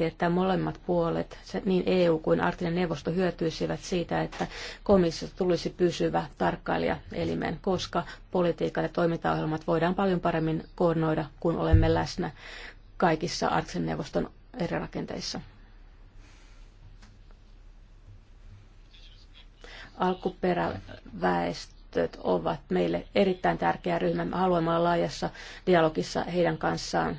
kovasti, että molemmat puolet, niin EU kuin Arktinen neuvosto, hyötyisivät siitä, että komissiosta tulisi pysyvä tarkkailijaelimen, koska politiikat ja toimintaohjelmat voidaan paljon paremmin koordinoida, kun olemme läsnä kaikissa Arktisen neuvoston eri rakenteissa. Alkuperäväestöt ovat meille erittäin tärkeä ryhmä. Me haluamme olla laajassa dialogissa heidän kanssaan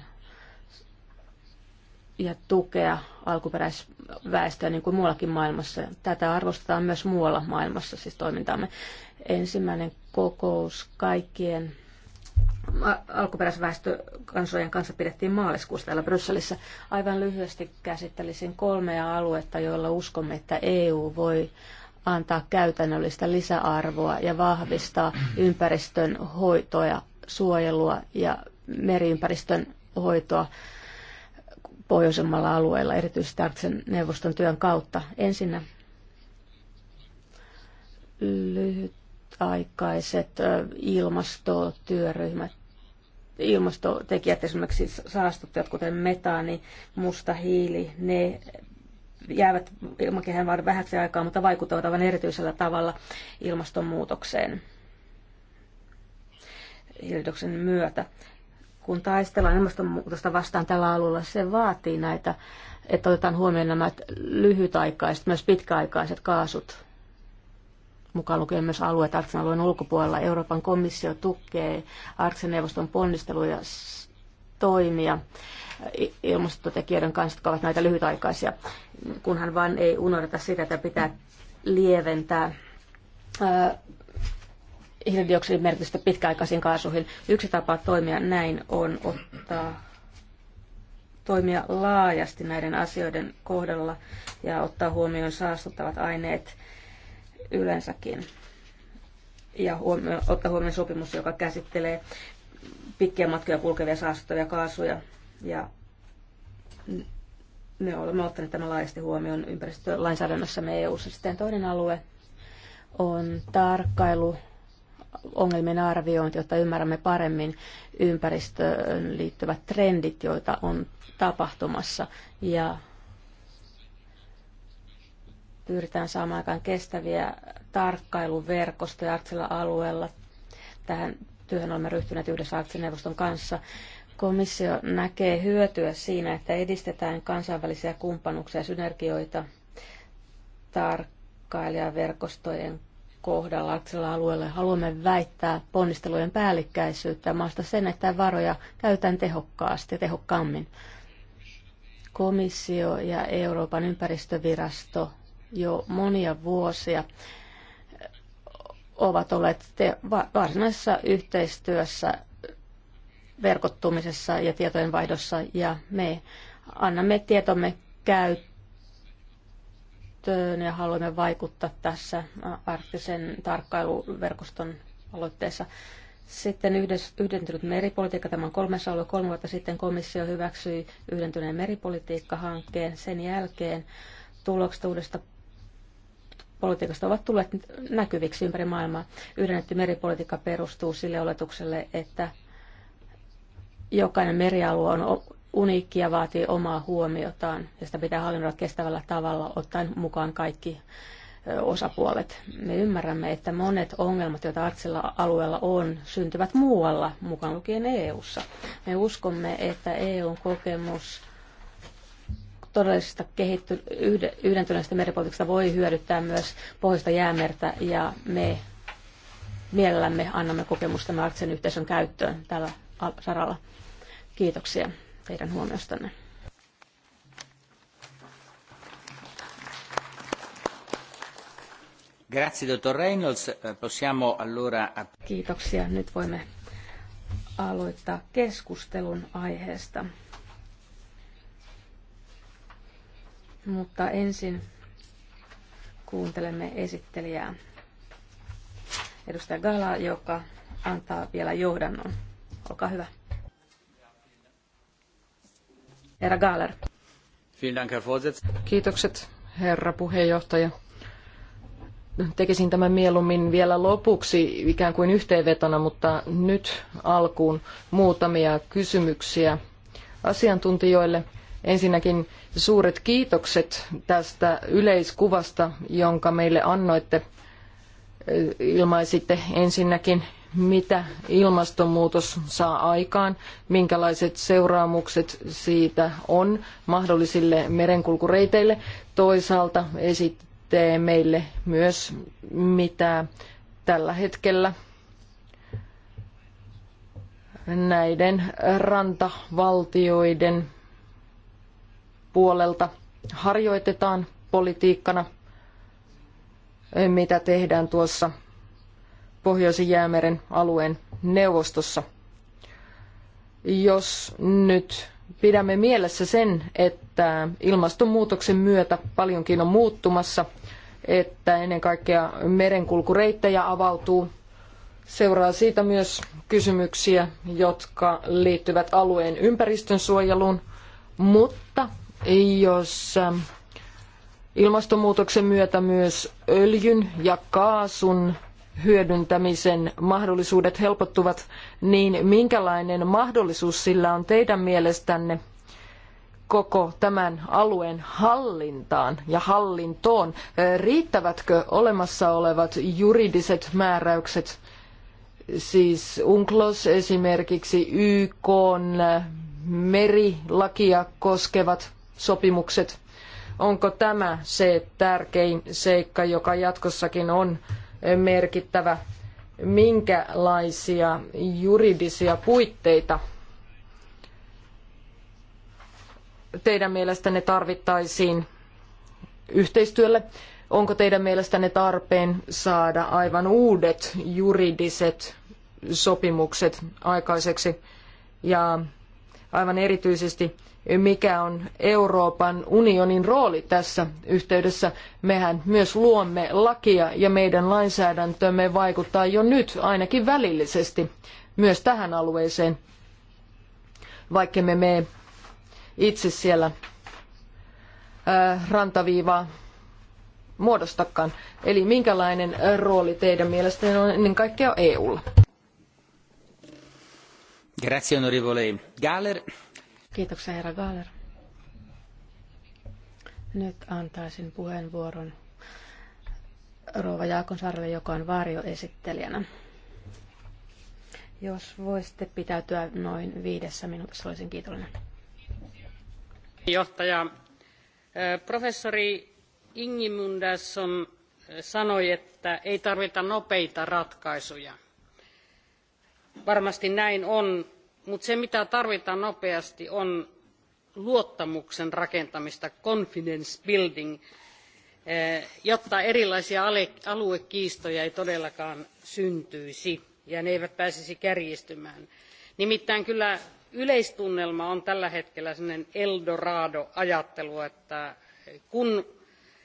ja tukea alkuperäisväestöä niin kuin muuallakin maailmassa. Tätä arvostetaan myös muualla maailmassa, siis toimintaamme. Ensimmäinen kokous kaikkien alkuperäisväestökansojen kanssa pidettiin maaliskuussa täällä Brysselissä. Aivan lyhyesti käsittelisin kolmea aluetta, joilla uskomme, että EU voi antaa käytännöllistä lisäarvoa ja vahvistaa ympäristön hoitoa ja suojelua ja meriympäristön hoitoa pohjoisemmalla alueella, erityisesti Arktisen neuvoston työn kautta. Ensinnä lyhytaikaiset ilmastotyöryhmät, ilmastotekijät, esimerkiksi saastuttajat, kuten metaani, musta hiili, ne jäävät ilmakehän vain vähäksi aikaa, mutta vaikuttavat aivan erityisellä tavalla ilmastonmuutokseen hiilidoksen myötä kun taistellaan ilmastonmuutosta vastaan tällä alueella, se vaatii näitä, että otetaan huomioon nämä lyhytaikaiset, myös pitkäaikaiset kaasut, mukaan lukien myös alueet arktisen alueen ulkopuolella. Euroopan komissio tukee arktisen neuvoston ponnisteluja toimia ilmastotekijöiden kanssa, jotka ovat näitä lyhytaikaisia, kunhan vain ei unohdeta sitä, että pitää lieventää hiilidioksidin merkitystä pitkäaikaisiin kaasuihin. Yksi tapa toimia näin on ottaa toimia laajasti näiden asioiden kohdalla ja ottaa huomioon saastuttavat aineet yleensäkin. Ja huomio, ottaa huomioon sopimus, joka käsittelee pitkiä matkoja kulkevia saastuttavia kaasuja. Ja me olemme ottaneet tämän laajasti huomioon me EU-ssa. Sitten toinen alue on tarkkailu ongelmien arviointi, jotta ymmärrämme paremmin ympäristöön liittyvät trendit, joita on tapahtumassa. Ja pyritään saamaan aikaan kestäviä tarkkailuverkostoja Artsilla alueella. Tähän työhön olemme ryhtyneet yhdessä Artsin kanssa. Komissio näkee hyötyä siinä, että edistetään kansainvälisiä kumppanuuksia ja synergioita tarkkailijaverkostojen kohdalla arktisella alueella. Haluamme väittää ponnistelujen päällikkäisyyttä maasta sen, että varoja käytän tehokkaasti ja tehokkaammin. Komissio ja Euroopan ympäristövirasto jo monia vuosia ovat olleet te- varsinaisessa yhteistyössä verkottumisessa ja tietojen vaihdossa ja me annamme tietomme käyttöön käyttöön ja haluamme vaikuttaa tässä arktisen tarkkailuverkoston aloitteessa. Sitten yhdentynyt meripolitiikka, tämä on kolmessa ollut Kolme vuotta sitten komissio hyväksyi yhdentyneen meripolitiikkahankkeen. Sen jälkeen tulokset uudesta politiikasta ovat tulleet näkyviksi ympäri maailmaa. Yhdennetty meripolitiikka perustuu sille oletukselle, että jokainen merialue on uniikki ja vaatii omaa huomiotaan, ja sitä pitää hallinnoida kestävällä tavalla, ottaen mukaan kaikki osapuolet. Me ymmärrämme, että monet ongelmat, joita arktisella alueella on, syntyvät muualla, mukaan lukien EU:ssa. Me uskomme, että EUn kokemus todellisesta kehitty, yhdentyneestä meripolitiikasta voi hyödyttää myös pohjoista jäämertä, ja me mielellämme annamme kokemusta Marksen yhteisön käyttöön tällä saralla. Kiitoksia teidän huomiostanne. Grazie, dottor Reynolds. Possiamo allora... Kiitoksia. Nyt voimme aloittaa keskustelun aiheesta. Mutta ensin kuuntelemme esittelijää edustaja Gala, joka antaa vielä johdannon. Olkaa hyvä. Herra Gaaler. Kiitokset, herra puheenjohtaja. Tekisin tämän mieluummin vielä lopuksi ikään kuin yhteenvetona, mutta nyt alkuun muutamia kysymyksiä asiantuntijoille. Ensinnäkin suuret kiitokset tästä yleiskuvasta, jonka meille annoitte. Ilmaisitte ensinnäkin mitä ilmastonmuutos saa aikaan, minkälaiset seuraamukset siitä on mahdollisille merenkulkureiteille. Toisaalta esittää meille myös, mitä tällä hetkellä näiden rantavaltioiden puolelta harjoitetaan politiikkana, mitä tehdään tuossa Pohjoisen jäämeren alueen neuvostossa. Jos nyt pidämme mielessä sen, että ilmastonmuutoksen myötä paljonkin on muuttumassa, että ennen kaikkea merenkulkureittejä avautuu. Seuraa siitä myös kysymyksiä, jotka liittyvät alueen ympäristönsuojeluun, mutta jos ähm, ilmastonmuutoksen myötä myös öljyn ja kaasun hyödyntämisen mahdollisuudet helpottuvat, niin minkälainen mahdollisuus sillä on teidän mielestänne koko tämän alueen hallintaan ja hallintoon? Riittävätkö olemassa olevat juridiset määräykset, siis UNCLOS esimerkiksi YK merilakia koskevat sopimukset? Onko tämä se tärkein seikka, joka jatkossakin on merkittävä, minkälaisia juridisia puitteita teidän mielestänne tarvittaisiin yhteistyölle? Onko teidän mielestänne tarpeen saada aivan uudet juridiset sopimukset aikaiseksi ja aivan erityisesti mikä on Euroopan unionin rooli tässä yhteydessä. Mehän myös luomme lakia ja meidän lainsäädäntömme vaikuttaa jo nyt ainakin välillisesti myös tähän alueeseen, vaikka me mene itse siellä ää, äh, rantaviivaa muodostakaan. Eli minkälainen rooli teidän mielestänne on ennen kaikkea EUlla? Grazie onorevole Galler. Kiitoksia, herra Gaaler. Nyt antaisin puheenvuoron Rouva Jaakonsaarelle, joka on varjoesittelijänä. Jos voisitte pitäytyä noin viidessä minuutissa, olisin kiitollinen. Johtaja, eh, professori Ingimundasson eh, sanoi, että ei tarvita nopeita ratkaisuja. Varmasti näin on mutta se, mitä tarvitaan nopeasti, on luottamuksen rakentamista, confidence building, eh, jotta erilaisia aluekiistoja ei todellakaan syntyisi ja ne eivät pääsisi kärjistymään. Nimittäin kyllä yleistunnelma on tällä hetkellä sellainen Eldorado-ajattelu, että kun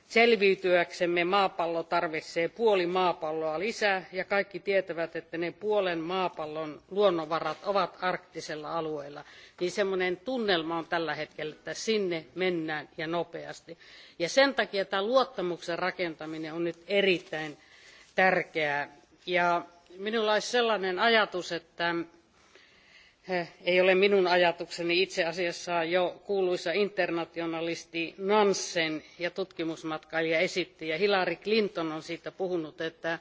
Selviytyäksemme maapallo tarvitsee puoli maapalloa lisää ja kaikki tietävät, että ne puolen maapallon luonnonvarat ovat arktisella alueella. Niin semmoinen tunnelma on tällä hetkellä, että sinne mennään ja nopeasti. Ja sen takia tämä luottamuksen rakentaminen on nyt erittäin tärkeää. Ja minulla olisi sellainen ajatus, että ei ole minun ajatukseni itse asiassa jo kuuluisa internationalisti Nansen ja tutkimusmatkailija esitti, ja Hillary Clinton on siitä puhunut, että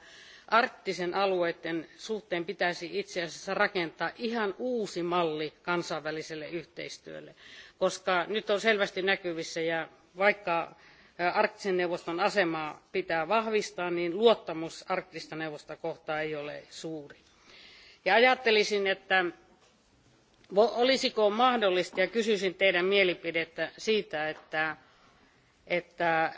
arktisen alueiden suhteen pitäisi itse asiassa rakentaa ihan uusi malli kansainväliselle yhteistyölle, koska nyt on selvästi näkyvissä ja vaikka arktisen neuvoston asemaa pitää vahvistaa, niin luottamus arktista neuvosta kohtaan ei ole suuri. Ja ajattelisin, että olisiko mahdollista, ja kysyisin teidän mielipidettä siitä, että, että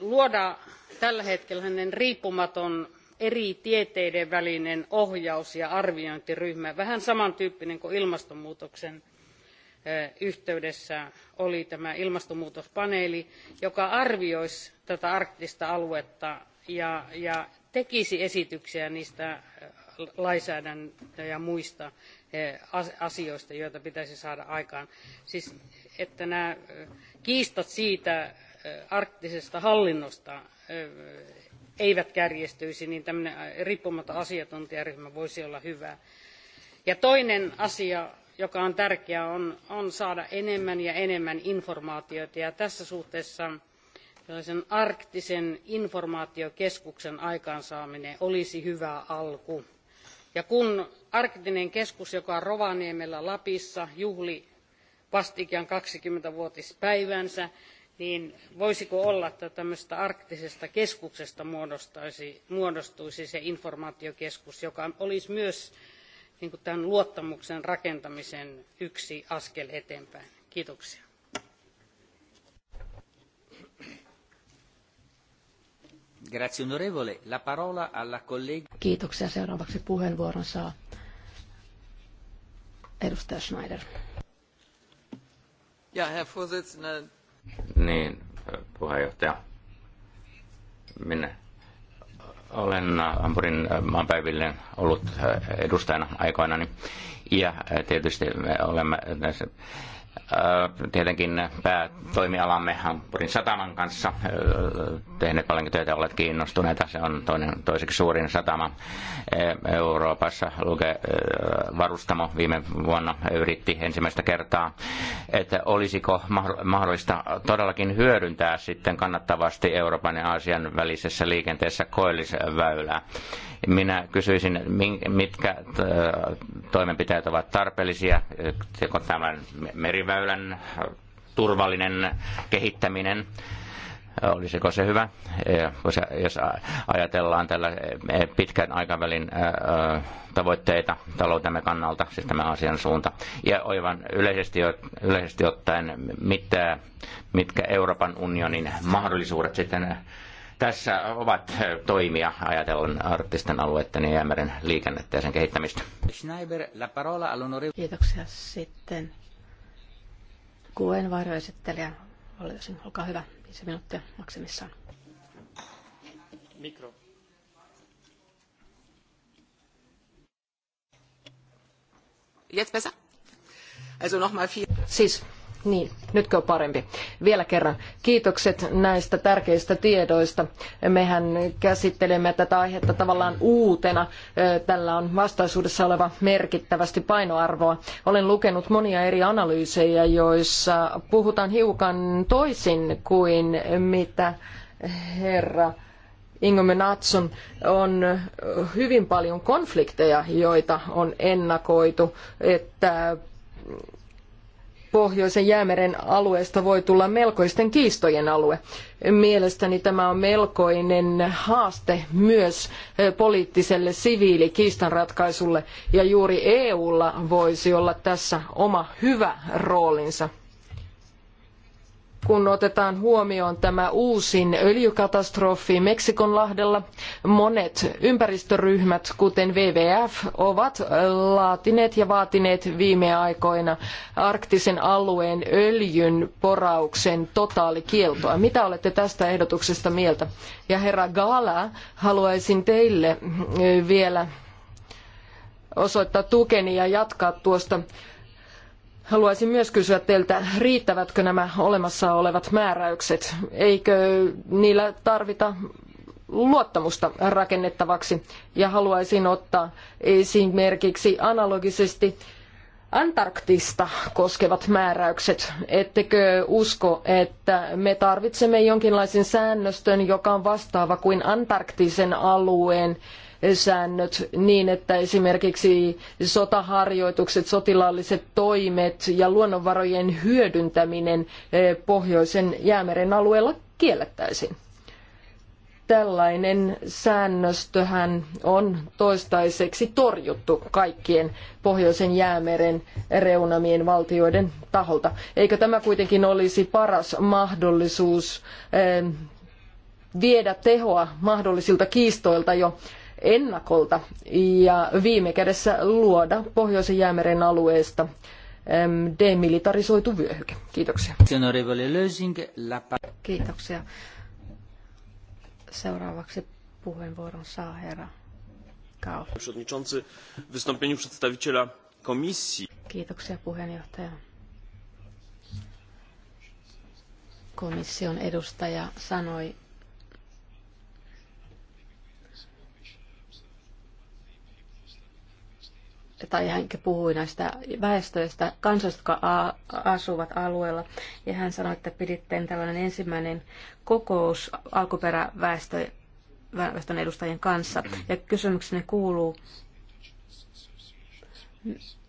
luoda tällä hetkellä riippumaton eri tieteiden välinen ohjaus ja arviointiryhmä vähän samantyyppinen kuin ilmastonmuutoksen yhteydessä oli tämä ilmastonmuutospaneeli joka arvioisi tätä arktista aluetta ja, ja tekisi esityksiä niistä lainsäädäntö ja muista Eh, asioista, joita pitäisi saada aikaan. Siis, että nämä eh, kiistat siitä eh, arktisesta hallinnosta eivät kärjestyisi, niin tämmöinen riippumaton asiantuntijaryhmä voisi olla hyvä. Ja toinen asia, joka on tärkeä, on, on saada enemmän ja enemmän informaatiota. Ja tässä suhteessa tällaisen arktisen informaatiokeskuksen aikaansaaminen olisi hyvä alku. Ja kun arktinen keskus, joka on Rovaniemellä Lapissa, juhli vastikään 20-vuotispäivänsä, niin voisiko olla, että tämmöistä arktisesta keskuksesta muodostuisi se informaatiokeskus, joka olisi myös niin tämän luottamuksen rakentamisen yksi askel eteenpäin. Kiitoksia. Kiitoksia. Seuraavaksi puheenvuoron saa edustaja Schneider. Ja, Herr Vorsitzender. Niin, puheenjohtaja. Minä olen äh, Ampurin äh, maanpäiville ollut äh, edustajana aikoinani. Ja tietysti me olemme tässä tietenkin päätoimialamme Hampurin sataman kanssa tehneet paljon töitä, olet kiinnostuneita. Se on toinen, toiseksi suurin satama Euroopassa. Luke Varustamo viime vuonna yritti ensimmäistä kertaa, että olisiko mahdollista todellakin hyödyntää sitten kannattavasti Euroopan ja Aasian välisessä liikenteessä koillisväylää. Minä kysyisin, mitkä toimenpiteet ovat tarpeellisia, joko tämän meriväylän turvallinen kehittäminen, olisiko se hyvä, jos ajatellaan tällä e, pitkän aikavälin tavoitteita taloutemme kannalta, siis tämä asian suunta. Ja oivan yleisesti, yleisesti ottaen, mitä, mitkä Euroopan unionin mahdollisuudet sitten tässä ovat eh, toimia ajatellen arktisten alueiden ja jäämeren liikennettä ja sen kehittämistä. Kiitoksia sitten. Kuen varjoesittelijä, olkaa hyvä, viisi minuuttia maksimissaan. Mikro. Jetzt besser? Also nochmal viel. Siis niin, nytkö on parempi? Vielä kerran kiitokset näistä tärkeistä tiedoista. Mehän käsittelemme tätä aihetta tavallaan uutena. Tällä on vastaisuudessa oleva merkittävästi painoarvoa. Olen lukenut monia eri analyysejä, joissa puhutaan hiukan toisin kuin mitä herra Ingomme Natson on hyvin paljon konflikteja, joita on ennakoitu, että Pohjoisen jäämeren alueesta voi tulla melkoisten kiistojen alue. Mielestäni tämä on melkoinen haaste myös eh, poliittiselle siviilikiistanratkaisulle ja juuri EUlla voisi olla tässä oma hyvä roolinsa kun otetaan huomioon tämä uusin öljykatastrofi Meksikonlahdella, monet ympäristöryhmät, kuten WWF, ovat laatineet ja vaatineet viime aikoina arktisen alueen öljyn porauksen totaalikieltoa. Mitä olette tästä ehdotuksesta mieltä? Ja herra Gala, haluaisin teille vielä osoittaa tukeni ja jatkaa tuosta Haluaisin myös kysyä teiltä, riittävätkö nämä olemassa olevat määräykset? Eikö niillä tarvita luottamusta rakennettavaksi? Ja haluaisin ottaa esimerkiksi analogisesti Antarktista koskevat määräykset. Ettekö usko, että me tarvitsemme jonkinlaisen säännöstön, joka on vastaava kuin Antarktisen alueen säännöt niin, että esimerkiksi sotaharjoitukset, sotilaalliset toimet ja luonnonvarojen hyödyntäminen eh, pohjoisen jäämeren alueella kiellettäisiin. Tällainen säännöstöhän on toistaiseksi torjuttu kaikkien pohjoisen jäämeren reunamien valtioiden taholta. Eikö tämä kuitenkin olisi paras mahdollisuus eh, viedä tehoa mahdollisilta kiistoilta jo ennakolta ja viime kädessä luoda Pohjoisen jäämeren alueesta demilitarisoitu vyöhyke. Kiitoksia. Kiitoksia. Seuraavaksi puheenvuoron saa herra Kaul. Przewodniczący, w przedstawiciela komisji. Kiitoksia puheenjohtaja. Komission edustaja sanoi, tai hän puhui näistä väestöistä, kansoista, jotka asuvat alueella. Ja hän sanoi, että piditte tällainen ensimmäinen kokous alkuperäväestön edustajien kanssa. Ja kysymykseni kuuluu,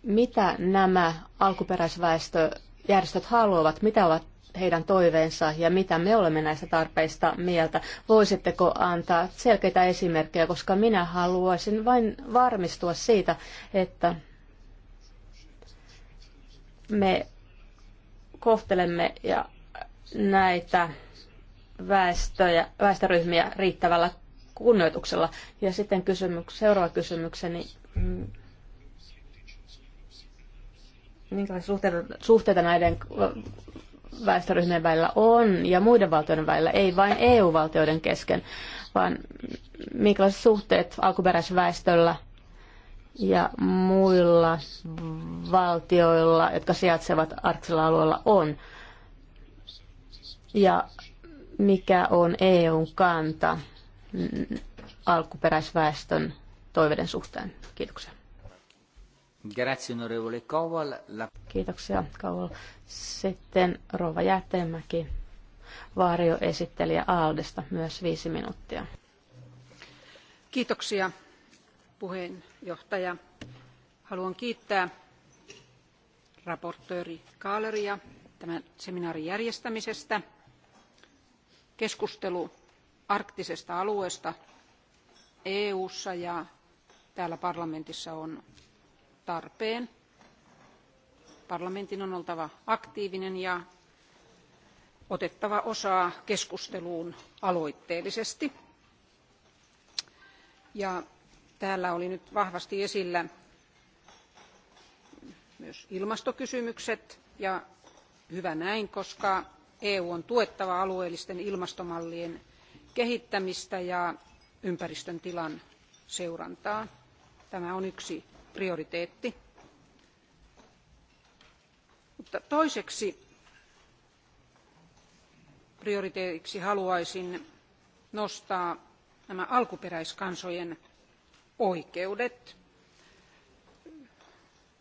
mitä nämä alkuperäisväestöjärjestöt haluavat, mitä ovat heidän toiveensa ja mitä me olemme näistä tarpeista mieltä. Voisitteko antaa selkeitä esimerkkejä, koska minä haluaisin vain varmistua siitä, että me kohtelemme ja näitä väestöjä, väestöryhmiä riittävällä kunnioituksella. Ja sitten kysymyks, seuraava kysymykseni. Mm, minkälaisia suhteita, suhteita näiden väestöryhmien välillä on ja muiden valtioiden välillä, ei vain EU-valtioiden kesken, vaan minkälaiset suhteet alkuperäisväestöllä ja muilla valtioilla, jotka sijaitsevat arktisella alueella, on. Ja mikä on EUn kanta alkuperäisväestön toiveiden suhteen? Kiitoksia. Kiitoksia, Koval. Sitten Rova Jätteenmäki, varjoesittelijä Aaldesta, myös viisi minuuttia. Kiitoksia, puheenjohtaja. Haluan kiittää raportööri Kaaleria tämän seminaarin järjestämisestä. Keskustelu arktisesta alueesta EU:ssa ja täällä parlamentissa on tarpeen. parlamentin on oltava aktiivinen ja otettava osaa keskusteluun aloitteellisesti. Ja täällä oli nyt vahvasti esillä myös ilmastokysymykset ja hyvä näin koska eu n on tuettava alueellisten ilmastomallien kehittämistä ja ympäristön tilan seurantaa. tämä on yksi prioriteetti. Mutta toiseksi prioriteetiksi haluaisin nostaa nämä alkuperäiskansojen oikeudet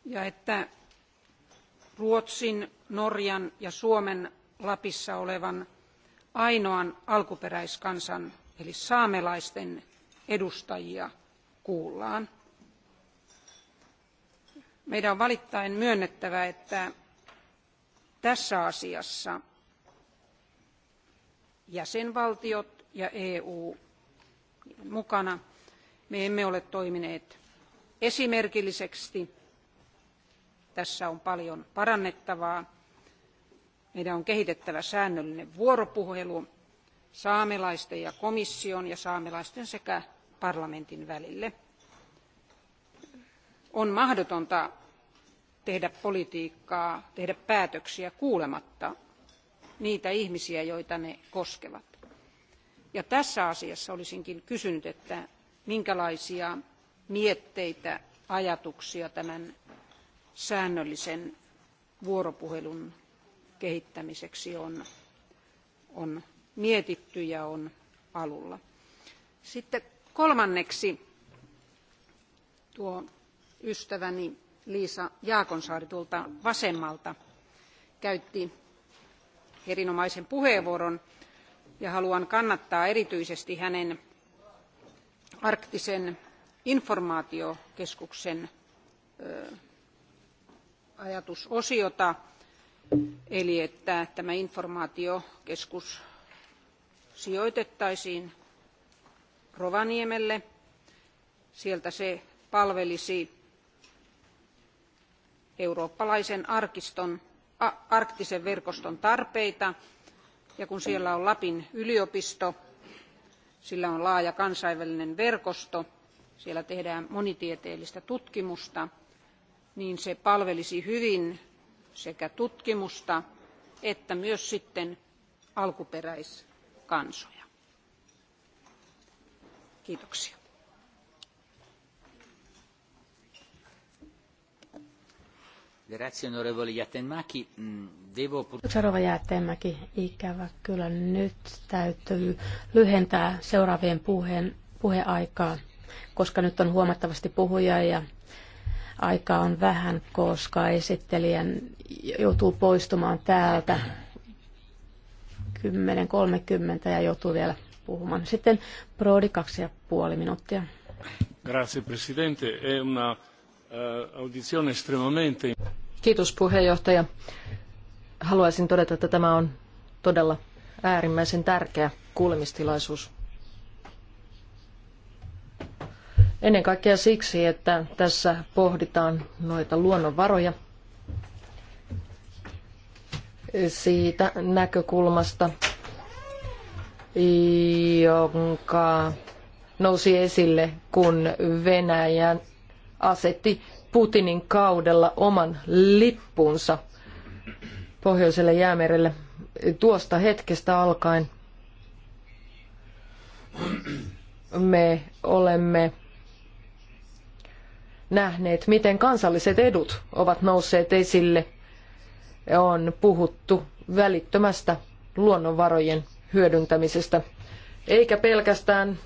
ja että ruotsin norjan ja suomen lapissa olevan ainoan alkuperäiskansan eli saamelaisten edustajia kuullaan meidän on valittaen myönnettävä että tässä asiassa jäsenvaltiot ja eu mukana me emme ole toimineet esimerkillisesti tässä on paljon parannettavaa meidän on kehitettävä säännöllinen vuoropuhelu saamelaisten ja komission ja saamelaisten sekä parlamentin välille. on mahdotonta tehdä politiikkaa tehdä päätöksiä kuulematta niitä ihmisiä joita ne koskevat. Ja tässä asiassa olisinkin kysynyt että minkälaisia mietteitä ajatuksia tämän säännöllisen vuoropuhelun kehittämiseksi on, on mietitty ja on alulla. Sitten kolmanneksi tuo ystäväni Liisa Jaakonsaari tuolta vasemmalta käytti erinomaisen puheenvuoron ja haluan kannattaa erityisesti hänen arktisen informaatiokeskuksen ajatusosiota eli että tämä informaatiokeskus sijoitettaisiin rovaniemelle sieltä se palvelisi eurooppalaisen arktisen verkoston tarpeita ja kun siellä on Lapin yliopisto, sillä on laaja kansainvälinen verkosto, siellä tehdään monitieteellistä tutkimusta, niin se palvelisi hyvin sekä tutkimusta että myös sitten alkuperäiskansoja. Kiitoksia. Seuraava jäätteenmäki. Mm, Ikävä kyllä nyt täytyy lyhentää seuraavien puheen, puheaikaa, koska nyt on huomattavasti puhuja ja aikaa on vähän, koska esittelijän joutuu poistumaan täältä 10.30 ja joutuu vielä puhumaan. Sitten Prodi kaksi ja puoli minuuttia. Grazie Presidente. È una Eh, Kiitos puheenjohtaja. Haluaisin todeta, että tämä on todella äärimmäisen tärkeä kuulemistilaisuus. Ennen kaikkea siksi, että tässä pohditaan noita luonnonvaroja siitä näkökulmasta, jonka nousi esille, kun Venäjän asetti Putinin kaudella oman lippunsa Pohjoiselle jäämerelle tuosta hetkestä alkaen. Me olemme nähneet, miten kansalliset edut ovat nousseet esille. On puhuttu välittömästä luonnonvarojen hyödyntämisestä, eikä pelkästään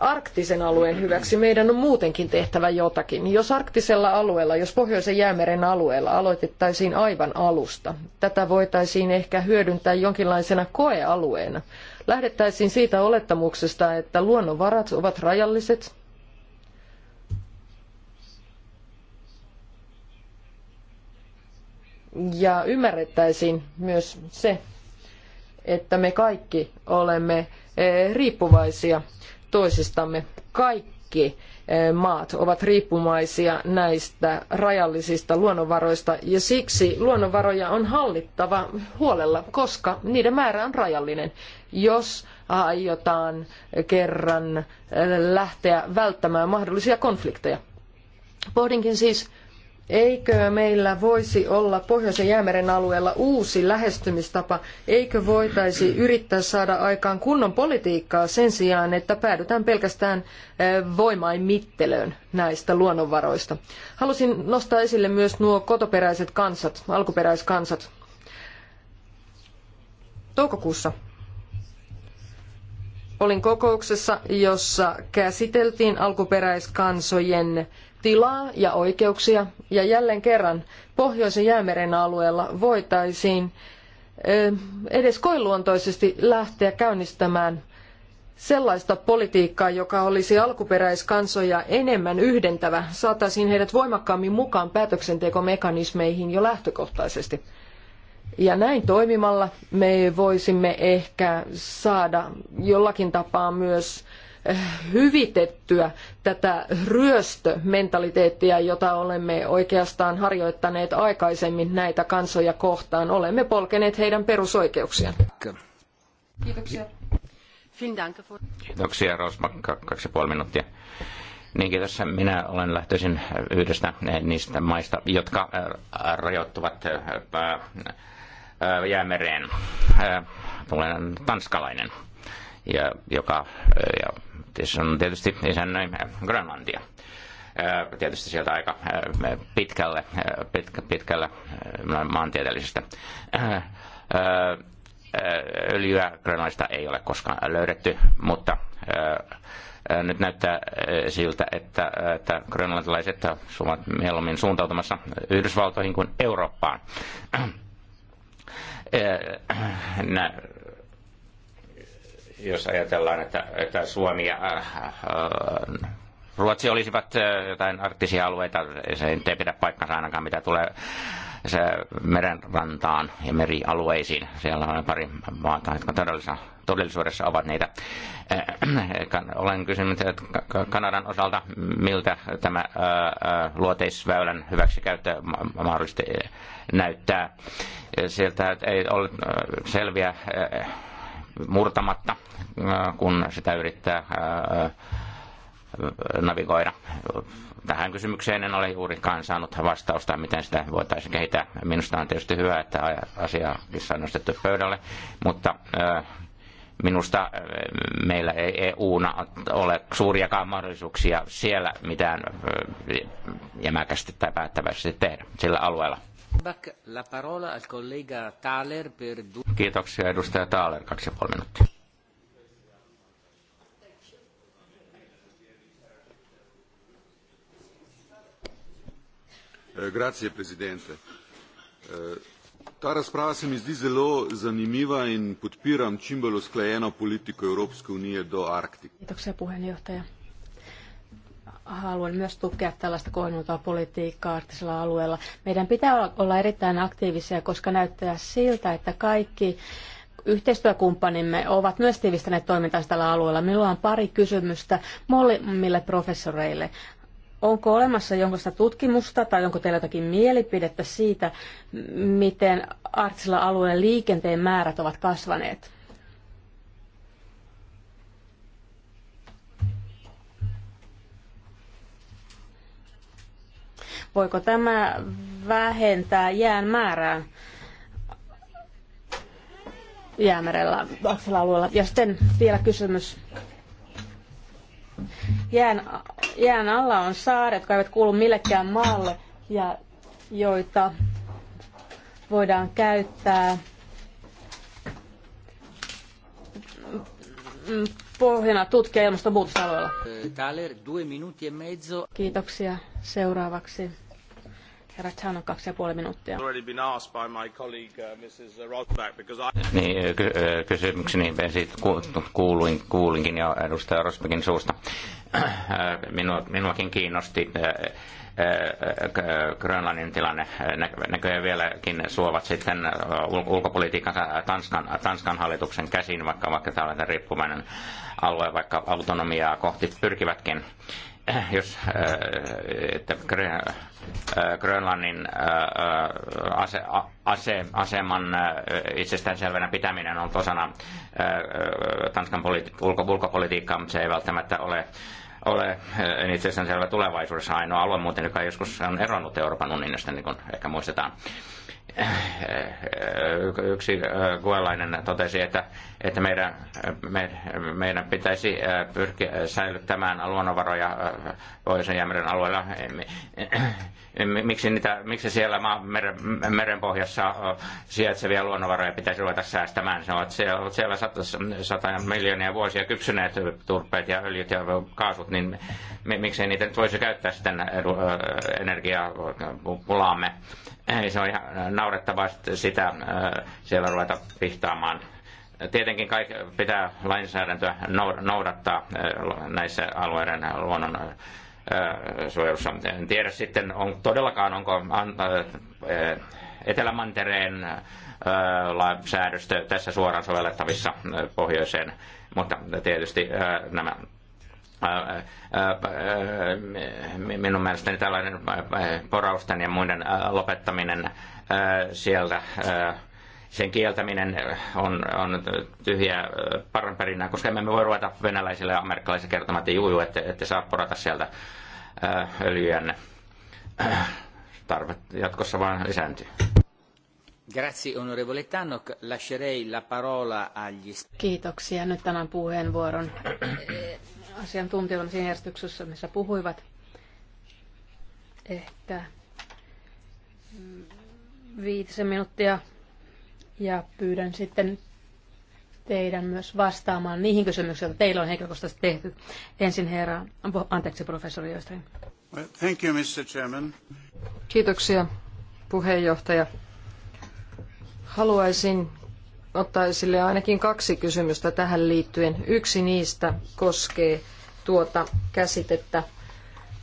arktisen alueen hyväksi meidän on muutenkin tehtävä jotakin. Jos arktisella alueella, jos Pohjoisen jäämeren alueella aloitettaisiin aivan alusta, tätä voitaisiin ehkä hyödyntää jonkinlaisena koealueena. Lähdettäisiin siitä olettamuksesta, että luonnonvarat ovat rajalliset, ja ymmärrettäisiin myös se, että me kaikki olemme eh, riippuvaisia toisistamme. Kaikki eh, maat ovat riippumaisia näistä rajallisista luonnonvaroista ja siksi luonnonvaroja on hallittava huolella, koska niiden määrä on rajallinen. Jos aiotaan kerran eh, lähteä välttämään mahdollisia konflikteja. Pohdinkin siis, Eikö meillä voisi olla Pohjoisen jäämeren alueella uusi lähestymistapa? Eikö voitaisi yrittää saada aikaan kunnon politiikkaa sen sijaan, että päädytään pelkästään eh, voimaimittelöön näistä luonnonvaroista? Halusin nostaa esille myös nuo kotoperäiset kansat, alkuperäiskansat. Toukokuussa olin kokouksessa, jossa käsiteltiin alkuperäiskansojen tilaa ja oikeuksia. Ja jälleen kerran Pohjoisen jäämeren alueella voitaisiin edes koiluontoisesti lähteä käynnistämään sellaista politiikkaa, joka olisi alkuperäiskansoja enemmän yhdentävä. Saataisiin heidät voimakkaammin mukaan päätöksentekomekanismeihin jo lähtökohtaisesti. Ja näin toimimalla me voisimme ehkä saada jollakin tapaa myös hyvitettyä tätä ryöstömentaliteettia, jota olemme oikeastaan harjoittaneet aikaisemmin näitä kansoja kohtaan. Olemme polkeneet heidän perusoikeuksiaan. Kiitoksia. Kiitoksia, Rosma. Kaksi ja puoli minuuttia. Niin kiitos. Minä olen lähtöisin yhdestä eh, niistä maista, jotka eh, rajoittuvat eh, jäämereen. Olen tanskalainen ja, joka äh, ja, on tietysti isännöi äh, Grönlantia äh, tietysti sieltä aika pitkälle, pitkä, pitkälle maantieteellisestä öljyä Grönlannista ei ole koskaan löydetty, mutta nyt näyttää siltä, että, että grönlantilaiset ovat mieluummin suuntautumassa Yhdysvaltoihin kuin Eurooppaan jos ajatellaan, että, että Suomi ja äh, äh Ruotsi olisivat äh, jotain arktisia alueita, se ei pidä paikkansa ainakaan, mitä tulee se merenrantaan ja merialueisiin. Siellä on pari maata, jotka todellisuudessa, todellisuudessa ovat niitä. Äh, olen kysynyt että Kanadan osalta, miltä tämä luoteisväylän hyväksikäyttö mahdollisesti näyttää. Sieltä ei ole selviä murtamatta, äh, kun sitä yrittää äh, äh, navigoida. Tähän kysymykseen en ole juurikaan saanut vastausta, miten sitä voitaisiin kehittää. Minusta on tietysti hyvä, että asia on nostettu pöydälle, mutta minusta meillä ei EUna ole suuriakaan mahdollisuuksia siellä mitään jämäkästi tai päättävästi tehdä sillä alueella. Kiitoksia edustaja Thaler, kaksi ja puoli minuuttia. Eh, grazie, presidente. Eh, ta razprava se mi zdi zelo zanimiva in podpiram čim bolj usklajeno politiko Evropske unije do Arktike. Kiitoksia puheenjohtaja haluan myös tukea tällaista kohdennettua politiikkaa arktisella alueella. Meidän pitää olla erittäin aktiivisia, koska näyttää siltä, että kaikki yhteistyökumppanimme ovat myös tiivistäneet toimintaa tällä alueella. Minulla on pari kysymystä molemmille professoreille. Onko olemassa jonkinlaista tutkimusta tai onko teillä jotakin mielipidettä siitä, miten arktisella alueella liikenteen määrät ovat kasvaneet? Voiko tämä vähentää jään määrää jäämerellä alueella? Ja sitten vielä kysymys. Jään, jään alla on saaret, jotka eivät kuulu millekään maalle ja joita voidaan käyttää pohjana tutkia ilmastonmuutosta alueella. E Kiitoksia. Seuraavaksi Herra on kaksi ja puoli minuuttia. Niin, kysymykseni kuulinkin jo edustaja Rosbergin suusta. Äh, minua, minuakin kiinnosti äh, äh, Grönlannin tilanne näköjään vieläkin suovat sitten ulkopolitiikan Tanskan, Tanskan hallituksen käsiin, vaikka, vaikka tämä on riippuvainen alue, vaikka autonomiaa kohti pyrkivätkin. Äh, jos äh, että äh, Grönlannin ase, ase, aseman itsestäänselvänä pitäminen on osana Tanskan politi- ulko, ulkopolitiikkaa, mutta se ei välttämättä ole ole niin itse selvä tulevaisuudessa ainoa alue muuten, joka joskus on eronnut Euroopan unionista, niin kuin ehkä muistetaan. Äh, äh, yksi kuolainen äh, totesi, että, että meidän, me, meidän pitäisi pyrkiä säilyttämään luonnonvaroja Pohjoisen jäämeren alueella. Miksi, niitä, miksi siellä maa, meren, merenpohjassa sijaitsevia luonnonvaroja pitäisi ruveta säästämään? Se on siellä, siellä sata, sata miljoonia vuosia kypsyneet turpeet ja öljyt ja kaasut, niin miksei niitä nyt voisi käyttää sitten energiaa se on ihan äh, naurettavaa sitä äh, siellä ruveta pihtaamaan. Tietenkin kaikki pitää lainsäädäntöä noudattaa äh, näissä alueiden luonnon suojelussa. En tiedä sitten, on, todellakaan onko Etelämantereen säädöstö tässä suoraan sovellettavissa pohjoiseen, mutta tietysti nämä minun mielestäni tällainen porausten ja muiden lopettaminen sieltä sen kieltäminen on, on tyhjä paranperinää, koska emme me voi ruveta venäläisille ja amerikkalaisille kertomaan, että juu, että, että saa porata sieltä öljyänne. Tarve jatkossa vaan lisääntyy. Grazie onorevole Tannock. Lascerei la parola agli... Kiitoksia. Nyt tämän puheenvuoron asiantuntijoilla siinä järjestyksessä, missä puhuivat, että viitisen minuuttia ja pyydän sitten teidän myös vastaamaan niihin kysymyksiin, joita teillä on henkilökohtaisesti tehty. Ensin herra, anteeksi professori Joistain. Thank you, Mr. Chairman. Kiitoksia puheenjohtaja. Haluaisin ottaa esille ainakin kaksi kysymystä tähän liittyen. Yksi niistä koskee tuota käsitettä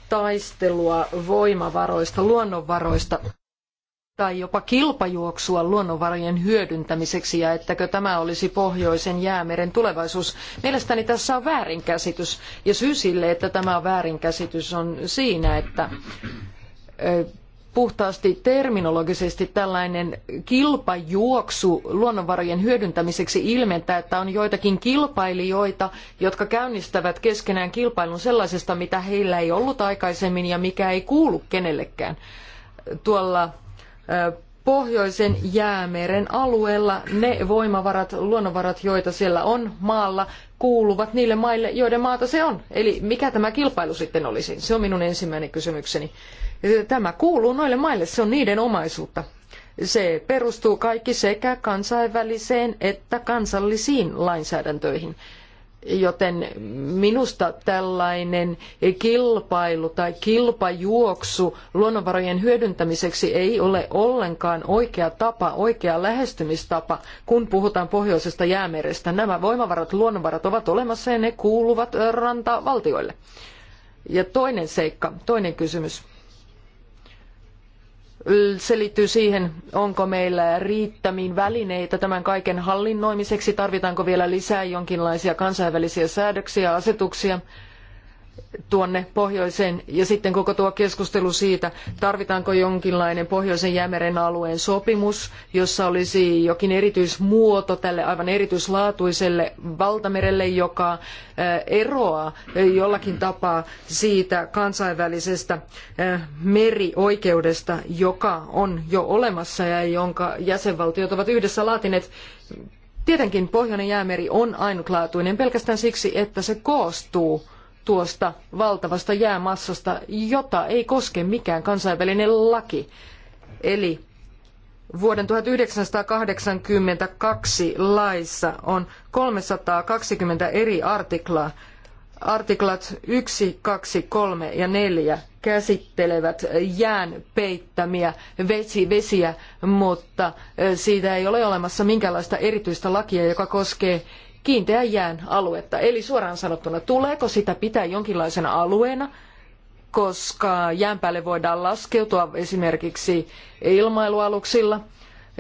taistelua voimavaroista, luonnonvaroista tai jopa kilpajuoksua luonnonvarojen hyödyntämiseksi ja ettäkö tämä olisi pohjoisen jäämeren tulevaisuus. Mielestäni tässä on väärinkäsitys ja syy sille, että tämä on väärinkäsitys on siinä, että puhtaasti terminologisesti tällainen kilpajuoksu luonnonvarojen hyödyntämiseksi ilmentää, että on joitakin kilpailijoita, jotka käynnistävät keskenään kilpailun sellaisesta, mitä heillä ei ollut aikaisemmin ja mikä ei kuulu kenellekään. Tuolla Pohjoisen jäämeren alueella ne voimavarat, luonnonvarat, joita siellä on maalla, kuuluvat niille maille, joiden maata se on. Eli mikä tämä kilpailu sitten olisi? Se on minun ensimmäinen kysymykseni. Tämä kuuluu noille maille, se on niiden omaisuutta. Se perustuu kaikki sekä kansainväliseen että kansallisiin lainsäädäntöihin. Joten minusta tällainen kilpailu tai kilpajuoksu luonnonvarojen hyödyntämiseksi ei ole ollenkaan oikea tapa, oikea lähestymistapa, kun puhutaan pohjoisesta jäämerestä. Nämä voimavarat, luonnonvarat ovat olemassa ja ne kuuluvat rantavaltioille. Ja toinen seikka, toinen kysymys se liittyy siihen, onko meillä riittämiin välineitä tämän kaiken hallinnoimiseksi, tarvitaanko vielä lisää jonkinlaisia kansainvälisiä säädöksiä, asetuksia – tuonne pohjoiseen ja sitten koko tuo keskustelu siitä, tarvitaanko jonkinlainen pohjoisen jämeren alueen sopimus, jossa olisi jokin erityismuoto tälle aivan erityislaatuiselle valtamerelle, joka eh, eroaa jollakin tapaa siitä kansainvälisestä eh, merioikeudesta, joka on jo olemassa ja jonka jäsenvaltiot ovat yhdessä laatineet. Tietenkin Pohjoinen jäämeri on ainutlaatuinen pelkästään siksi, että se koostuu tuosta valtavasta jäämassasta, jota ei koske mikään kansainvälinen laki. Eli vuoden 1982 laissa on 320 eri artiklaa. Artiklat 1, 2, 3 ja 4 käsittelevät jään peittämiä vesi, vesiä, mutta siitä ei ole olemassa minkäänlaista erityistä lakia, joka koskee kiinteän jään aluetta. Eli suoraan sanottuna, tuleeko sitä pitää jonkinlaisena alueena, koska jään päälle voidaan laskeutua esimerkiksi ilmailualuksilla.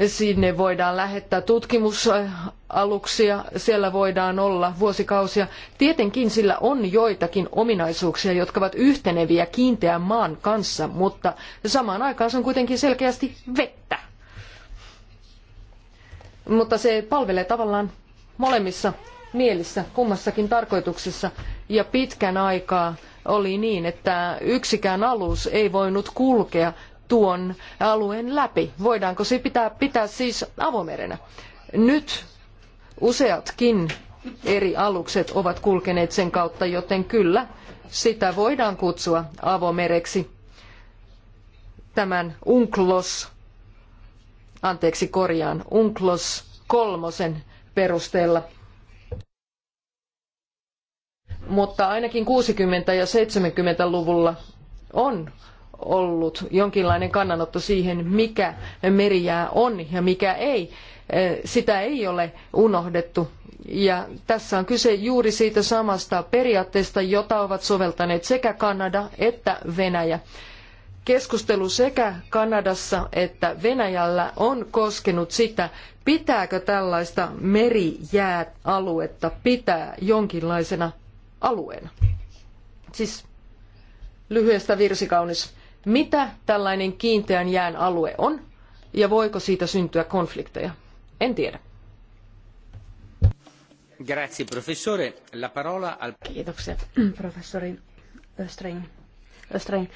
Sinne voidaan lähettää tutkimusaluksia, siellä voidaan olla vuosikausia. Tietenkin sillä on joitakin ominaisuuksia, jotka ovat yhteneviä kiinteän maan kanssa, mutta samaan aikaan se on kuitenkin selkeästi vettä. Mutta se palvelee tavallaan molemmissa mielissä, kummassakin tarkoituksessa. Ja pitkän aikaa oli niin, että yksikään alus ei voinut kulkea tuon alueen läpi. Voidaanko se pitää, pitää siis avomerenä? Nyt useatkin eri alukset ovat kulkeneet sen kautta, joten kyllä sitä voidaan kutsua avomereksi. Tämän UNCLOS, anteeksi korjaan, UNCLOS kolmosen perusteella. Mutta ainakin 60- ja 70-luvulla on ollut jonkinlainen kannanotto siihen, mikä merijää on ja mikä ei. Eh, sitä ei ole unohdettu. Ja tässä on kyse juuri siitä samasta periaatteesta, jota ovat soveltaneet sekä Kanada että Venäjä. Keskustelu sekä Kanadassa että Venäjällä on koskenut sitä, pitääkö tällaista merijääaluetta pitää jonkinlaisena alueena. Siis lyhyestä virsikaunis. Mitä tällainen kiinteän jään alue on ja voiko siitä syntyä konflikteja? En tiedä. Grazie, professore. La parola al... Kiitoksia, professori Östring. Östring.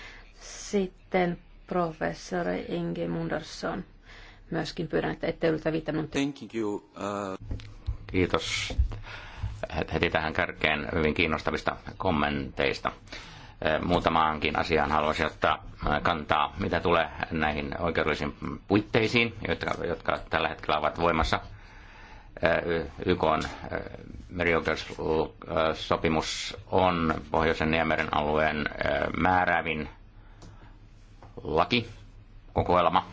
Sitten professori Inge Mundersson. Myöskin pyydän, että ette ylitä viittä minuuttia. Uh, Kiitos heti tähän kärkeen hyvin kiinnostavista kommenteista. Eh, muutamaankin asiaan haluaisin ottaa eh, kantaa, mitä tulee näihin oikeudellisiin puitteisiin, jotka, jotka tällä hetkellä ovat voimassa. Eh, YK on merioikeussopimus on Pohjoisen Niemeren alueen määrävin laki, kokoelma,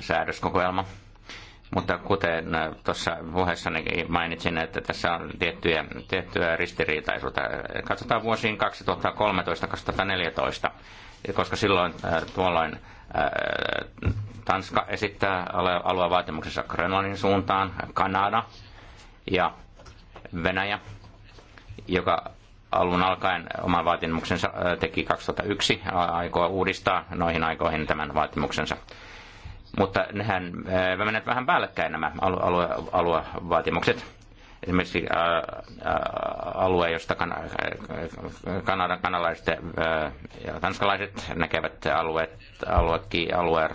säädöskokoelma. Mutta kuten äh, tuossa puheessa mainitsin, että tässä on tiettyjä, tiettyä ristiriitaisuutta. Katsotaan vuosiin 2013-2014, koska silloin äh, tuolloin äh, Tanska esittää aluevaatimuksensa Grönlannin suuntaan, Kanada ja Venäjä, joka alun alkaen oman vaatimuksensa äh, teki 2001, aikoo uudistaa noihin aikoihin tämän vaatimuksensa. Mutta nehän äh, menevät vähän päällekkäin nämä alue, vaatimukset? Esimerkiksi ää, äh, alue, josta kan, Kanadan kanalaiset ja tanskalaiset näkevät alueet, alue, alueen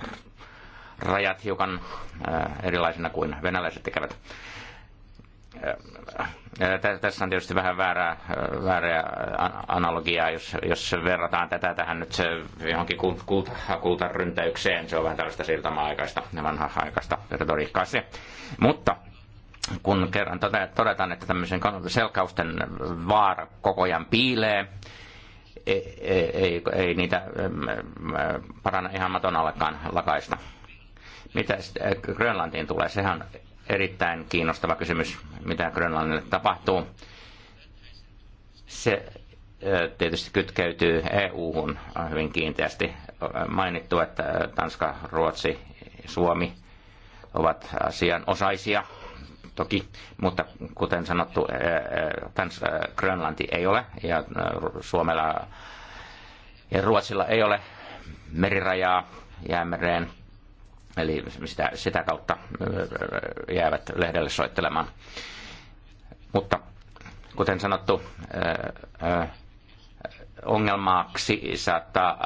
rajat hiukan ää, erilaisena kuin venäläiset tekevät. Tässä on tietysti vähän väärää, väärää analogiaa, jos, jos verrataan tätä tähän nyt se johonkin kulta, kultaryntäykseen. Se on vähän tällaista siirtomaa-aikaista, vanha-aikaista retoriikkaa se. Mutta kun kerran tota, todetaan, että tämmöisen selkausten vaara koko ajan piilee, ei, e-, ei, ei niitä parana ihan maton allekaan lakaista. Mitä Grönlantiin tulee, sehän erittäin kiinnostava kysymys, mitä Grönlannille tapahtuu. Se tietysti kytkeytyy EU-hun äh, hyvin kiinteästi. Mainittu, että Tanska, Ruotsi, Suomi ovat asian osaisia toki, mutta kuten sanottu, Grönlanti ei ole ja Suomella ja Ruotsilla ei ole merirajaa jäämereen Eli sitä, sitä kautta jäävät lehdelle soittelemaan. Mutta kuten sanottu, ongelmaksi saattaa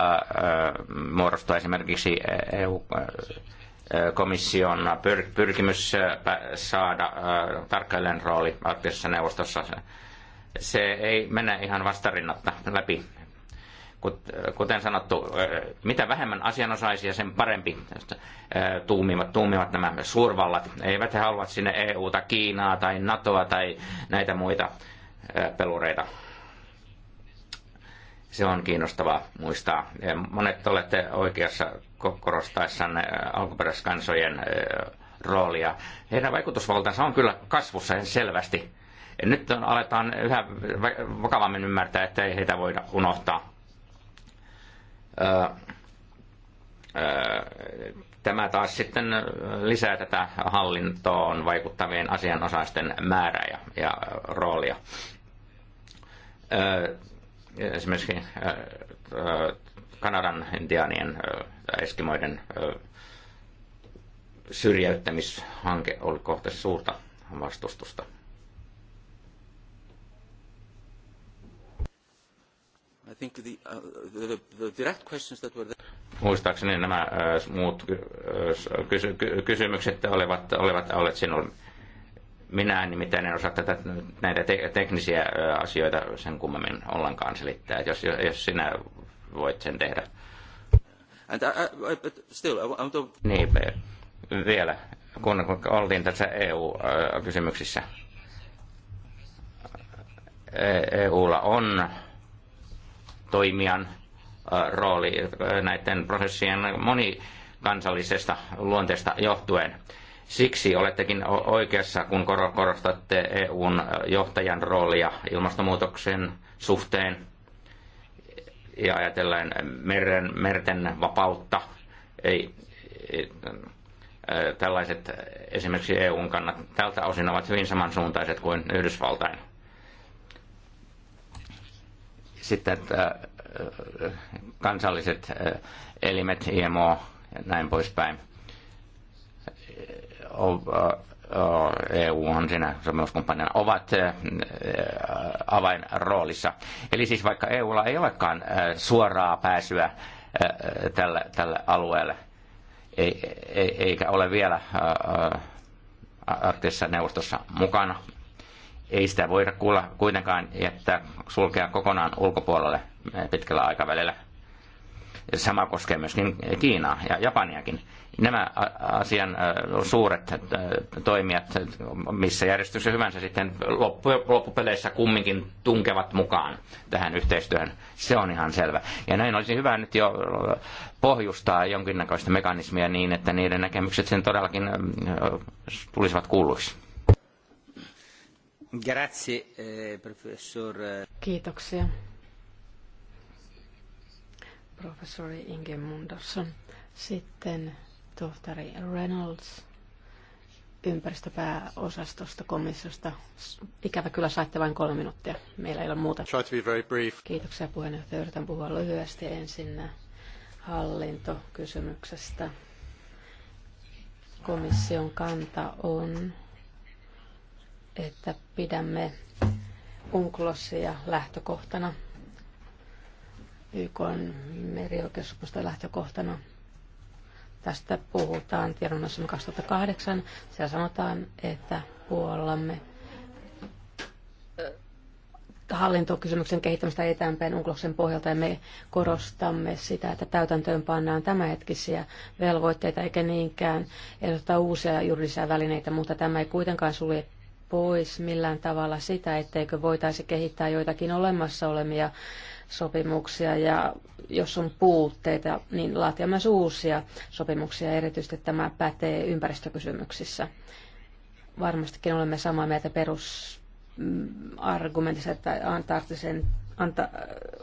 muodostua esimerkiksi EU-komission pyrkimys saada tarkkailijan rooli arktisessa neuvostossa. Se ei mene ihan vastarinnatta läpi kuten sanottu, mitä vähemmän asianosaisia, sen parempi tuumivat, tuumivat nämä suurvallat. Eivät he halua sinne EUta, Kiinaa tai NATOa tai näitä muita pelureita. Se on kiinnostavaa muistaa. Monet olette oikeassa korostaessanne alkuperäiskansojen roolia. Heidän vaikutusvaltansa on kyllä kasvussa selvästi. Nyt on, aletaan yhä vakavammin ymmärtää, että ei heitä voida unohtaa Tämä taas sitten lisää tätä hallintoon vaikuttavien asianosaisten määrää ja, ja roolia. Esimerkiksi Kanadan intiaanien eskimoiden syrjäyttämishanke oli kohta suurta vastustusta. Muistaakseni nämä äh, muut äh, kysy, ky, kysymykset olivat, olivat olleet sinulle. Minä nimittäin en osaa tätä, näitä te, teknisiä äh, asioita sen kummemmin ollenkaan selittää, jos, jos sinä voit sen tehdä. And I, I, but still, I want to... Niin, vielä, kun, kun oltiin tässä EU-kysymyksissä. Äh, EUlla e on toimijan äh, rooli äh, näiden prosessien monikansallisesta luonteesta johtuen. Siksi olettekin oikeassa, kun korostatte EUn äh, johtajan roolia ilmastonmuutoksen suhteen ja ajatellaan meren, merten vapautta. Ei, ei, tällaiset esimerkiksi EUn kannat tältä osin ovat hyvin samansuuntaiset kuin Yhdysvaltain sitten äh, kansalliset äh, elimet, IMO ja näin poispäin. EU on siinä sopimuskumppanina, ovat äh, avainroolissa. Eli siis vaikka EUlla ei olekaan suoraa pääsyä tälle, tälle alueelle, eikä ole vielä arktisessa neuvostossa mukana, ei sitä voida kuulla kuitenkaan jättää sulkea kokonaan ulkopuolelle pitkällä aikavälillä. Sama koskee myöskin Kiinaa ja Japaniakin. Nämä asian suuret toimijat, missä järjestyksessä hyvänsä sitten loppupeleissä kumminkin tunkevat mukaan tähän yhteistyöhön. Se on ihan selvä. Ja näin olisi hyvä nyt jo pohjustaa jonkinnäköistä mekanismia niin, että niiden näkemykset sen todellakin tulisivat kuuluisi arvoisa eh, puhemies eh. Kiitoksia. Professori Inge Sitten tohtori Reynolds ympäristöpääosastosta komissiosta. Ikävä kyllä saitte vain kolme minuuttia. Meillä ei ole muuta. Kiitoksia puhemies. Yritän puhua lyhyesti ensin hallintokysymyksestä. Komission kanta on että pidämme UNCLOSia lähtökohtana, YK merioikeussopimusta lähtökohtana. Tästä puhutaan tiedonannossamme 2008. Siellä sanotaan, että puolamme äh, hallintokysymyksen kehittämistä eteenpäin UNCLOSin pohjalta ja me korostamme sitä, että täytäntöön pannaan tämänhetkisiä velvoitteita eikä niinkään ehdottaa uusia juridisia välineitä, mutta tämä ei kuitenkaan sulje pois millään tavalla sitä, etteikö voitaisi kehittää joitakin olemassa olemia sopimuksia ja jos on puutteita, niin laatia myös uusia sopimuksia, erityisesti tämä pätee ympäristökysymyksissä. Varmastikin olemme samaa mieltä perusargumentissa, että antarktisen anta,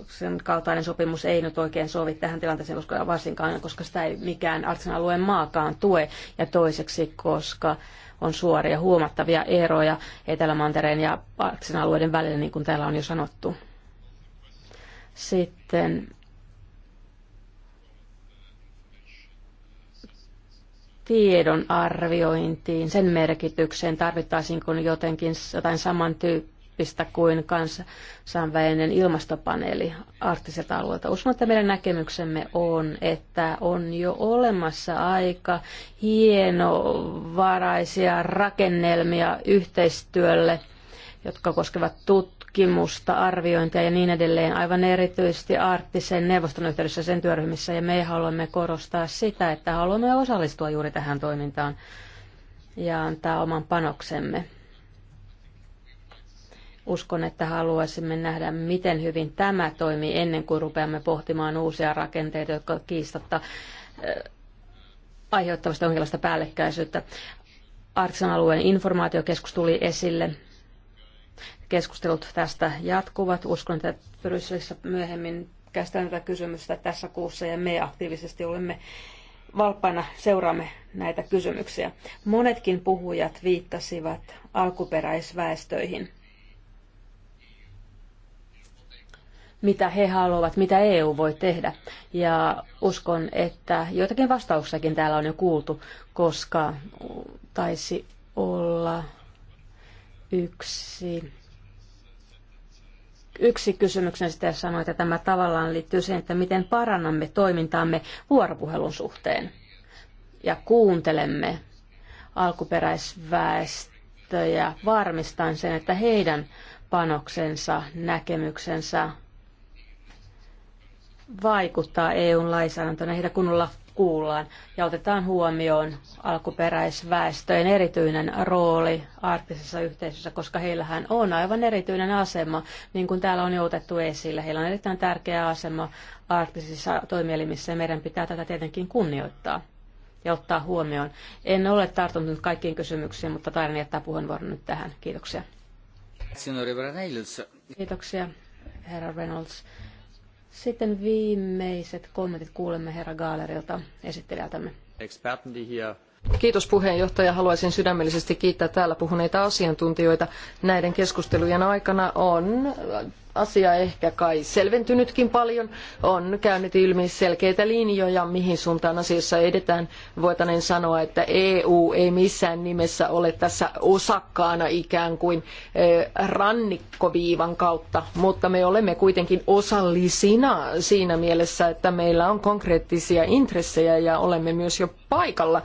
sen kaltainen sopimus ei nyt oikein sovi tähän tilanteeseen, koska varsinkaan, koska sitä ei mikään arktisen alueen maakaan tue, ja toiseksi, koska on suoria huomattavia eroja Etelämantereen ja Arktisen alueiden välillä, niin kuin täällä on jo sanottu. Sitten tiedon arviointiin, sen merkitykseen, tarvittaisiinko jotenkin jotain samantyyppistä kriittistä kuin kansainvälinen ilmastopaneeli arktiselta alueelta. Uskon, että meidän näkemyksemme on, että on jo olemassa aika hienovaraisia rakennelmia yhteistyölle, jotka koskevat tutkimusta, arviointia ja niin edelleen, aivan erityisesti arktisen neuvoston yhteydessä sen työryhmissä, ja me haluamme korostaa sitä, että haluamme osallistua juuri tähän toimintaan ja antaa oman panoksemme Uskon, että haluaisimme nähdä, miten hyvin tämä toimii ennen kuin rupeamme pohtimaan uusia rakenteita, jotka kiistatta aiheuttavasta jonkinlaista päällekkäisyyttä. Arksan alueen informaatiokeskus tuli esille. Keskustelut tästä jatkuvat. Uskon, että Brysselissä myöhemmin käsitellään tätä kysymystä tässä kuussa ja me aktiivisesti olemme valppaina seuraamme näitä kysymyksiä. Monetkin puhujat viittasivat alkuperäisväestöihin. mitä he haluavat, mitä EU voi tehdä. Ja uskon, että joitakin vastauksiakin täällä on jo kuultu, koska taisi olla yksi yksi kysymyksen sitä sanoi, että tämä tavallaan liittyy siihen, että miten parannamme toimintaamme vuoropuhelun suhteen ja kuuntelemme alkuperäisväestöjä varmistan sen, että heidän panoksensa, näkemyksensä vaikuttaa EUn lainsäädäntöön, heitä kunnolla kuullaan ja otetaan huomioon alkuperäisväestöjen erityinen rooli arktisessa yhteisössä, koska heillähän on aivan erityinen asema, niin kuin täällä on jo otettu esille. Heillä on erittäin tärkeä asema arktisissa toimielimissä ja meidän pitää tätä tietenkin kunnioittaa ja ottaa huomioon. En ole tarttunut kaikkiin kysymyksiin, mutta taidan jättää puheenvuoron nyt tähän. Kiitoksia. Kiitoksia, herra Reynolds. Sitten viimeiset kommentit kuulemme herra Gaalerilta esittelijältämme. Kiitos puheenjohtaja. Haluaisin sydämellisesti kiittää täällä puhuneita asiantuntijoita. Näiden keskustelujen aikana on asia ehkä kai selventynytkin paljon. On käynyt ilmi selkeitä linjoja, mihin suuntaan asiassa edetään. Voitaneen sanoa, että EU ei missään nimessä ole tässä osakkaana ikään kuin rannikkoviivan kautta, mutta me olemme kuitenkin osallisina siinä mielessä, että meillä on konkreettisia intressejä ja olemme myös jo paikalla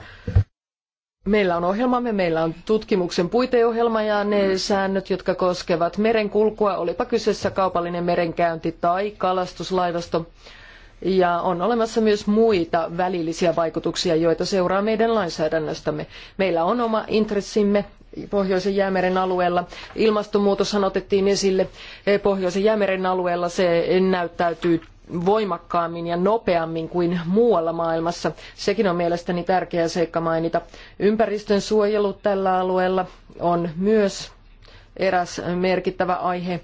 Meillä on ohjelmamme, meillä on tutkimuksen puiteohjelma ja ne säännöt, jotka koskevat merenkulkua, olipa kyseessä kaupallinen merenkäynti tai kalastuslaivasto. Ja on olemassa myös muita välillisiä vaikutuksia, joita seuraa meidän lainsäädännöstämme. Meillä on oma intressimme Pohjoisen jäämeren alueella. Ilmastonmuutoshan otettiin esille. Pohjoisen jäämeren alueella se näyttäytyy voimakkaammin ja nopeammin kuin muualla maailmassa. Sekin on mielestäni tärkeä seikka mainita. Ympäristön suojelu tällä alueella on myös eräs merkittävä aihe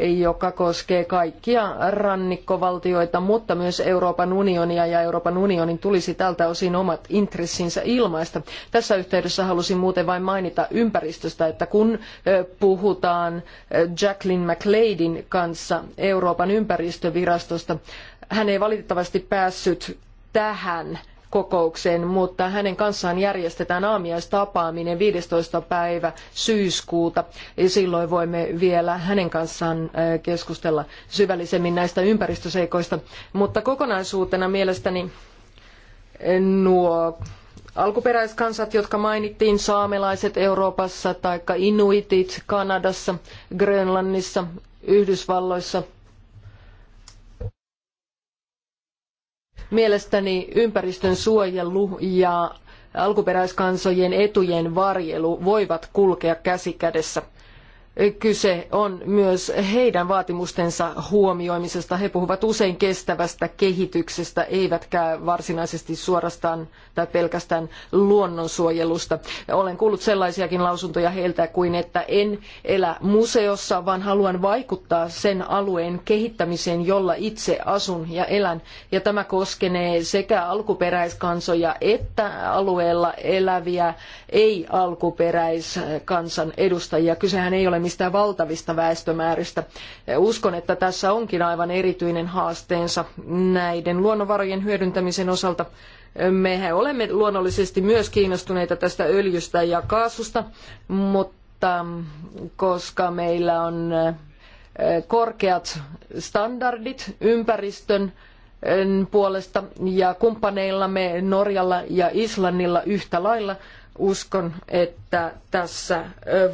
joka koskee kaikkia rannikkovaltioita, mutta myös Euroopan unionia ja Euroopan unionin tulisi tältä osin omat intressinsä ilmaista. Tässä yhteydessä halusin muuten vain mainita ympäristöstä, että kun puhutaan Jacqueline McLeodin kanssa Euroopan ympäristövirastosta, hän ei valitettavasti päässyt tähän kokoukseen, mutta hänen kanssaan järjestetään aamiaistapaaminen 15. päivä syyskuuta. Silloin voimme vielä hänen kanssaan keskustella syvällisemmin näistä ympäristöseikoista. Mutta kokonaisuutena mielestäni nuo alkuperäiskansat, jotka mainittiin, saamelaiset Euroopassa tai inuitit Kanadassa, Grönlannissa, Yhdysvalloissa – Mielestäni ympäristön suojelu ja alkuperäiskansojen etujen varjelu voivat kulkea käsi kädessä kyse on myös heidän vaatimustensa huomioimisesta. He puhuvat usein kestävästä kehityksestä, eivätkä varsinaisesti suorastaan tai pelkästään luonnonsuojelusta. Olen kuullut sellaisiakin lausuntoja heiltä kuin, että en elä museossa, vaan haluan vaikuttaa sen alueen kehittämiseen, jolla itse asun ja elän. Ja tämä koskenee sekä alkuperäiskansoja että alueella eläviä ei-alkuperäiskansan edustajia. Kysehän ei ole mistään valtavista väestömääristä. Uskon, että tässä onkin aivan erityinen haasteensa näiden luonnonvarojen hyödyntämisen osalta. Mehän olemme luonnollisesti myös kiinnostuneita tästä öljystä ja kaasusta, mutta koska meillä on eh, korkeat standardit ympäristön eh, puolesta ja kumppaneillamme Norjalla ja Islannilla yhtä lailla, uskon, että tässä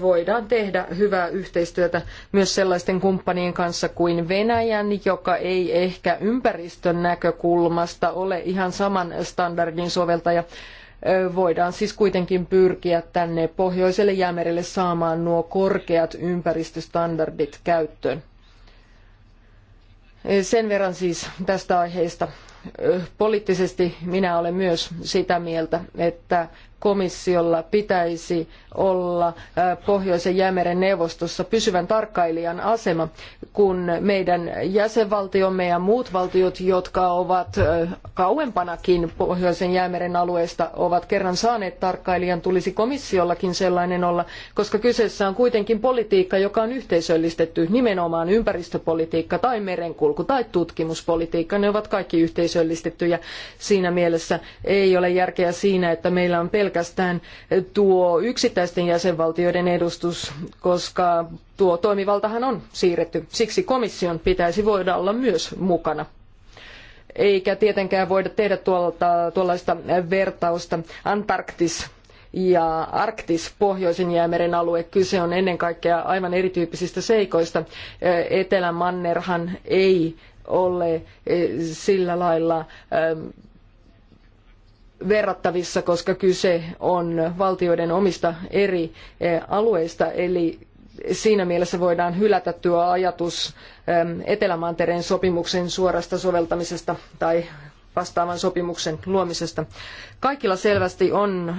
voidaan tehdä hyvää yhteistyötä myös sellaisten kumppanien kanssa kuin Venäjän, joka ei ehkä ympäristön näkökulmasta ole ihan saman standardin soveltaja. Voidaan siis kuitenkin pyrkiä tänne pohjoiselle jäämerelle saamaan nuo korkeat ympäristöstandardit käyttöön. Sen verran siis tästä aiheesta poliittisesti minä olen myös sitä mieltä, että komissiolla pitäisi olla Pohjoisen jäämeren neuvostossa pysyvän tarkkailijan asema, kun meidän jäsenvaltiomme ja muut valtiot, jotka ovat kauempanakin Pohjoisen jäämeren alueesta, ovat kerran saaneet tarkkailijan, tulisi komissiollakin sellainen olla, koska kyseessä on kuitenkin politiikka, joka on yhteisöllistetty nimenomaan ympäristöpolitiikka tai merenkulku tai tutkimuspolitiikka. Ne ovat kaikki yhteisöllistettyjä. Siinä mielessä ei ole järkeä siinä, että meillä on pelkästään pelkästään tuo yksittäisten jäsenvaltioiden edustus, koska tuo toimivaltahan on siirretty. Siksi komission pitäisi voida olla myös mukana eikä tietenkään voida tehdä tuolta, tuollaista vertausta. Antarktis ja Arktis, Pohjoisen jäämeren alue, kyse on ennen kaikkea aivan erityyppisistä seikoista. Etelämannerhan ei ole eh, sillä lailla eh, verrattavissa, koska kyse on valtioiden omista eri eh, alueista, eli siinä mielessä voidaan hylätä tuo ajatus Etelämantereen sopimuksen suorasta soveltamisesta tai vastaavan sopimuksen luomisesta. Kaikilla selvästi on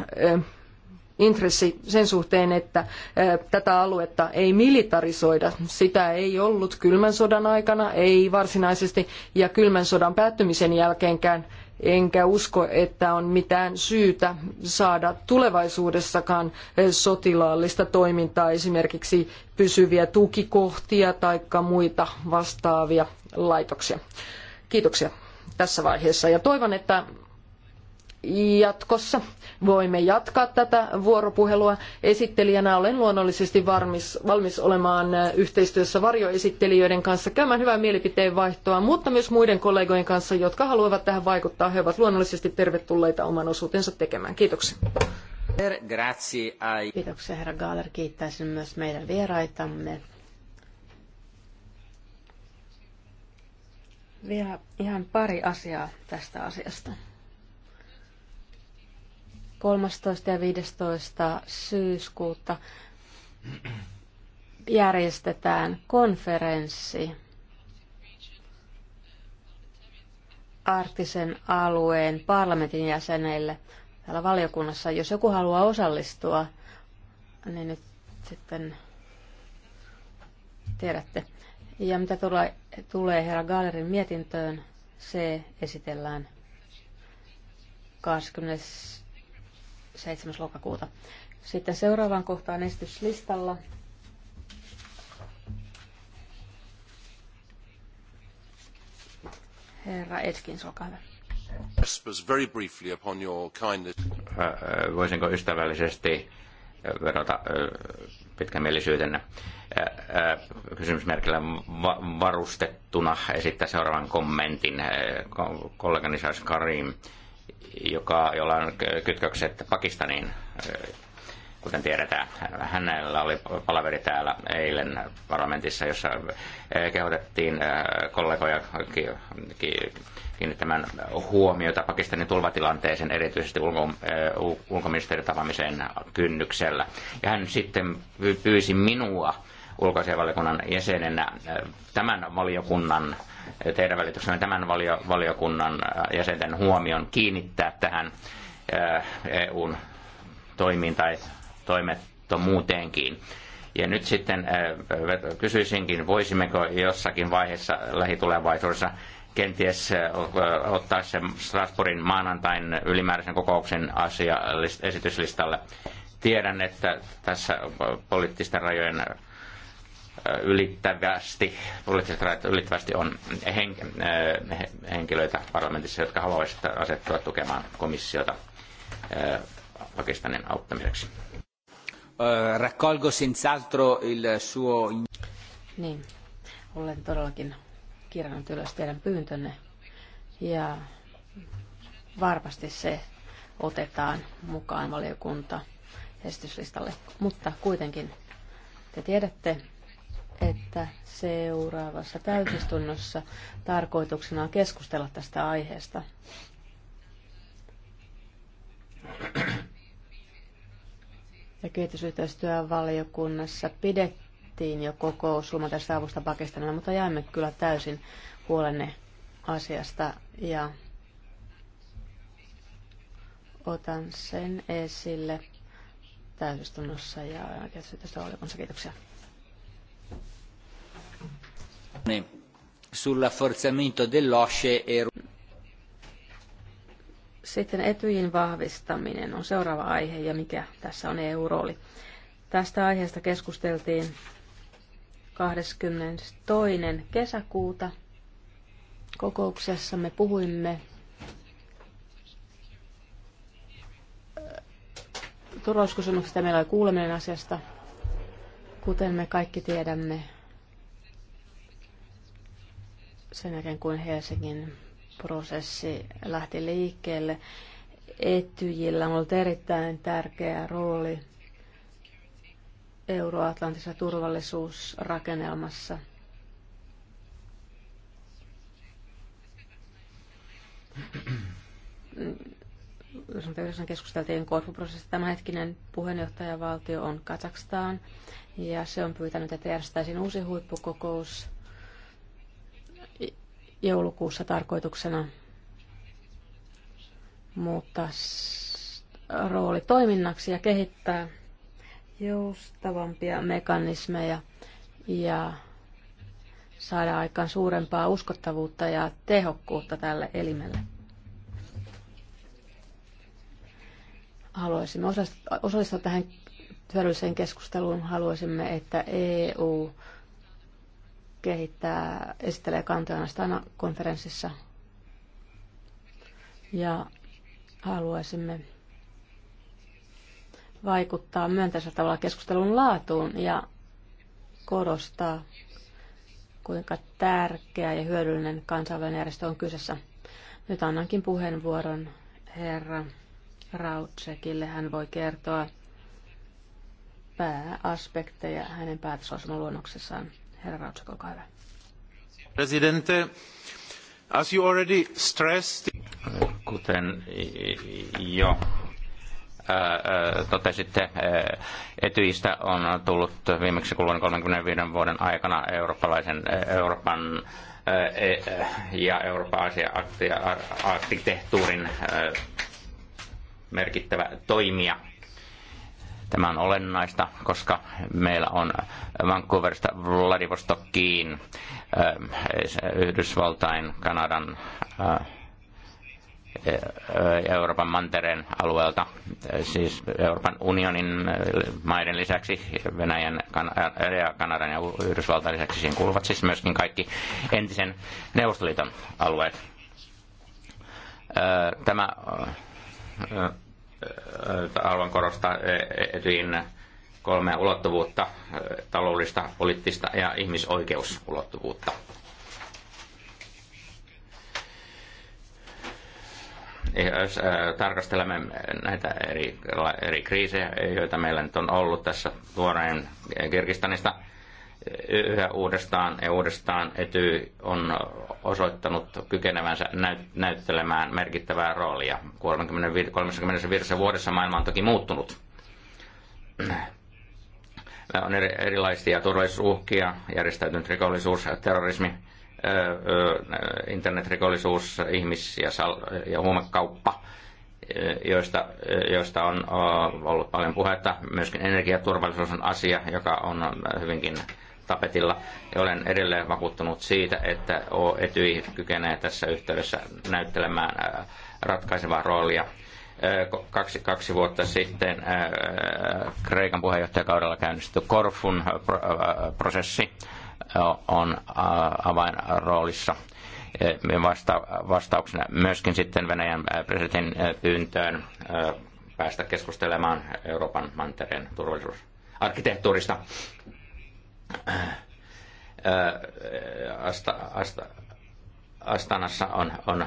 intressi sen suhteen, että eh, tätä aluetta ei militarisoida. Sitä ei ollut kylmän sodan aikana, ei varsinaisesti, ja kylmän sodan päättymisen jälkeenkään – enkä usko, että on mitään syytä saada tulevaisuudessakaan eh, sotilaallista toimintaa, esimerkiksi pysyviä tukikohtia tai muita vastaavia laitoksia. Kiitoksia tässä vaiheessa ja toivon, että jatkossa voimme jatkaa tätä vuoropuhelua. Esittelijänä olen luonnollisesti varmis, valmis olemaan yhteistyössä varjoesittelijöiden kanssa käymään hyvää mielipiteen vaihtoa, mutta myös muiden kollegojen kanssa, jotka haluavat tähän vaikuttaa. He ovat luonnollisesti tervetulleita oman osuutensa tekemään. Kiitoksia. Kiitoksia herra Gaaler. Kiittäisin myös meidän vieraitamme. Vielä ihan pari asiaa tästä asiasta. 13. ja 15. syyskuuta järjestetään konferenssi arktisen alueen parlamentin jäsenille täällä valiokunnassa. Jos joku haluaa osallistua, niin nyt sitten tiedätte. Ja mitä tulee, tulee herra Gallerin mietintöön, se esitellään 20. 7. lokakuuta. Sitten seuraavaan kohtaan esityslistalla. Herra Edkins, olkaa hyvä. Very briefly upon your kindness. Äh, äh, voisinko ystävällisesti äh, verrata pitkämielisyytenne kysymysmerkillä varustettuna esittää seuraavan kommentin. Kollegani Sars Karim joka, jolla on kytkökset Pakistaniin, kuten tiedetään. Hänellä oli palaveri täällä eilen parlamentissa, jossa e, kehotettiin e, kollegoja kiinnittämään huomiota Pakistanin tulvatilanteeseen, erityisesti ulko, e, ulkoministeritapaamisen kynnyksellä. Ja hän sitten pyysi minua ulkoasianvaliokunnan jäsenenä äh, tämän valiokunnan, äh, teidän välityksenä tämän valio, valiokunnan äh, jäsenten huomion kiinnittää tähän EUn toimiin tai toimettomuuteenkin. Ja nyt sitten kysyisinkin, voisimmeko jossakin vaiheessa lähitulevaisuudessa kenties ottaa se Strasbourgin maanantain ylimääräisen kokouksen asia esityslistalle. Tiedän, että tässä poliittisten rajojen ylittävästi, poliittiset rajat ylittävästi on hen, eh, henkilöitä parlamentissa, jotka haluaisivat asettua tukemaan komissiota eh, Pakistanin auttamiseksi. Eh, raccolgo senz'altro il suo... Niin, olen todellakin kirjannut ylös teidän pyyntönne ja varmasti se otetaan mukaan valiokunta esityslistalle, mutta kuitenkin te tiedätte, että seuraavassa täysistunnossa tarkoituksena on keskustella tästä aiheesta. Ja kehitysyhteistyövaliokunnassa pidettiin jo kokous tästä avusta Pakistanilla, mutta jäämme kyllä täysin huolenne asiasta ja otan sen esille täysistunnossa ja kehitysyhteistyövaliokunnassa. Kiitoksia rafforzamento dell'OSCE e... Sitten etyjin vahvistaminen on seuraava aihe ja mikä tässä on EU-rooli. Tästä aiheesta keskusteltiin 22. kesäkuuta kokouksessa. Me puhuimme äh, turvallisuuskysymyksistä. Meillä oli kuuleminen asiasta. Kuten me kaikki tiedämme, sen jälkeen, kun Helsingin prosessi lähti liikkeelle. Etyjillä on ollut erittäin tärkeä rooli euroatlantisessa turvallisuusrakennelmassa. Yhdysvaltain keskusteltiin korfuprosessista. Tämänhetkinen puheenjohtajavaltio on Kazakstan ja se on pyytänyt, että järjestäisiin uusi huippukokous joulukuussa tarkoituksena muuttaa rooli toiminnaksi ja kehittää joustavampia mekanismeja ja saada aikaan suurempaa uskottavuutta ja tehokkuutta tälle elimelle. Haluaisimme osallistua tähän hyödylliseen keskusteluun. Haluaisimme, että EU kehittää, esittelee kantojaan aina konferenssissa. Ja haluaisimme vaikuttaa myönteisellä tavalla keskustelun laatuun ja korostaa, kuinka tärkeä ja hyödyllinen kansainvälinen järjestö on kyseessä. Nyt annankin puheenvuoron herra Rautsekille. Hän voi kertoa pääaspekteja hänen päätösosmaluonnoksessaan. luonnoksessaan. Herra Kuten jo totesitte, Etyistä on tullut viimeksi kuluneen 35 vuoden aikana eurooppalaisen Euroopan e, ja Euroopan asia arktitehtuurin merkittävä toimija – Tämä on olennaista, koska meillä on Vancouverista Vladivostokkiin äh, Yhdysvaltain, Kanadan, äh, äh, Euroopan mantereen alueelta, siis Euroopan unionin maiden lisäksi, Venäjän, Kanadan ja Yhdysvaltain lisäksi siihen kuuluvat siis myöskin kaikki entisen Neuvostoliiton alueet. Tämä haluan korostaa Etyjin kolmea ulottuvuutta, taloudellista, poliittista ja ihmisoikeusulottuvuutta. Jos tarkastelemme näitä eri, eri kriisejä, joita meillä nyt on ollut tässä tuoreen Kirgistanista – yhä uudestaan ja uudestaan Ety on osoittanut kykenevänsä näyttelemään merkittävää roolia. 35 vuodessa maailma on toki muuttunut. On erilaisia turvallisuusuhkia, järjestäytynyt rikollisuus, terrorismi, internetrikollisuus, ihmis- ja, sal- ja huumekauppa, joista, joista on ollut paljon puhetta. Myöskin energiaturvallisuus on asia, joka on hyvinkin tapetilla. Olen edelleen vakuuttunut siitä, että Etyi kykenee tässä yhteydessä näyttelemään äh, ratkaisevaa roolia. Äh, kaksi, kaksi vuotta sitten äh, Kreikan puheenjohtajakaudella käynnistetty Korfun prosessi on avainroolissa vasta, vastauksena myöskin sitten Venäjän presidentin pyyntöön päästä keskustelemaan Euroopan mantereen turvallisuusarkkitehtuurista. Äh, äh, asta, asta, Astanassa on, on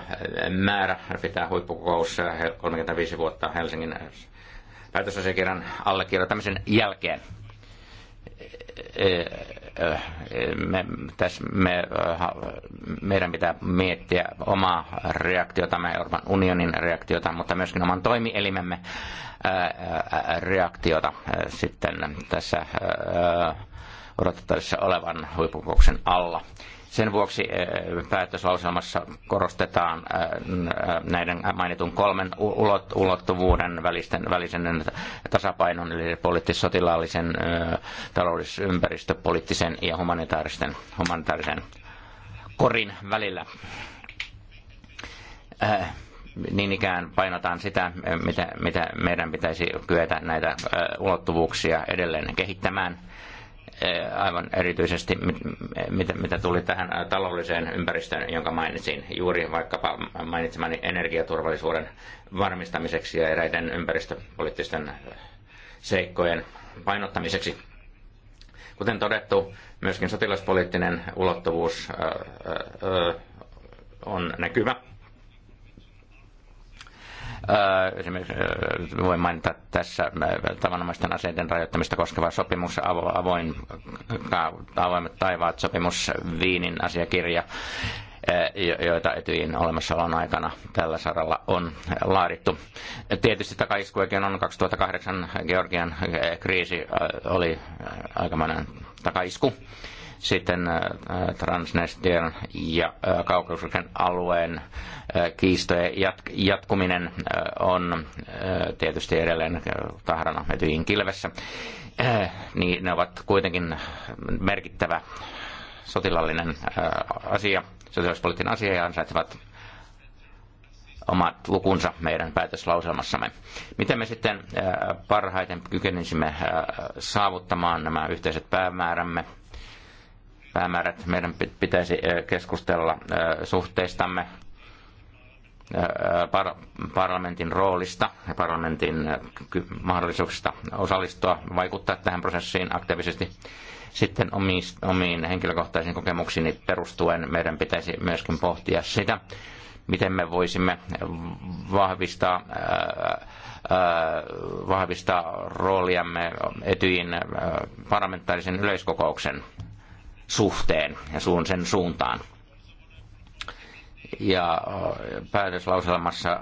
määrä pitää huippukokous 35 äh, vuotta Helsingin päätösasiakirjan allekirjoittamisen jälkeen. Me, tässä me, meidän pitää miettiä omaa reaktiotamme, Euroopan unionin reaktiota, mutta myöskin oman toimielimemme reaktiota sitten tässä odotettavissa olevan huippukokouksen alla. Sen vuoksi eh, päätöslauselmassa korostetaan eh, eh, näiden mainitun kolmen ulottuvuuden välisten, välisen tasapainon, eli poliittis-sotilaallisen, taloudellis- ympäristöpoliittisen ja humanitaarisen, humanitaarisen korin välillä. Niin ikään painotaan sitä, mitä, mitä meidän pitäisi kyetä näitä ulottuvuuksia edelleen kehittämään – Eh, aivan erityisesti, mitä, mitä tuli tähän taloudelliseen ympäristöön, jonka mainitsin, juuri vaikkapa mainitsemani energiaturvallisuuden varmistamiseksi ja eräiden ympäristöpoliittisten seikkojen painottamiseksi. Kuten todettu, myöskin sotilaspoliittinen ulottuvuus on näkyvä Äh, esimerkiksi äh, voin mainita tässä äh, tavanomaisten aseiden rajoittamista koskeva sopimus, avoin, avoimet taivaat, sopimus, Viinin asiakirja, joita Etyin olemassaolon aikana tällä saralla on laadittu. Tietysti takaiskuekin on 2008 Georgian kriisi oli aikamoinen takaisku. Sitten äh, Transnistrian ja äh, kaukaisuuden alueen äh, kiistojen jatkuminen on tietysti edelleen tahrana Etyjin kilvessä. Niin ne ovat kuitenkin merkittävä sotilallinen asia, sotilaspoliittinen asia ja ansaitsevat omat lukunsa meidän päätöslauselmassamme. Miten me sitten parhaiten kykenisimme saavuttamaan nämä yhteiset päämäärämme päämäärät. Meidän pitäisi keskustella suhteistamme parlamentin roolista ja parlamentin mahdollisuuksista osallistua, vaikuttaa tähän prosessiin aktiivisesti. Sitten omiin henkilökohtaisiin kokemuksiini perustuen meidän pitäisi myöskin pohtia sitä, miten me voisimme vahvistaa, äh, äh, vahvistaa rooliamme Etyin parlamentaarisen yleiskokouksen suhteen ja suun sen suuntaan. Ja päätöslauselmassa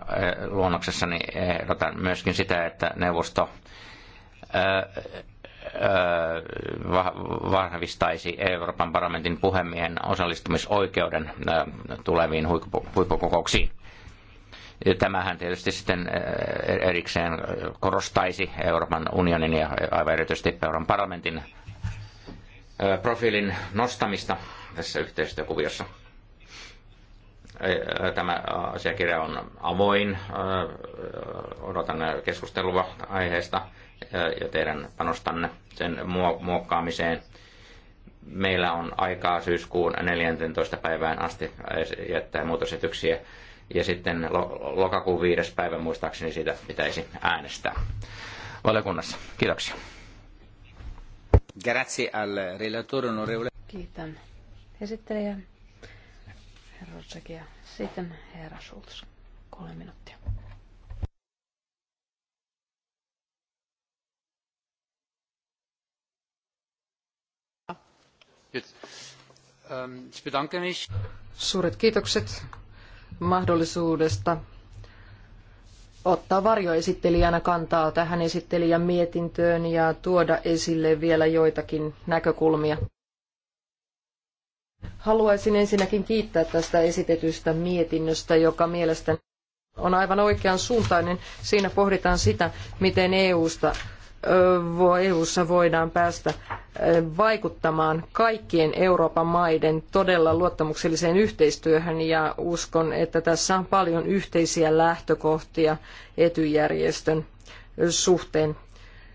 luonnoksessani niin ehdotan myöskin sitä, että neuvosto vahvistaisi Euroopan parlamentin puhemiehen osallistumisoikeuden tuleviin huippukokouksiin. Tämähän tietysti sitten erikseen korostaisi Euroopan unionin ja aivan erityisesti Euroopan parlamentin profiilin nostamista tässä yhteistyökuviossa. Tämä asiakirja on avoin. Odotan keskustelua aiheesta ja teidän panostanne sen muokkaamiseen. Meillä on aikaa syyskuun 14. päivään asti jättää muutosetyksiä Ja sitten lokakuun viides päivä muistaakseni siitä pitäisi äänestää valiokunnassa. Kiitoksia. Grazie al relatore onorevole. Kiitän esittelijä herra Rotsakia. Sitten herra Schultz, kolme minuuttia. Um, Suuret kiitokset mahdollisuudesta ottaa varjoesittelijänä kantaa tähän esittelijän mietintöön ja tuoda esille vielä joitakin näkökulmia. Haluaisin ensinnäkin kiittää tästä esitetystä mietinnöstä, joka mielestäni on aivan oikean suuntainen. Siinä pohditaan sitä, miten EUsta EU-ssa voidaan päästä vaikuttamaan kaikkien Euroopan maiden todella luottamukselliseen yhteistyöhön ja uskon, että tässä on paljon yhteisiä lähtökohtia etyjärjestön suhteen.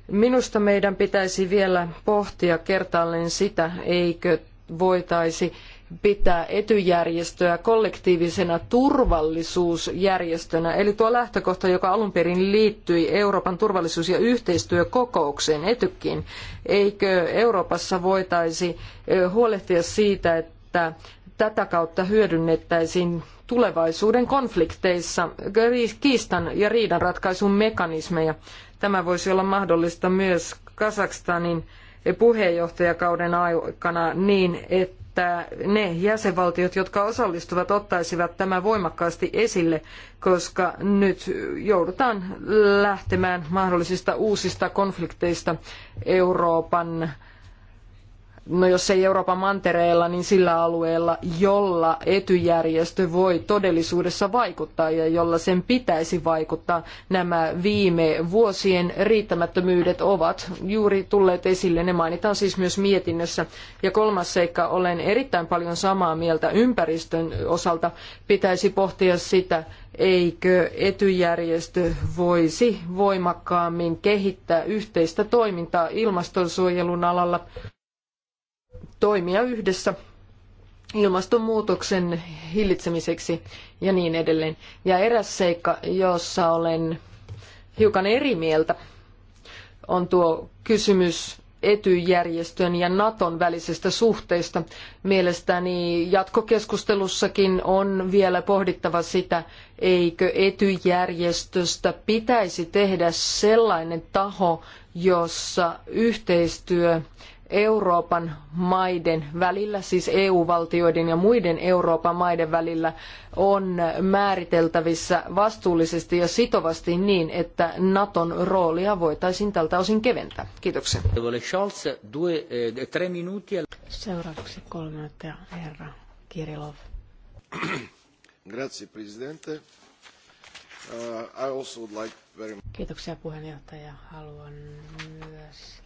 Minusta meidän pitäisi vielä pohtia kertaalleen sitä, eikö voitaisi pitää etyjärjestöä kollektiivisena turvallisuusjärjestönä, eli tuo lähtökohta, joka alun perin liittyi Euroopan turvallisuus- ja yhteistyökokoukseen etykin, eikö Euroopassa voitaisi huolehtia siitä, että tätä kautta hyödynnettäisiin tulevaisuuden konflikteissa kiistan ja riidanratkaisun mekanismeja. Tämä voisi olla mahdollista myös Kazakstanin puheenjohtajakauden aikana niin, että että ne jäsenvaltiot, jotka osallistuvat, ottaisivat tämän voimakkaasti esille, koska nyt joudutaan lähtemään mahdollisista uusista konflikteista Euroopan no jos ei Euroopan mantereella, niin sillä alueella, jolla etyjärjestö voi todellisuudessa vaikuttaa ja jolla sen pitäisi vaikuttaa. Nämä viime vuosien riittämättömyydet ovat juuri tulleet esille, ne mainitaan siis myös mietinnössä. Ja kolmas seikka, olen erittäin paljon samaa mieltä ympäristön osalta, pitäisi pohtia sitä, eikö etyjärjestö voisi voimakkaammin kehittää yhteistä toimintaa ilmastonsuojelun alalla toimia yhdessä ilmastonmuutoksen hillitsemiseksi ja niin edelleen. Ja eräs seikka, jossa olen hiukan eri mieltä, on tuo kysymys Etyjärjestön ja Naton välisestä suhteesta. Mielestäni jatkokeskustelussakin on vielä pohdittava sitä, eikö Etyjärjestöstä pitäisi tehdä sellainen taho, jossa yhteistyö Euroopan maiden välillä, siis EU-valtioiden ja muiden Euroopan maiden välillä, on määriteltävissä vastuullisesti ja sitovasti niin, että Naton roolia voitaisiin tältä osin keventää. Kiitoksia. Seuraavaksi kolme minuuttia, herra Kirilov. Grazie, presidente. Uh, I also would like very... Kiitoksia puheenjohtaja. Haluan myös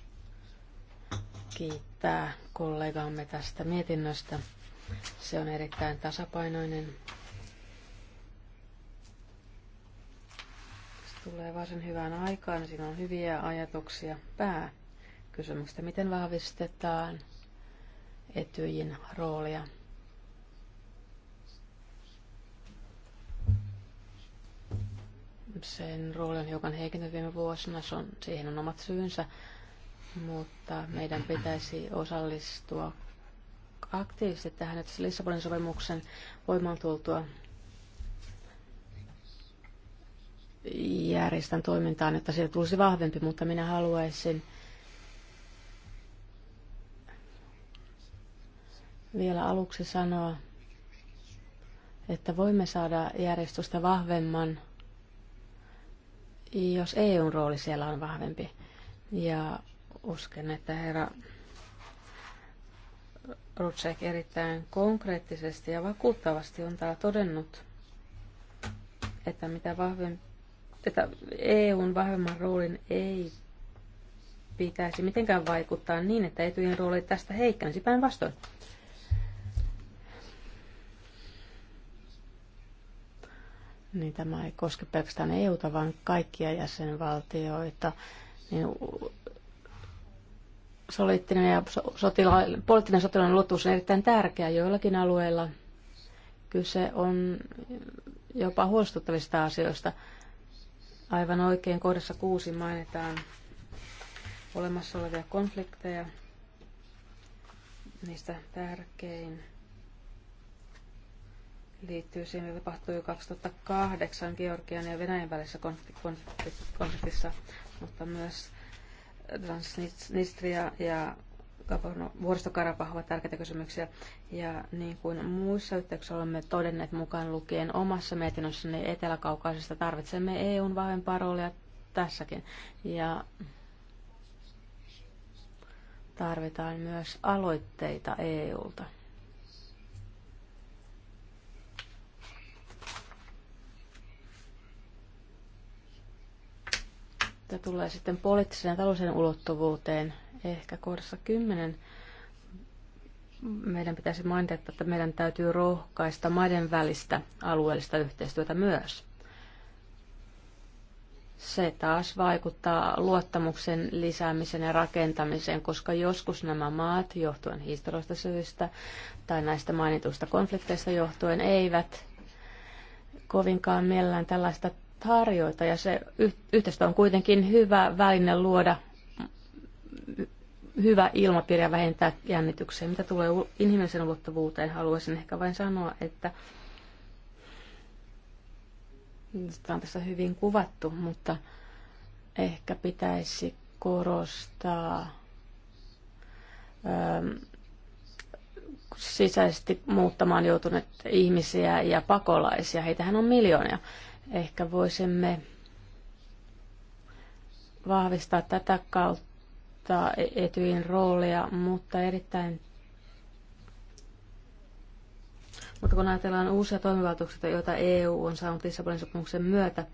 kiittää kollegaamme tästä mietinnöstä. Se on erittäin tasapainoinen. Se tulee varsin hyvään aikaan. Siinä on hyviä ajatuksia pääkysymystä, miten vahvistetaan etyjin roolia. Sen rooli on hiukan heikentynyt viime vuosina, se on, siihen on omat syynsä mutta meidän pitäisi osallistua aktiivisesti tähän, että Lissabonin sopimuksen voimaan tultua järjestän toimintaan, että siitä tulisi vahvempi, mutta minä haluaisin vielä aluksi sanoa, että voimme saada järjestöstä vahvemman, jos EUn rooli siellä on vahvempi. Ja Uskon, että herra Rutsek erittäin konkreettisesti ja vakuuttavasti on täällä todennut, että mitä vahvin, että EUn vahvemman roolin ei pitäisi mitenkään vaikuttaa niin, että etujen rooli tästä heikkenisi päinvastoin. Niin tämä ei koske pelkästään EUta, vaan kaikkia jäsenvaltioita. Niin poliittinen ja sotilaallinen, poliittinen sotilaallinen luottamus on erittäin tärkeä joillakin alueilla. Kyse on jopa huolestuttavista asioista. Aivan oikein kohdassa kuusi mainitaan olemassa olevia konflikteja. Niistä tärkein liittyy siihen, mitä tapahtui 2008 Georgian ja Venäjän välisessä konfliktissa, mutta myös Transnistria ja vuoristokarapah ovat tärkeitä kysymyksiä. Ja niin kuin muissa yhteyksissä olemme todenneet mukaan lukien omassa mietinnössäni Etelä-Kaukaisesta, tarvitsemme EUn vahvempaa roolia tässäkin. Ja tarvitaan myös aloitteita EUlta. Mitä tulee sitten poliittiseen ja taloudelliseen ulottuvuuteen, ehkä kohdassa 10 meidän pitäisi mainita, että meidän täytyy rohkaista maiden välistä alueellista yhteistyötä myös. Se taas vaikuttaa luottamuksen lisäämiseen ja rakentamiseen, koska joskus nämä maat, johtuen historiallisista syistä tai näistä mainituista konflikteista johtuen, eivät kovinkaan mielellään tällaista tarjota ja se yhteistyö on kuitenkin hyvä väline luoda hyvä ilmapiiri ja vähentää jännityksiä. Mitä tulee inhimillisen ulottuvuuteen, haluaisin ehkä vain sanoa, että sitä on tässä hyvin kuvattu, mutta ehkä pitäisi korostaa ähm, sisäisesti muuttamaan joutuneet ihmisiä ja pakolaisia. Heitähän on miljoonia. Ehkä voisimme vahvistaa tätä kautta e- etyin roolia, mutta erittäin mutta kun ajatellaan uusia toimivaltuuksia, joita EU on saanut Lissabonin sopimuksen myötä,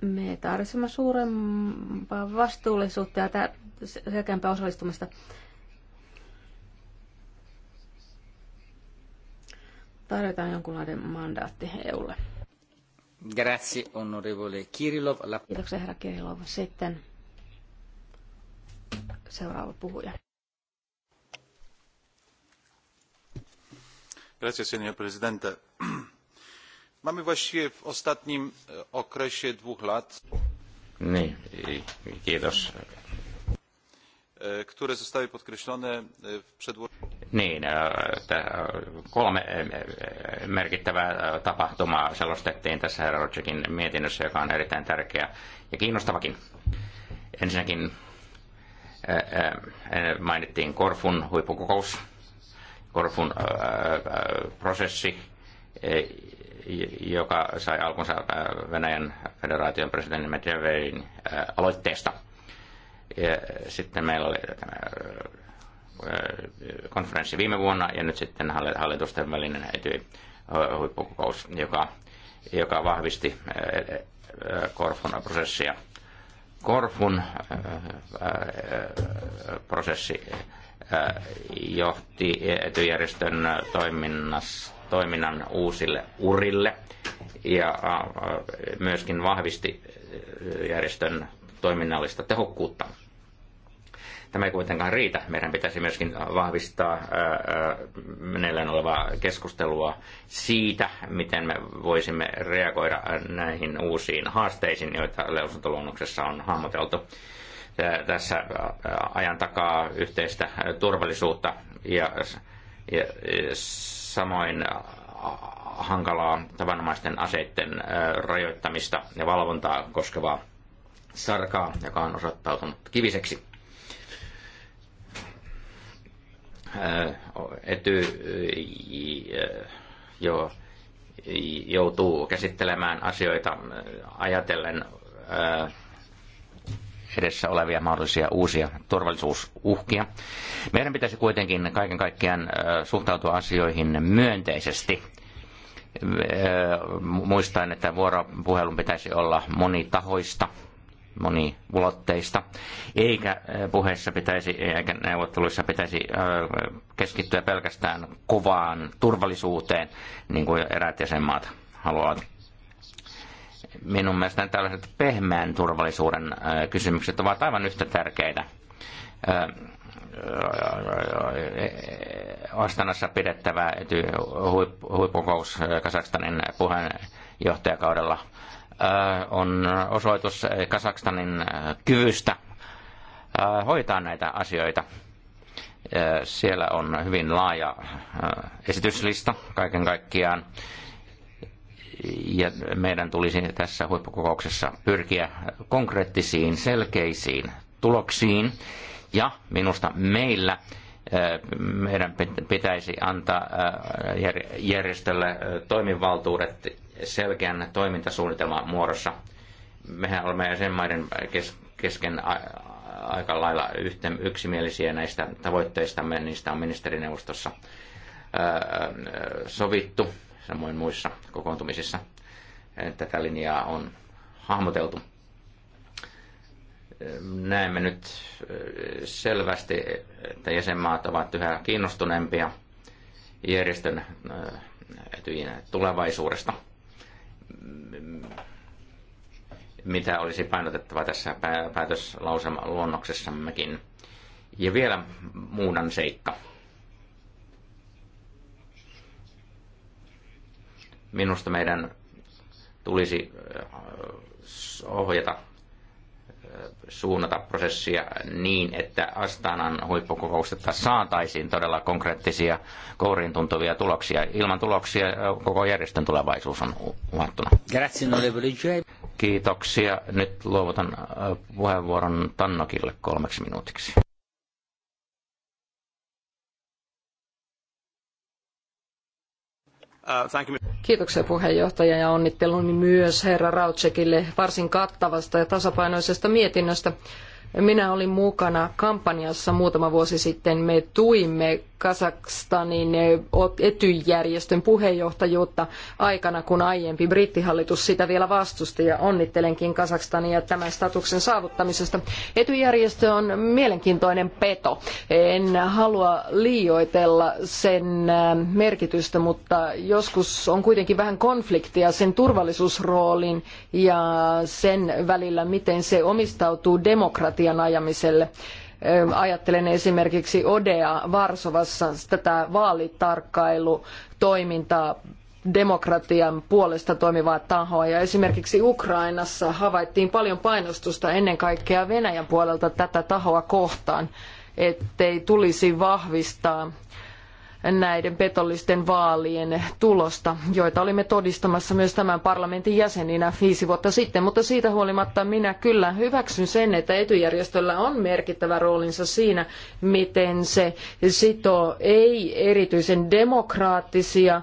me tarvitsemme suurempaa vastuullisuutta ja selkeämpää osallistumista tarjotaan jonkunlainen mandaatti EUlle. Grazie, onorevole Kirilov. La... Kiitoksia, herra Kirilov. Sitten seuraava puhuja. Grazie, signor Presidente. Mamy właściwie w ostatnim e, okresie dwóch lat. Niin, kiitos E, które zostały podkreślone e, w przedłożeniu. Niin, e, kolme merkittävää tapahtumaa selostettiin tässä herra Rotsikin mietinnössä, joka on erittäin tärkeä ja kiinnostavakin. Ensinnäkin mainittiin Korfun huippukokous, Korfun prosessi, joka sai alkunsa Venäjän federaation presidentin Medvedevin aloitteesta – ja sitten meillä oli tämä konferenssi viime vuonna ja nyt sitten hallitusten välinen etyi huippukokous, joka, joka vahvisti Korfun prosessia. Korfun prosessi johti etujärjestön toiminnan uusille urille ja myöskin vahvisti järjestön toiminnallista tehokkuutta. Tämä ei kuitenkaan riitä. Meidän pitäisi myöskin vahvistaa meneillään olevaa keskustelua siitä, miten me voisimme reagoida näihin uusiin haasteisiin, joita lausuntoluonnoksessa on hahmoteltu. Tässä ajan takaa yhteistä turvallisuutta ja, ja samoin hankalaa tavanomaisten aseiden rajoittamista ja valvontaa koskevaa sarkaa, joka on osoittautunut kiviseksi. Ety jo joutuu käsittelemään asioita ajatellen edessä olevia mahdollisia uusia turvallisuusuhkia. Meidän pitäisi kuitenkin kaiken kaikkiaan suhtautua asioihin myönteisesti muistaen, että vuoropuhelun pitäisi olla monitahoista moniulotteista, eikä eh, puheessa pitäisi, eikä neuvotteluissa pitäisi eh, keskittyä pelkästään kovaan turvallisuuteen, niin kuin eräät jäsenmaat haluavat. Minun mielestäni tällaiset pehmeän turvallisuuden eh, kysymykset ovat aivan yhtä tärkeitä. Astanassa pidettävä huippukous Kasakstanin puheenjohtajakaudella on osoitus eh, Kasakstanin kyvystä hoitaa näitä asioita. Siellä on hyvin laaja esityslista kaiken kaikkiaan. Ja meidän tulisi tässä huippukokouksessa pyrkiä konkreettisiin, selkeisiin tuloksiin. Ja minusta meillä meidän pitäisi antaa järjestölle toimivaltuudet selkeän toimintasuunnitelman muodossa. Mehän olemme jäsenmaiden kesken aika lailla yhten, yksimielisiä näistä tavoitteistamme, niistä on ministerineuvostossa sovittu, samoin muissa kokoontumisissa. Tätä linjaa on hahmoteltu. Näemme nyt selvästi, että jäsenmaat ovat yhä kiinnostuneempia järjestön etyjien tulevaisuudesta – mitä olisi painotettava tässä päätöslausema luonnoksessammekin. Ja vielä muunan seikka. Minusta meidän tulisi äh, ohjata suunnata prosessia niin, että Astanan huippukokouksesta saataisiin todella konkreettisia kouriin tuntuvia tuloksia. Ilman tuloksia koko järjestön tulevaisuus on uhattuna. Kiitoksia. Nyt luovutan puheenvuoron Tannokille kolmeksi minuutiksi. Uh, Kiitoksia puheenjohtaja ja onnitteluni myös herra Rautsekille varsin kattavasta ja tasapainoisesta mietinnöstä. Minä olin mukana kampanjassa muutama vuosi sitten. Me tuimme Kasakstanin etyjärjestön eh, puheenjohtajuutta aikana, kun aiempi brittihallitus sitä vielä vastusti ja onnittelenkin Kasakstania tämän statuksen saavuttamisesta. Etyjärjestö on mielenkiintoinen peto. En halua liioitella sen eh, merkitystä, mutta joskus on kuitenkin vähän konfliktia sen turvallisuusroolin ja sen välillä, miten se omistautuu demokratian ajamiselle. Ajattelen esimerkiksi Odea Varsovassa tätä vaalitarkkailutoimintaa demokratian puolesta toimivaa tahoa. Ja esimerkiksi Ukrainassa havaittiin paljon painostusta ennen kaikkea Venäjän puolelta tätä tahoa kohtaan, ettei tulisi vahvistaa näiden petollisten vaalien tulosta, joita olimme todistamassa myös tämän parlamentin jäseninä viisi vuotta sitten. Mutta siitä huolimatta minä kyllä hyväksyn sen, että etujärjestöllä on merkittävä roolinsa siinä, miten se sitoo ei erityisen demokraattisia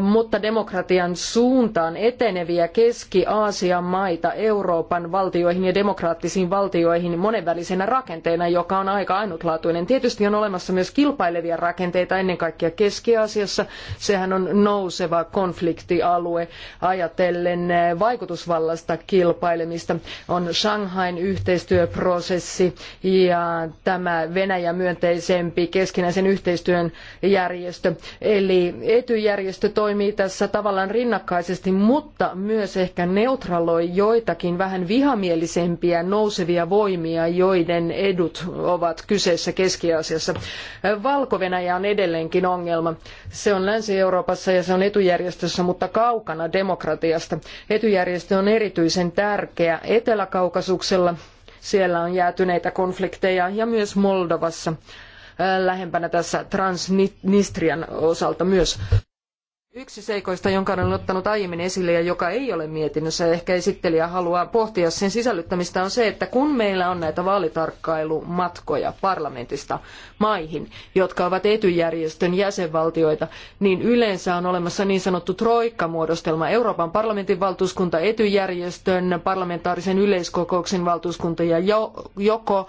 mutta demokratian suuntaan eteneviä Keski-Aasian maita Euroopan valtioihin ja demokraattisiin valtioihin monenvälisenä rakenteena, joka on aika ainutlaatuinen. Tietysti on olemassa myös kilpailevia rakenteita ennen kaikkea Keski-Aasiassa. Sehän on nouseva konfliktialue ajatellen vaikutusvallasta kilpailemista. On Shanghain yhteistyöprosessi ja tämä Venäjä myönteisempi keskinäisen yhteistyön järjestö. Eli etyjärjestö toimii tässä tavallaan rinnakkaisesti, mutta myös ehkä neutraloi joitakin vähän vihamielisempiä nousevia voimia, joiden edut ovat kyseessä Keski-Aasiassa. valko on edelleenkin ongelma. Se on Länsi-Euroopassa ja se on etujärjestössä, mutta kaukana demokratiasta. Etujärjestö on erityisen tärkeä Etelä-Kaukasuksella. Siellä on jäätyneitä konflikteja ja myös Moldovassa lähempänä tässä Transnistrian osalta myös. Yksi seikoista, jonka olen ottanut aiemmin esille ja joka ei ole mietinnössä, ehkä esittelijä haluaa pohtia sen sisällyttämistä, on se, että kun meillä on näitä vaalitarkkailumatkoja parlamentista maihin, jotka ovat etujärjestön jäsenvaltioita, niin yleensä on olemassa niin sanottu troikkamuodostelma. Euroopan parlamentin valtuuskunta, etujärjestön, parlamentaarisen yleiskokouksen valtuuskunta ja joko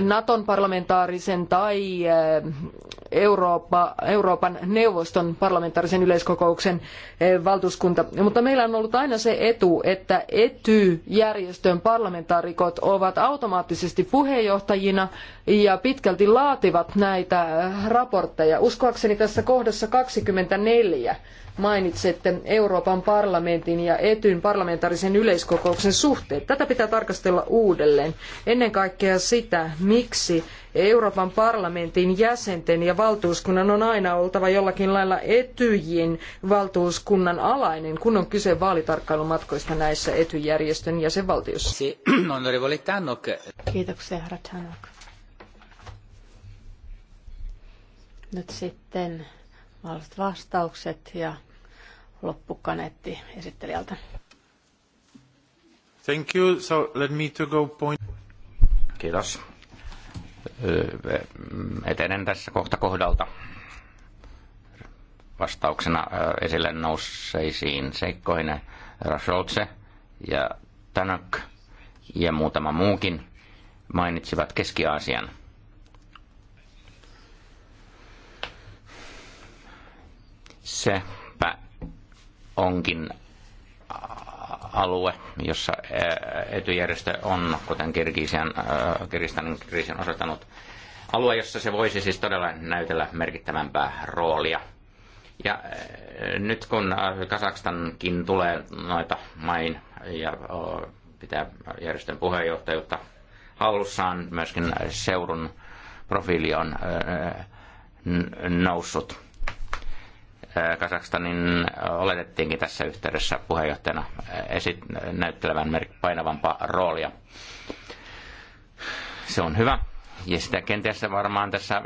Naton parlamentaarisen tai eh, Eurooppa, Euroopan neuvoston parlamentaarisen yleiskokouksen kokouksen eh, valtuuskunta. Mutta meillä on ollut aina se etu, että ETY-järjestön parlamentaarikot ovat automaattisesti puheenjohtajina ja pitkälti laativat näitä eh, raportteja. Uskoakseni tässä kohdassa 24 mainitsette Euroopan parlamentin ja Etyn parlamentaarisen yleiskokouksen suhteet. Tätä pitää tarkastella uudelleen. Ennen kaikkea sitä, miksi Euroopan parlamentin jäsenten ja valtuuskunnan on aina oltava jollakin lailla Etyjin valtuuskunnan alainen, kun on kyse vaalitarkkailumatkoista näissä Etyjärjestön jäsenvaltioissa. Kiitoksia, herra Tanok. Nyt sitten mahdolliset vastaukset ja loppukaneetti esittelijältä. Thank you. So let me to go point. Kiitos. Etenen tässä kohta kohdalta vastauksena esille nousseisiin seikkoihin Rasholtse ja Tanak ja muutama muukin mainitsivat Keski-Aasian. Se onkin äh, alue, jossa äh, etujärjestö on, kuten Kirgisian, äh, Kirgistanin on osoittanut, alue, jossa se voisi siis todella näytellä merkittävämpää roolia. Ja nyt kun Kasakstankin tulee noita main ja pitää järjestön puheenjohtajuutta hallussaan, myöskin seurun profiili on noussut Kasakstanin oletettiinkin tässä yhteydessä puheenjohtajana esit, näyttelevän painavampaa roolia. Se on hyvä. Ja sitä kenties varmaan tässä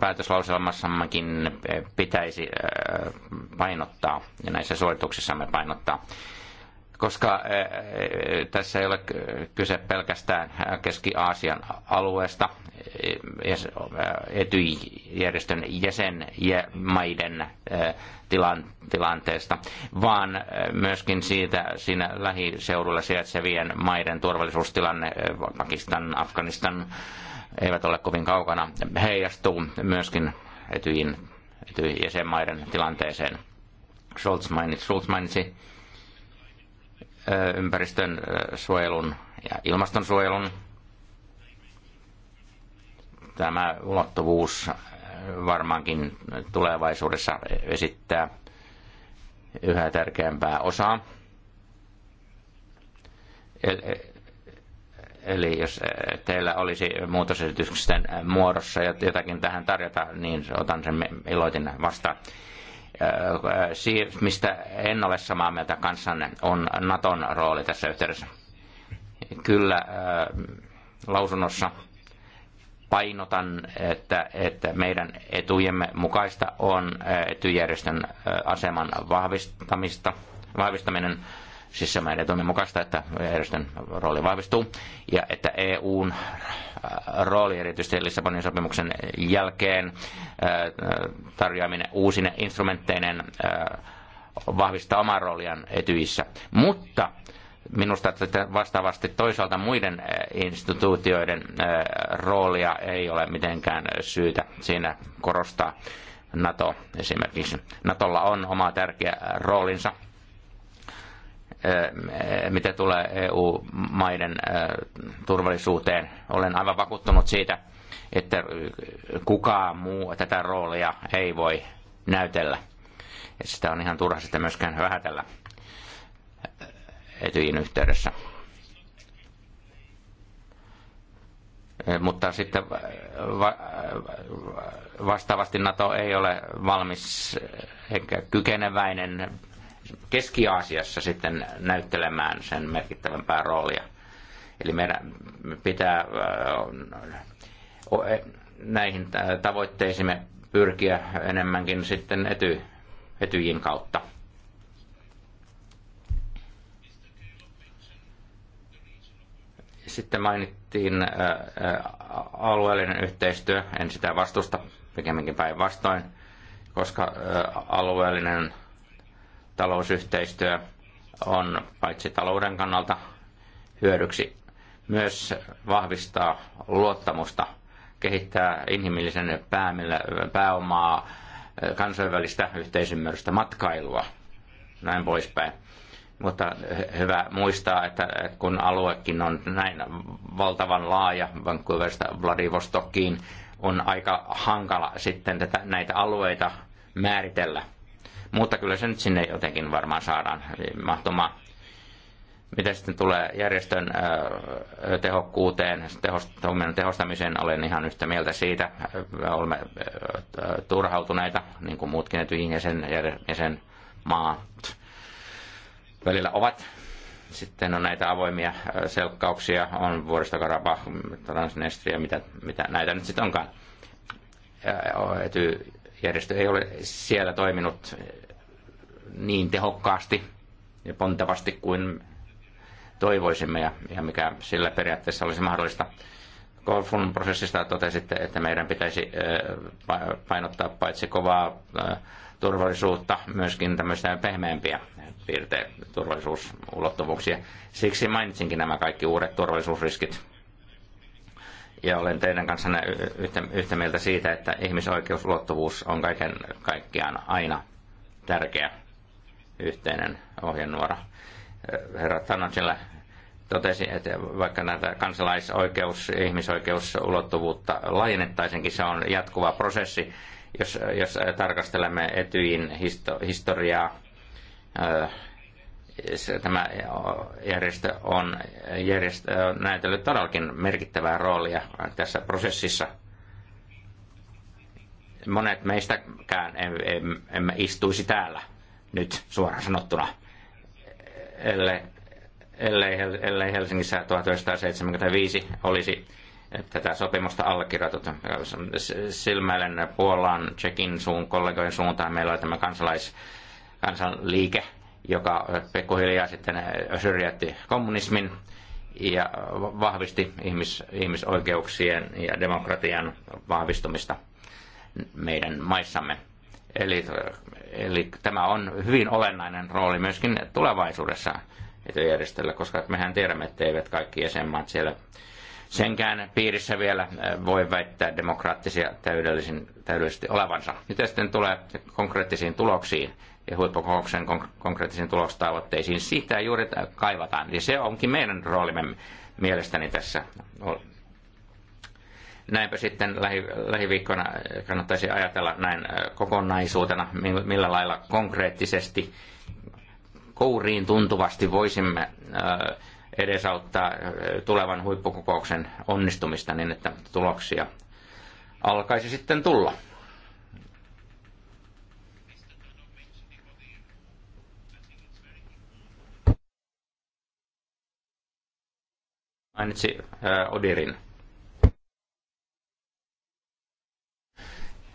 päätöslauselmassammekin pitäisi painottaa ja näissä suorituksissamme painottaa koska eh, eh, tässä ei ole kyse pelkästään Keski-Aasian alueesta, eh, Etyj-järjestön jäsenmaiden tilanteesta, vaan myöskin siitä siinä lähiseudulla sijaitsevien maiden turvallisuustilanne, Pakistan, Afganistan, eivät ole kovin kaukana, heijastuu myöskin Etyjin, jäsenmaiden tilanteeseen. Schultz mainitsi, Schultz mainitsi ympäristön suojelun ja ilmastonsuojelun. Tämä ulottuvuus varmaankin tulevaisuudessa esittää yhä tärkeämpää osaa. E, eli jos e, teillä olisi muutosesitysten muodossa jotakin tähän tarjota, niin otan sen iloitin vastaan. Äh, mistä en ole samaa mieltä kanssanne, on Naton rooli tässä yhteydessä. Kyllä äh, lausunnossa painotan, että, että meidän etujemme mukaista on äh, etujärjestön aseman vahvistamista, vahvistaminen – siis se meidän mukaista, että järjestön rooli vahvistuu ja että EUn äh, rooli erityisesti Lissabonin sopimuksen jälkeen äh, tarjoaminen uusine instrumentteinen äh, vahvistaa omaa rooliaan etyissä. Mutta minusta että vastaavasti toisaalta muiden instituutioiden roolia ei ole mitenkään syytä siinä korostaa. NATO esimerkiksi. NATOlla on oma tärkeä roolinsa mitä tulee EU-maiden turvallisuuteen. Olen aivan vakuuttunut siitä, että kukaan muu tätä roolia ei voi näytellä. Sitä on ihan turha sitä myöskään vähätellä etyin yhteydessä. Mutta sitten vastaavasti NATO ei ole valmis eikä kykeneväinen Keski-Aasiassa sitten näyttelemään sen merkittävämpää roolia. Eli meidän pitää äh, e, näihin tavoitteisiin pyrkiä enemmänkin sitten ety, etyjin kautta. Sitten mainittiin äh, äh, alueellinen yhteistyö, en sitä vastusta, pikemminkin päinvastoin, koska alueellinen talousyhteistyö on paitsi talouden kannalta hyödyksi, myös vahvistaa luottamusta, kehittää inhimillisen pääomaa, kansainvälistä yhteisymmärrystä, matkailua, näin poispäin. Mutta hyvä muistaa, että kun aluekin on näin valtavan laaja, Vancouverista Vladivostokiin, on aika hankala sitten tätä, näitä alueita määritellä – mutta kyllä se nyt sinne jotenkin varmaan saadaan mahtumaan. Mitä sitten tulee järjestön tehokkuuteen, tehostamisen tehostamiseen, olen ihan yhtä mieltä siitä. Olemme turhautuneita, niin kuin muutkin etyihin jäsen, sen maat välillä ovat. Sitten on näitä avoimia selkkauksia, on vuodesta Karabah, Transnistria, mitä, mitä näitä nyt sitten onkaan. ja, järjestö ei ole siellä toiminut niin tehokkaasti ja pontavasti kuin toivoisimme ja, ja mikä sillä periaatteessa olisi mahdollista. Golfun prosessista totesitte, että meidän pitäisi painottaa paitsi kovaa turvallisuutta, myöskin tämmöistä pehmeämpiä piirteitä, turvallisuusulottuvuuksia. Siksi mainitsinkin nämä kaikki uudet turvallisuusriskit ja olen teidän kanssanne yhtä, yhtä mieltä siitä, että ihmisoikeusluottavuus on kaiken kaikkiaan aina tärkeä yhteinen ohjenuora. Herra Tanocilla totesi, että vaikka näitä kansalaisoikeus- ja ihmisoikeusulottuvuutta laajennettaisinkin, se on jatkuva prosessi. Jos, jos tarkastelemme Etyin histo, historiaa, tämä järjestö on, järjestö näytellyt todellakin merkittävää roolia tässä prosessissa. Monet meistäkään emme istuisi täällä nyt suoraan sanottuna, ellei, ellei, ellei Helsingissä 1975 olisi tätä sopimusta allekirjoitettu. Silmäilen Puolan, Tsekin suun kollegojen suuntaan meillä oli tämä kansalais, kansanliike – joka pikkuhiljaa sitten syrjäytti kommunismin ja vahvisti ihmis, ihmisoikeuksien ja demokratian vahvistumista meidän maissamme. Eli, eli tämä on hyvin olennainen rooli myöskin tulevaisuudessa järjestöllä, koska mehän tiedämme, että eivät kaikki jäsenmaat siellä senkään piirissä vielä voi väittää demokraattisia täydellisin, täydellisesti olevansa. Mitä sitten tulee konkreettisiin tuloksiin? ja huippukokouksen konkreettisiin tulostavoitteisiin. Sitä juuri kaivataan. Ja se onkin meidän roolimme mielestäni tässä. Näinpä sitten lähi, lähiviikkona kannattaisi ajatella näin kokonaisuutena, millä lailla konkreettisesti kouriin tuntuvasti voisimme edesauttaa tulevan huippukokouksen onnistumista niin, että tuloksia alkaisi sitten tulla. mainitsi äh, Odirin.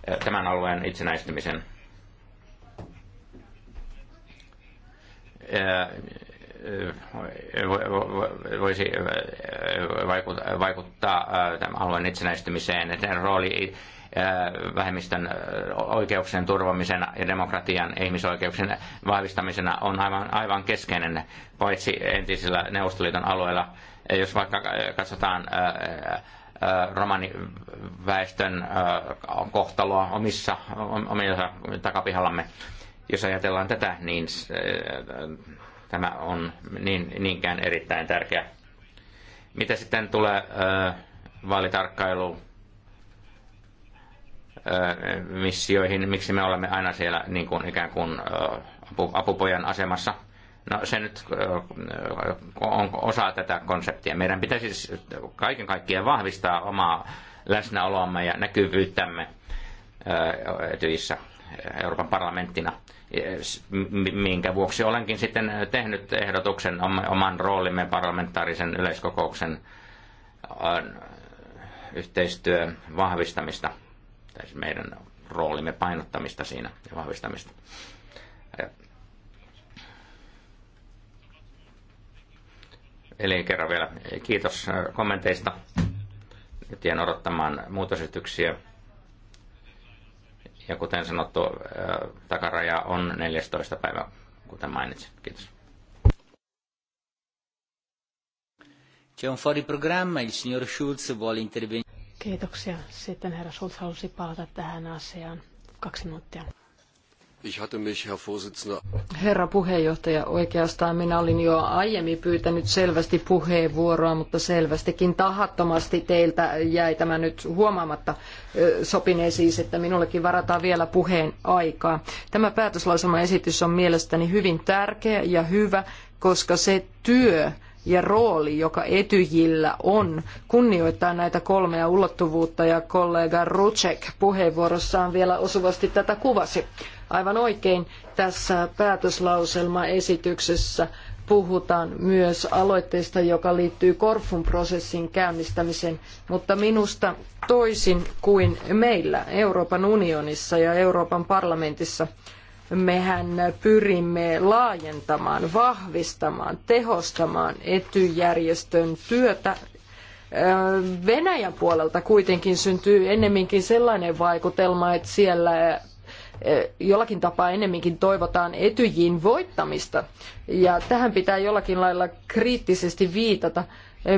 Äh, tämän alueen itsenäistymisen. Äh, voisi vaikuttaa tämän alueen itsenäistymiseen. Sen rooli vähemmistön oikeuksien turvamisen ja demokratian ja ihmisoikeuksien vahvistamisena on aivan, aivan keskeinen, paitsi entisillä Neuvostoliiton alueilla jos vaikka äh, katsotaan äh, äh, romaniväestön kohtaloa omissa, omissa takapihallamme, jos ajatellaan tätä, niin tämä on niin, niinkään erittäin tärkeä. Mitä sitten tulee vaalitarkkailuun? missioihin, miksi me olemme aina siellä niin kuin ikään kuin apupojan asemassa. No se nyt on osa tätä konseptia. Meidän pitäisi siis kaiken kaikkiaan vahvistaa omaa läsnäoloamme ja näkyvyyttämme Etyissä Euroopan parlamenttina, minkä vuoksi olenkin sitten tehnyt ehdotuksen oman roolimme parlamentaarisen yleiskokouksen yhteistyön vahvistamista, tai siis meidän roolimme painottamista siinä ja vahvistamista. Eli kerran vielä kiitos äh, kommenteista. Nyt jään odottamaan muutosesityksiä. Ja kuten sanottu, äh, takaraja on 14. päivä, kuten mainitsin. Kiitos. C'è un fuori programma, il signor Schulz vuole intervenire. Kiitoksia. Sitten herra Schulz halusi palata tähän asiaan. Kaksi minuuttia. Herra puheenjohtaja, oikeastaan minä olin jo aiemmin pyytänyt selvästi puheenvuoroa, mutta selvästikin tahattomasti teiltä jäi tämä nyt huomaamatta. Sopinee siis, että minullekin varataan vielä puheen aikaa. Tämä päätöslauselmaesitys on mielestäni hyvin tärkeä ja hyvä, koska se työ, ja rooli, joka etyjillä on, kunnioittaa näitä kolmea ulottuvuutta ja kollega Rucek puheenvuorossaan vielä osuvasti tätä kuvasi. Aivan oikein tässä päätöslauselmaesityksessä puhutaan myös aloitteesta, joka liittyy Korfun prosessin käynnistämiseen, mutta minusta toisin kuin meillä Euroopan unionissa ja Euroopan parlamentissa mehän pyrimme laajentamaan, vahvistamaan, tehostamaan etyjärjestön työtä. Venäjän puolelta kuitenkin syntyy ennemminkin sellainen vaikutelma, että siellä jollakin tapaa ennemminkin toivotaan etyjiin voittamista. Ja tähän pitää jollakin lailla kriittisesti viitata.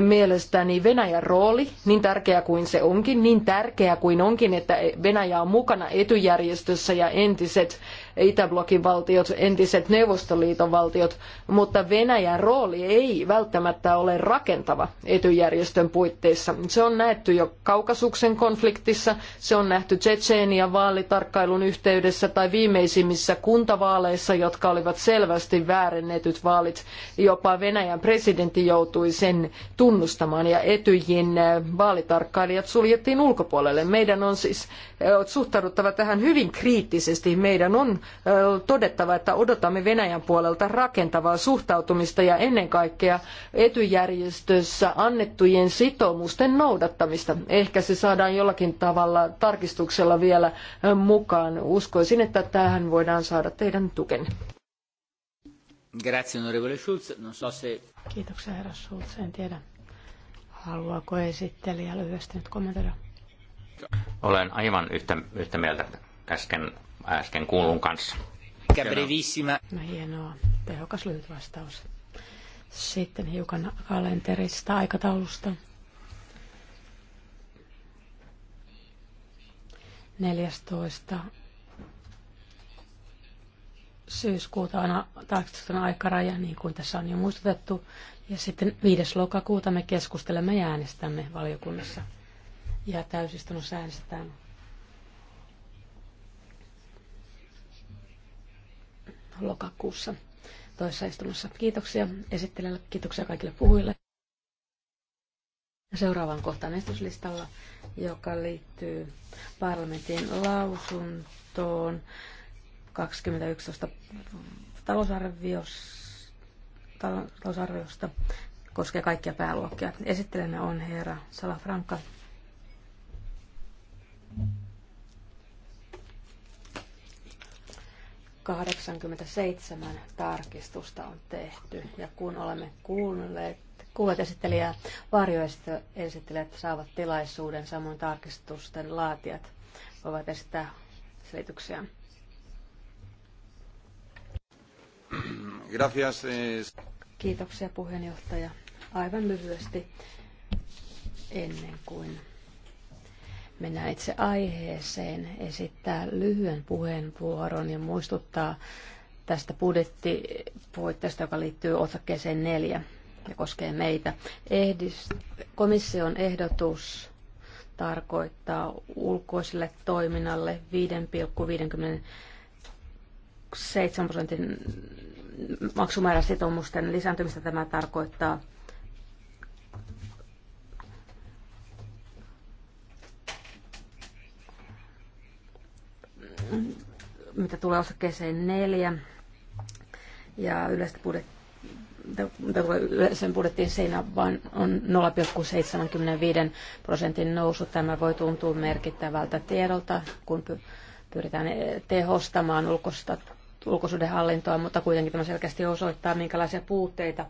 Mielestäni Venäjän rooli, niin tärkeä kuin se onkin, niin tärkeä kuin onkin, että Venäjä on mukana etujärjestössä ja entiset Itäblokin valtiot, entiset Neuvostoliiton valtiot, mutta Venäjän rooli ei välttämättä ole rakentava etujärjestön puitteissa. Se on nähty jo Kaukasuksen konfliktissa, se on nähty Tsetseenian vaalitarkkailun yhteydessä tai viimeisimmissä kuntavaaleissa, jotka olivat selvästi väärennetyt vaalit. Jopa Venäjän presidentti joutui sen tunnustamaan ja etyjin äh, vaalitarkkailijat suljettiin ulkopuolelle. Meidän on siis äh, suhtauduttava tähän hyvin kriittisesti. Meidän on todettava, että odotamme Venäjän puolelta rakentavaa suhtautumista ja ennen kaikkea etujärjestössä annettujen sitoumusten noudattamista. Ehkä se saadaan jollakin tavalla tarkistuksella vielä mukaan. Uskoisin, että tähän voidaan saada teidän tukenne. Kiitoksia herra Schulz. En tiedä, haluaako esittelijä lyhyesti nyt kommentoida. Olen aivan yhtä, yhtä mieltä äsken äsken kuulun kanssa. Brevissima. No hienoa, tehokas lyhyt vastaus. Sitten hiukan kalenterista aikataulusta. 14. syyskuuta on tarkistuksen aikaraja, niin kuin tässä on jo muistutettu. Ja sitten 5. lokakuuta me keskustelemme ja äänestämme valiokunnassa. Ja täysistunnossa äänestetään lokakuussa toisessa istunnossa. Kiitoksia esittelijälle, kiitoksia kaikille puhujille. Seuraavaan kohtaan esityslistalla, joka liittyy parlamentin lausuntoon 2011 talousarviosta, talousarviosta koskee kaikkia pääluokkia. Esittelijänä on herra Salafranca. 87 tarkistusta on tehty ja kun olemme kuulleet, kuulet esittelijää, varjoesittelijät saavat tilaisuuden, samoin tarkistusten laatijat voivat esittää selityksiä. Gracias. Eh. Kiitoksia puheenjohtaja. Aivan lyhyesti ennen kuin mennään itse aiheeseen, esittää lyhyen puheenvuoron ja muistuttaa tästä budjettipuitteesta, joka liittyy otsakkeeseen neljä ja koskee meitä. Ehdist- komission ehdotus tarkoittaa ulkoiselle toiminnalle 5,57 prosentin maksumääräsitoumusten lisääntymistä. Tämä tarkoittaa mitä tulee osakkeeseen neljä ja yleistä budjet, mitä tulee sen budjettiin siinä vain on 0,75 prosentin nousu. Tämä voi tuntua merkittävältä tiedolta, kun pyritään tehostamaan ulkoista ulkosuudenhallintoa, mutta kuitenkin tämä selkeästi osoittaa, minkälaisia puutteita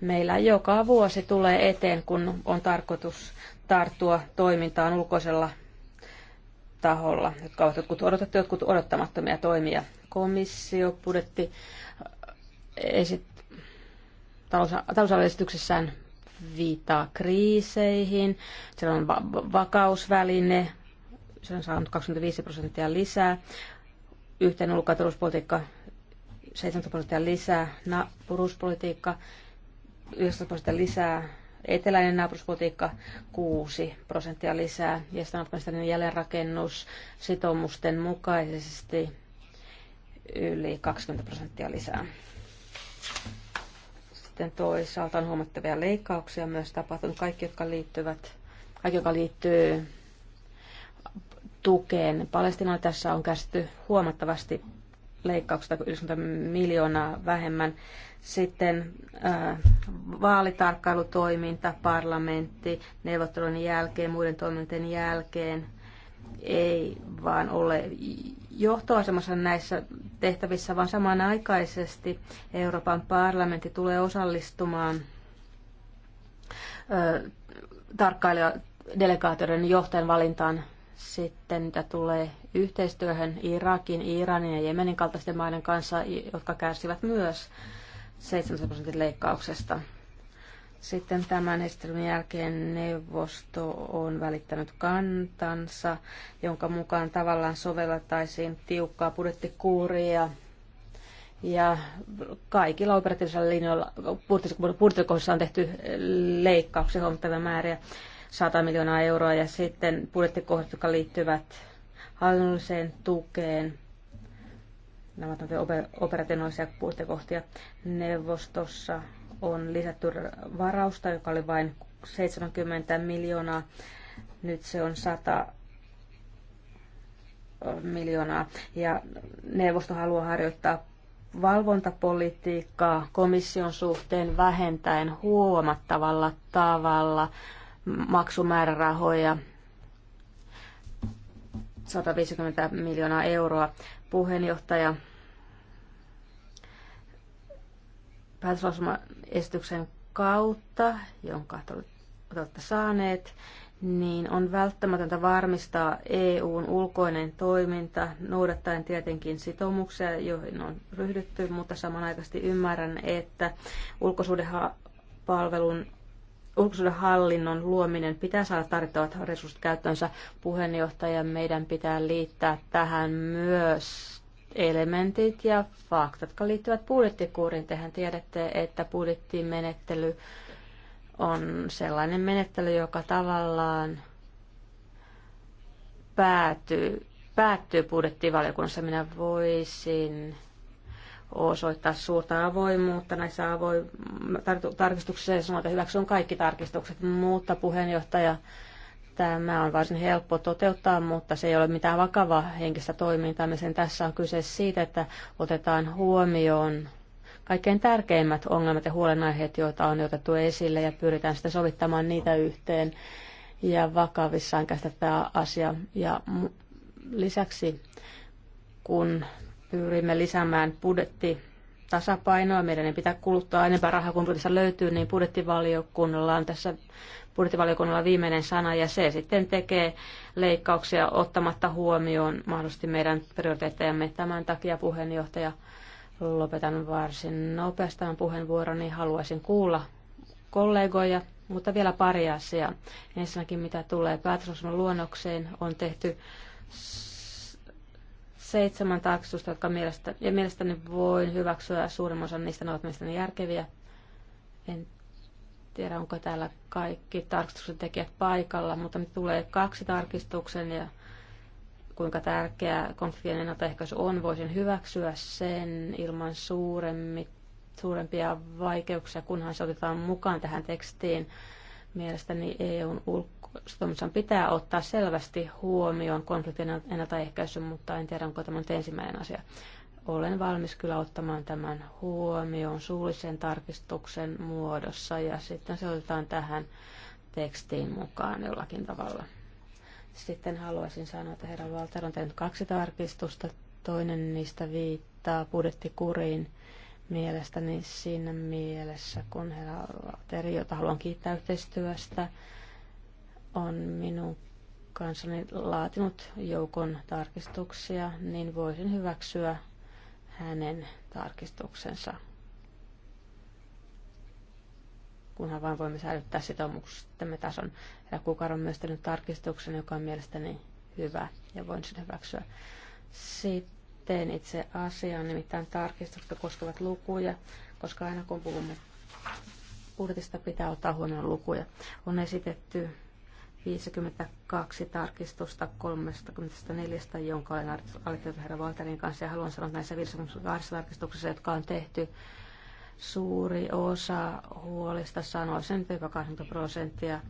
meillä joka vuosi tulee eteen, kun on tarkoitus tarttua toimintaan ulkoisella taholla, jotka ovat jotkut odotettu, jotkut odottamattomia toimia. Komissio, budjetti, äh, esit, viittaa kriiseihin. Siellä on va- vakausväline, se on saanut 25 prosenttia lisää. Yhteen ulko- ja 17 prosenttia lisää. Naapuruspolitiikka 19 prosenttia lisää eteläinen naapuruspolitiikka 6 prosenttia lisää ja sitten Afganistanin jälleenrakennus sitoumusten mukaisesti yli 20 prosenttia lisää. Sitten toisaalta on huomattavia leikkauksia myös tapahtunut. Kaikki, jotka liittyvät, kaikki, joka liittyy tukeen. Palestinaan, tässä on käsitty huomattavasti leikkauksesta 90 miljoonaa vähemmän. Sitten äh, vaalitarkkailutoiminta, parlamentti, neuvottelun jälkeen, muiden toimintojen jälkeen ei vaan ole johtoasemassa näissä tehtävissä, vaan samanaikaisesti Euroopan parlamentti tulee osallistumaan ö, äh, tarkkailijoiden johtajan valintaan sitten, mitä tulee yhteistyöhön Irakin, Iranin ja Jemenin kaltaisten maiden kanssa, jotka kärsivät myös 70 prosentin leikkauksesta. Sitten tämän esittelyn jälkeen neuvosto on välittänyt kantansa, jonka mukaan tavallaan sovellettaisiin tiukkaa budjettikuuria ja kaikilla operatiivisilla linjoilla budjettikohdissa on tehty leikkauksia huomattavia määriä, 100 miljoonaa euroa ja sitten budjettikohdat, jotka liittyvät hallinnolliseen tukeen. Nämä ovat operatiivisia puittekohtia. Neuvostossa on lisätty varausta, joka oli vain 70 miljoonaa. Nyt se on 100 miljoonaa. Ja neuvosto haluaa harjoittaa valvontapolitiikkaa komission suhteen vähentäen huomattavalla tavalla maksumäärärahoja 150 miljoonaa euroa. Puheenjohtaja päätöslausumaesityksen kautta, jonka olette saaneet, niin on välttämätöntä varmistaa EUn ulkoinen toiminta, noudattaen tietenkin sitoumuksia, joihin on ryhdytty, mutta samanaikaisesti ymmärrän, että palvelun julkisuuden hallinnon luominen pitää saada tarvittavat resurssit käyttöönsä. Puheenjohtajan meidän pitää liittää tähän myös elementit ja faktat, jotka liittyvät budjettikuuriin. Tehän tiedätte, että budjettimenettely on sellainen menettely, joka tavallaan päätyy, päättyy budjettivaliokunnassa. Minä voisin osoittaa suurta avoimuutta näissä avoim- tar- tarkistuksissa ja sanoa, että hyväksyn kaikki tarkistukset, mutta puheenjohtaja Tämä on varsin helppo toteuttaa, mutta se ei ole mitään vakavaa henkistä toimintaa. Me sen tässä on kyse siitä, että otetaan huomioon kaikkein tärkeimmät ongelmat ja huolenaiheet, joita on otettu esille ja pyritään sitten sovittamaan niitä yhteen ja vakavissaan käsittää asia. Ja lisäksi kun pyrimme lisäämään budjetti tasapainoa. Meidän ei pitää kuluttaa enempää rahaa kuin budjetissa löytyy, niin budjettivaliokunnalla on tässä budjettivaliokunnalla viimeinen sana ja se sitten tekee leikkauksia ottamatta huomioon mahdollisesti meidän prioriteettejamme. Tämän takia puheenjohtaja lopetan varsin nopeasti tämän puheenvuoron, Niin haluaisin kuulla kollegoja, mutta vielä pari asiaa. Ensinnäkin mitä tulee päätösosman luonnokseen, on tehty seitsemän tarkistusta, jotka mielestä, ja mielestäni voin hyväksyä suurimman osan niistä, ovat mielestäni järkeviä. En tiedä, onko täällä kaikki tarkistuksen tekijät paikalla, mutta nyt tulee kaksi tarkistuksen ja kuinka tärkeä konfliktien ennaltaehkäisy on, voisin hyväksyä sen ilman suurempia vaikeuksia, kunhan se otetaan mukaan tähän tekstiin Mielestäni EUn ulkoistumisessa pitää ottaa selvästi huomioon konfliktin ennaltaehkäisy, mutta en tiedä, onko tämä nyt ensimmäinen asia. Olen valmis kyllä ottamaan tämän huomioon suullisen tarkistuksen muodossa ja sitten se otetaan tähän tekstiin mukaan jollakin tavalla. Sitten haluaisin sanoa, että herra Walter on tehnyt kaksi tarkistusta. Toinen niistä viittaa budjettikuriin mielestäni siinä mielessä, kun herra Teri, jota haluan kiittää yhteistyöstä, on minun kanssani laatinut joukon tarkistuksia, niin voisin hyväksyä hänen tarkistuksensa, kunhan vain voimme säilyttää sitoumuksemme tason. Ja kukaan on myös tehnyt tarkistuksen, joka on mielestäni hyvä ja voin sen hyväksyä. Sitten Teen itse asiaan, nimittäin tarkistusta koskevat lukuja, koska aina kun puhumme budjetista, pitää ottaa huomioon lukuja. On esitetty 52 tarkistusta 34, jonka olen allekirjoittanut herra Valterin kanssa. Ja haluan sanoa, että näissä 52 tarkistuksissa, jotka on tehty, suuri osa huolista, sanoisin nyt jopa 80 prosenttia,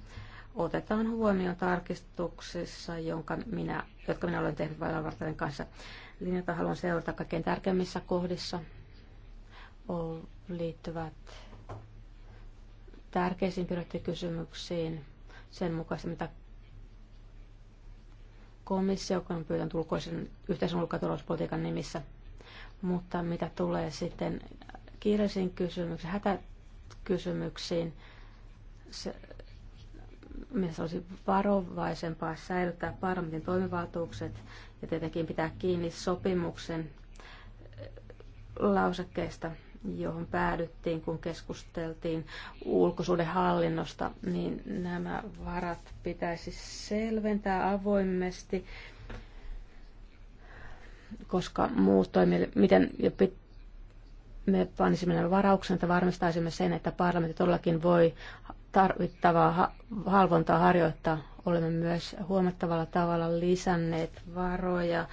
otetaan huomioon tarkistuksissa, jonka minä, jotka minä olen tehnyt Valterin kanssa linjata jota haluan seurata kaikkein tärkeimmissä kohdissa, liittyvät tärkeisiin kysymyksiin sen mukaan, mitä komissio, joka on pyytänyt ulkoisen yhteisen ulko- ja nimissä. Mutta mitä tulee sitten kiireisiin kysymyksiin, hätäkysymyksiin, se, mielestäni olisi varovaisempaa säilyttää parlamentin toimivaltuukset ja tietenkin pitää kiinni sopimuksen eh, lausekkeista, johon päädyttiin, kun keskusteltiin hallinnosta, niin nämä varat pitäisi selventää avoimesti, koska muut toimijat, miten me panisimme varauksen, että varmistaisimme sen, että parlamentti todellakin voi tarvittavaa valvontaa harjoittaa. Olemme myös huomattavalla tavalla lisänneet varoja,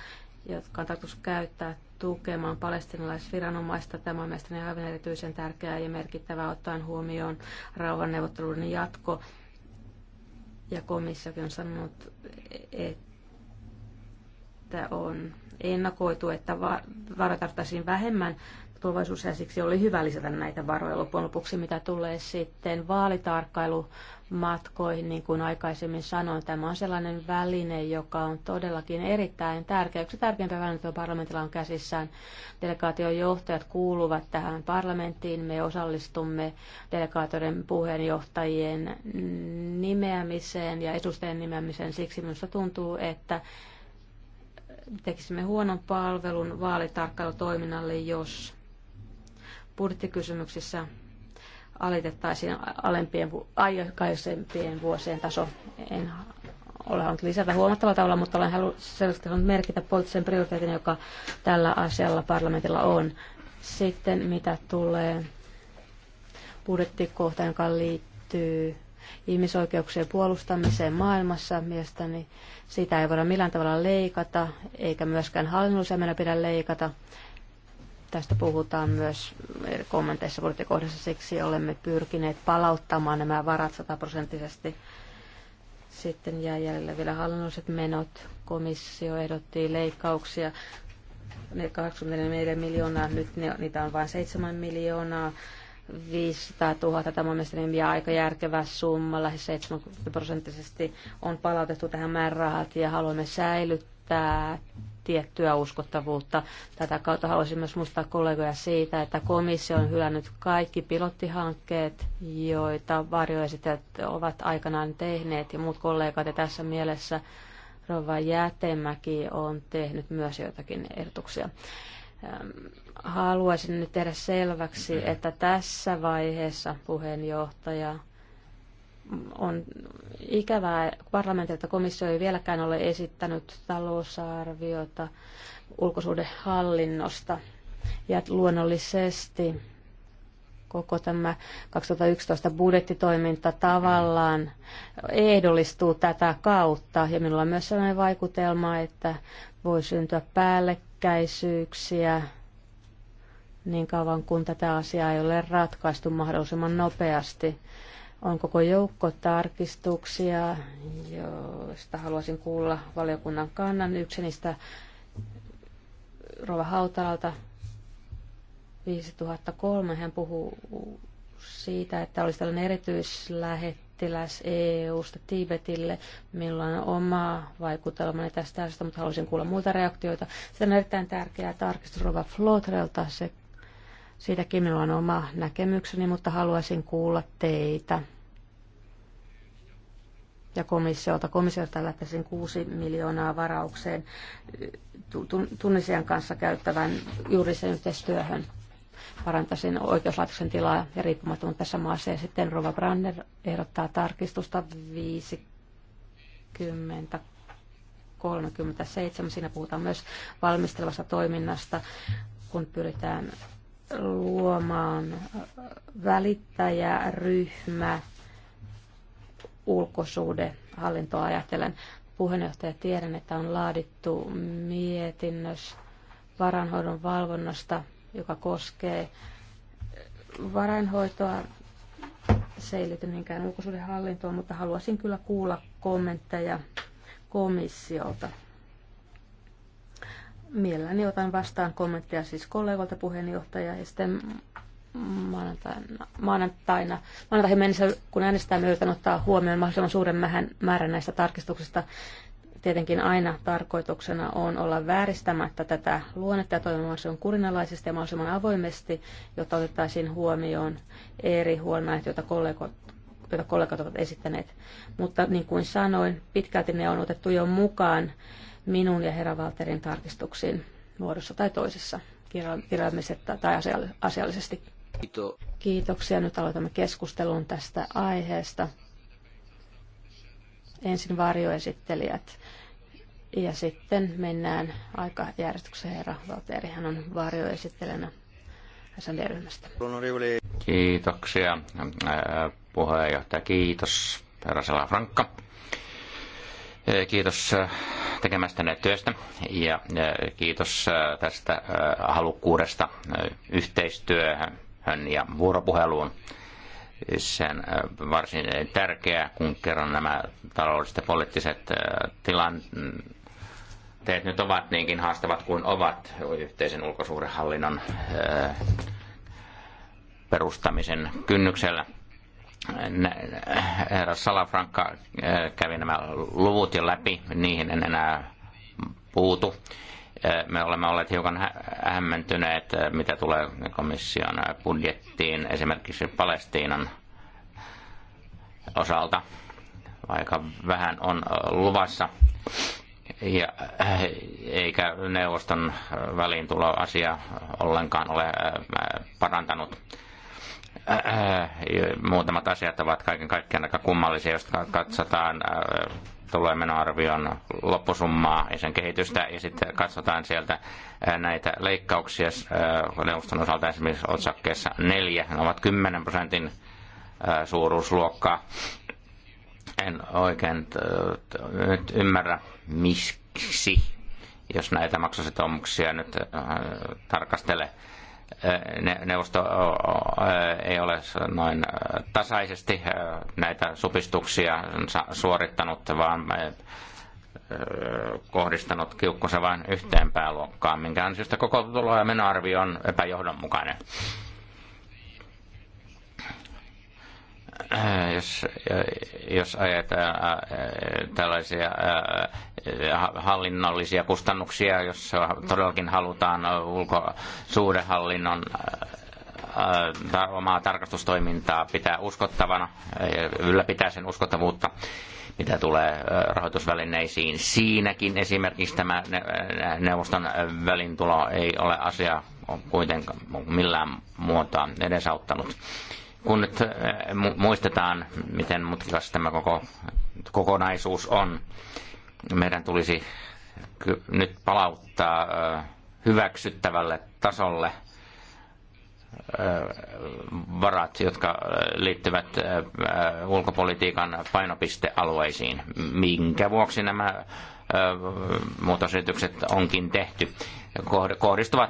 jotka on tarkoitus käyttää tukemaan palestinalaisviranomaista. Tämä on mielestäni aivan erityisen tärkeää ja merkittävää ottaen huomioon rauhanneuvotteluiden jatko. Ja komissiokin on sanonut, että on ennakoitu, että varoja tarvittaisiin vähemmän tulevaisuus ja siksi oli hyvä lisätä näitä varoja lopun lopuksi, mitä tulee sitten vaalitarkkailumatkoihin, niin kuin aikaisemmin sanoin, tämä on sellainen väline, joka on todellakin erittäin tärkeä. Yksi tärkeimpä väline, jota parlamentilla on käsissään, delegaation johtajat kuuluvat tähän parlamenttiin, me osallistumme delegaatioiden puheenjohtajien nimeämiseen ja edustajien nimeämiseen, siksi minusta tuntuu, että tekisimme huonon palvelun vaalitarkkailutoiminnalle, jos budjettikysymyksissä alitettaisiin alempien, aikaisempien vuosien taso. En ole halunnut lisätä huomattavalla tavalla, mutta olen halunnut selvästi halunnut merkitä poliittisen prioriteetin, joka tällä asialla parlamentilla on. Sitten mitä tulee budjettikohtaan, joka liittyy ihmisoikeuksien puolustamiseen maailmassa mielestäni, sitä ei voida millään tavalla leikata, eikä myöskään hallinnollisia meillä pidä leikata. Tästä puhutaan myös kommenteissa budjettikohdassa, siksi olemme pyrkineet palauttamaan nämä varat sataprosenttisesti. Sitten jää jäljellä vielä hallinnolliset menot. Komissio ehdotti leikkauksia Ne 84 miljoonaa, nyt ne, niitä on vain 7 miljoonaa. 500 000, tämä on mielestäni aika järkevä summa, lähes 70 prosenttisesti on palautettu tähän määrärahat ja haluamme säilyttää menettää tiettyä uskottavuutta. Tätä kautta haluaisin myös muistaa kollegoja siitä, että komissio on hylännyt kaikki pilottihankkeet, joita varjoesittäjät ovat aikanaan tehneet ja muut kollegat. Ja tässä mielessä Rova Jätemäki on tehnyt myös joitakin ehdotuksia. Haluaisin nyt tehdä selväksi, että tässä vaiheessa puheenjohtaja on ikävää, parlamentilta komissio ei vieläkään ole esittänyt talousarviota ulkosuhdehallinnosta. Ja luonnollisesti koko tämä 2011 budjettitoiminta tavallaan ehdollistuu tätä kautta. Ja minulla on myös sellainen vaikutelma, että voi syntyä päällekkäisyyksiä niin kauan kun tätä asiaa ei ole ratkaistu mahdollisimman nopeasti on koko joukko tarkistuksia, joista haluaisin kuulla valiokunnan kannan. Yksi niistä Rova Hautalalta 5003. Hän puhuu siitä, että olisi tällainen erityislähettiläs EU-sta Tibetille, millä on oma vaikutelmani tästä asiasta, mutta haluaisin kuulla muita reaktioita. Se on erittäin tärkeää tarkistus Rova Flotrelta. Se Siitäkin minulla on oma näkemykseni, mutta haluaisin kuulla teitä ja komissiolta. Komissiolta lähtisin 6 miljoonaa varaukseen Tunisian kanssa käyttävän sen yhteistyöhön. Parantaisin oikeuslaitoksen tilaa ja riippumattomuutta tässä maassa. Ja sitten Rova Brander ehdottaa tarkistusta 50 37. Siinä puhutaan myös valmistelevasta toiminnasta, kun pyritään luomaan välittäjäryhmä ulkosuhde hallintoa ajatellen. Puheenjohtaja tiedän, että on laadittu mietinnös varanhoidon valvonnasta, joka koskee varainhoitoa. Se ei liity niinkään ulkosuhdehallintoon, mutta haluaisin kyllä kuulla kommentteja komissiolta Mielelläni otan vastaan kommentteja siis kollegoilta puheenjohtaja ja sitten maanantaina, maanantaina, maanantaina mennessä, kun äänestää, yritän ottaa huomioon mahdollisimman suuren määrän näistä tarkistuksista. Tietenkin aina tarkoituksena on olla vääristämättä tätä luonnetta ja toimimaan mahdollisimman kurinalaisesti ja mahdollisimman avoimesti, jotta otettaisiin huomioon eri huolenaiheet, joita kollegot, joita kollegat ovat esittäneet. Mutta niin kuin sanoin, pitkälti ne on otettu jo mukaan minun ja herra Walterin tarkistuksiin muodossa tai toisessa kirjallisesti tai asiallisesti. Kiitoksia. Nyt aloitamme keskustelun tästä aiheesta. Ensin varjoesittelijät ja sitten mennään aikajärjestykseen. Herra Valteri, hän on varjoesittelijänä SND-ryhmästä. Kiitoksia äh, puheenjohtaja. Kiitos. Herra Frankka Kiitos äh, tekemästänne työstä ja äh, kiitos äh, tästä halukkuudesta yhteistyöhön ja vuoropuheluun. Se on varsin tärkeää, kun kerran nämä taloudelliset ja poliittiset tilanteet nyt ovat niinkin haastavat kuin ovat yhteisen ulkosuhdehallinnon perustamisen kynnyksellä herra Salafranka äh, kävi nämä luvut jo läpi, niihin en enää puutu. Äh, me olemme olleet hiukan hämmentyneet, äh, mitä tulee komission budjettiin esimerkiksi Palestiinan osalta. Aika vähän on luvassa ja, eikä neuvoston väliintulo asia ollenkaan ole parantanut Äh, äh, muutamat asiat ovat kaiken kaikkiaan aika kummallisia, jos katsotaan äh, tuloimenoarvion loppusummaa ja sen kehitystä, ja sitten katsotaan sieltä näitä leikkauksia neuvoston osalta esimerkiksi otsakkeessa neljä, ne ovat 10 prosentin suuruusluokkaa. En oikein nyt ymmärrä, miksi, jos näitä maksusitoumuksia nyt tarkastelee neuvosto ei ole noin tasaisesti näitä supistuksia suorittanut, vaan kohdistanut kiukkunsa vain yhteen pääluokkaan, minkä ansiosta koko tulo- ja menoarvio on epäjohdonmukainen. Äh, jos, äh, jos ajetaan äh, tällaisia hallinnollisia kustannuksia, jos todellakin halutaan ulkosuhdehallinnon omaa tarkastustoimintaa pitää uskottavana, ylläpitää sen uskottavuutta, mitä tulee rahoitusvälineisiin. Siinäkin esimerkiksi tämä neuvoston välintulo ei ole asia kuitenkaan millään muotoa edesauttanut kun nyt äh, muistetaan, miten mutkikas tämä koko kokonaisuus on, meidän tulisi nyt palauttaa äh, hyväksyttävälle tasolle äh, varat, jotka liittyvät ulkopolitiikan painopistealueisiin, minkä vuoksi nämä muutosyritykset onkin tehty, kohdistuvat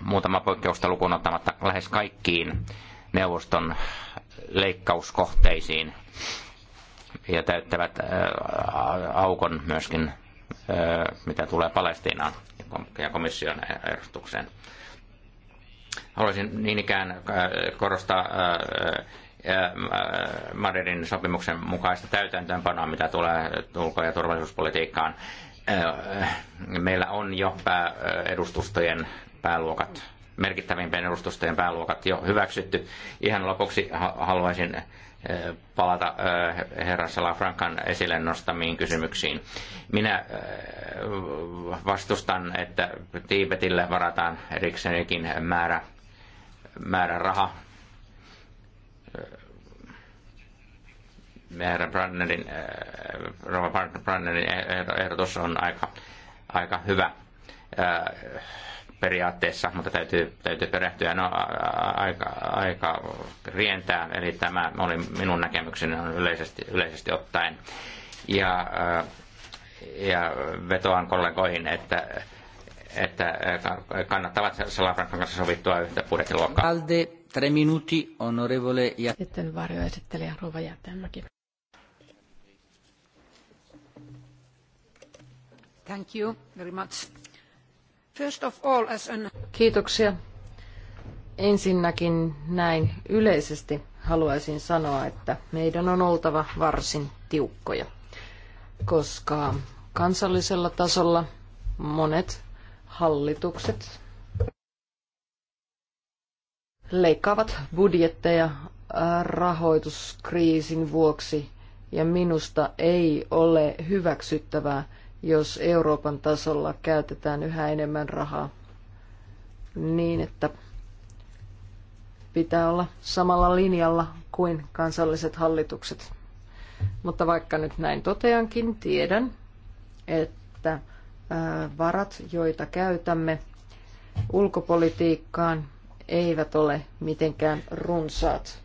muutama poikkeusta lukuun ottamatta lähes kaikkiin neuvoston leikkauskohteisiin ja täyttävät aukon myöskin, mitä tulee Palestiinaan ja komission ehdotukseen. Haluaisin niin ikään korostaa Madridin sopimuksen mukaista täytäntöönpanoa, mitä tulee ulko- ja turvallisuuspolitiikkaan. Meillä on jo edustustojen pääluokat merkittävimpien edustustojen pääluokat jo hyväksytty. Ihan lopuksi haluaisin eh, palata eh, herra Salafrankan esille nostamiin kysymyksiin. Minä eh, vastustan, että Tiibetille varataan erikseenkin määrä, määrä raha. Herra Brandnerin, Brandnerin ehdotus on aika, aika hyvä periaatteessa, mutta täytyy, täytyy perehtyä. No, aika, aika rientää, eli tämä oli minun näkemykseni yleisesti, yleisesti ottaen. Ja, ja vetoan kollegoihin, että, että kannattavat Salafrankan kanssa sovittua yhtä budjettiluokkaa. Alde, tre minuti, onorevole. Ja... Sitten varjoesittelijä Rova Jätämäki. Thank you very much. Kiitoksia. Ensinnäkin näin yleisesti haluaisin sanoa, että meidän on oltava varsin tiukkoja, koska kansallisella tasolla monet hallitukset leikkaavat budjetteja rahoituskriisin vuoksi ja minusta ei ole hyväksyttävää, jos Euroopan tasolla käytetään yhä enemmän rahaa niin, että pitää olla samalla linjalla kuin kansalliset hallitukset. Mutta vaikka nyt näin toteankin, tiedän, että varat, joita käytämme ulkopolitiikkaan, eivät ole mitenkään runsaat.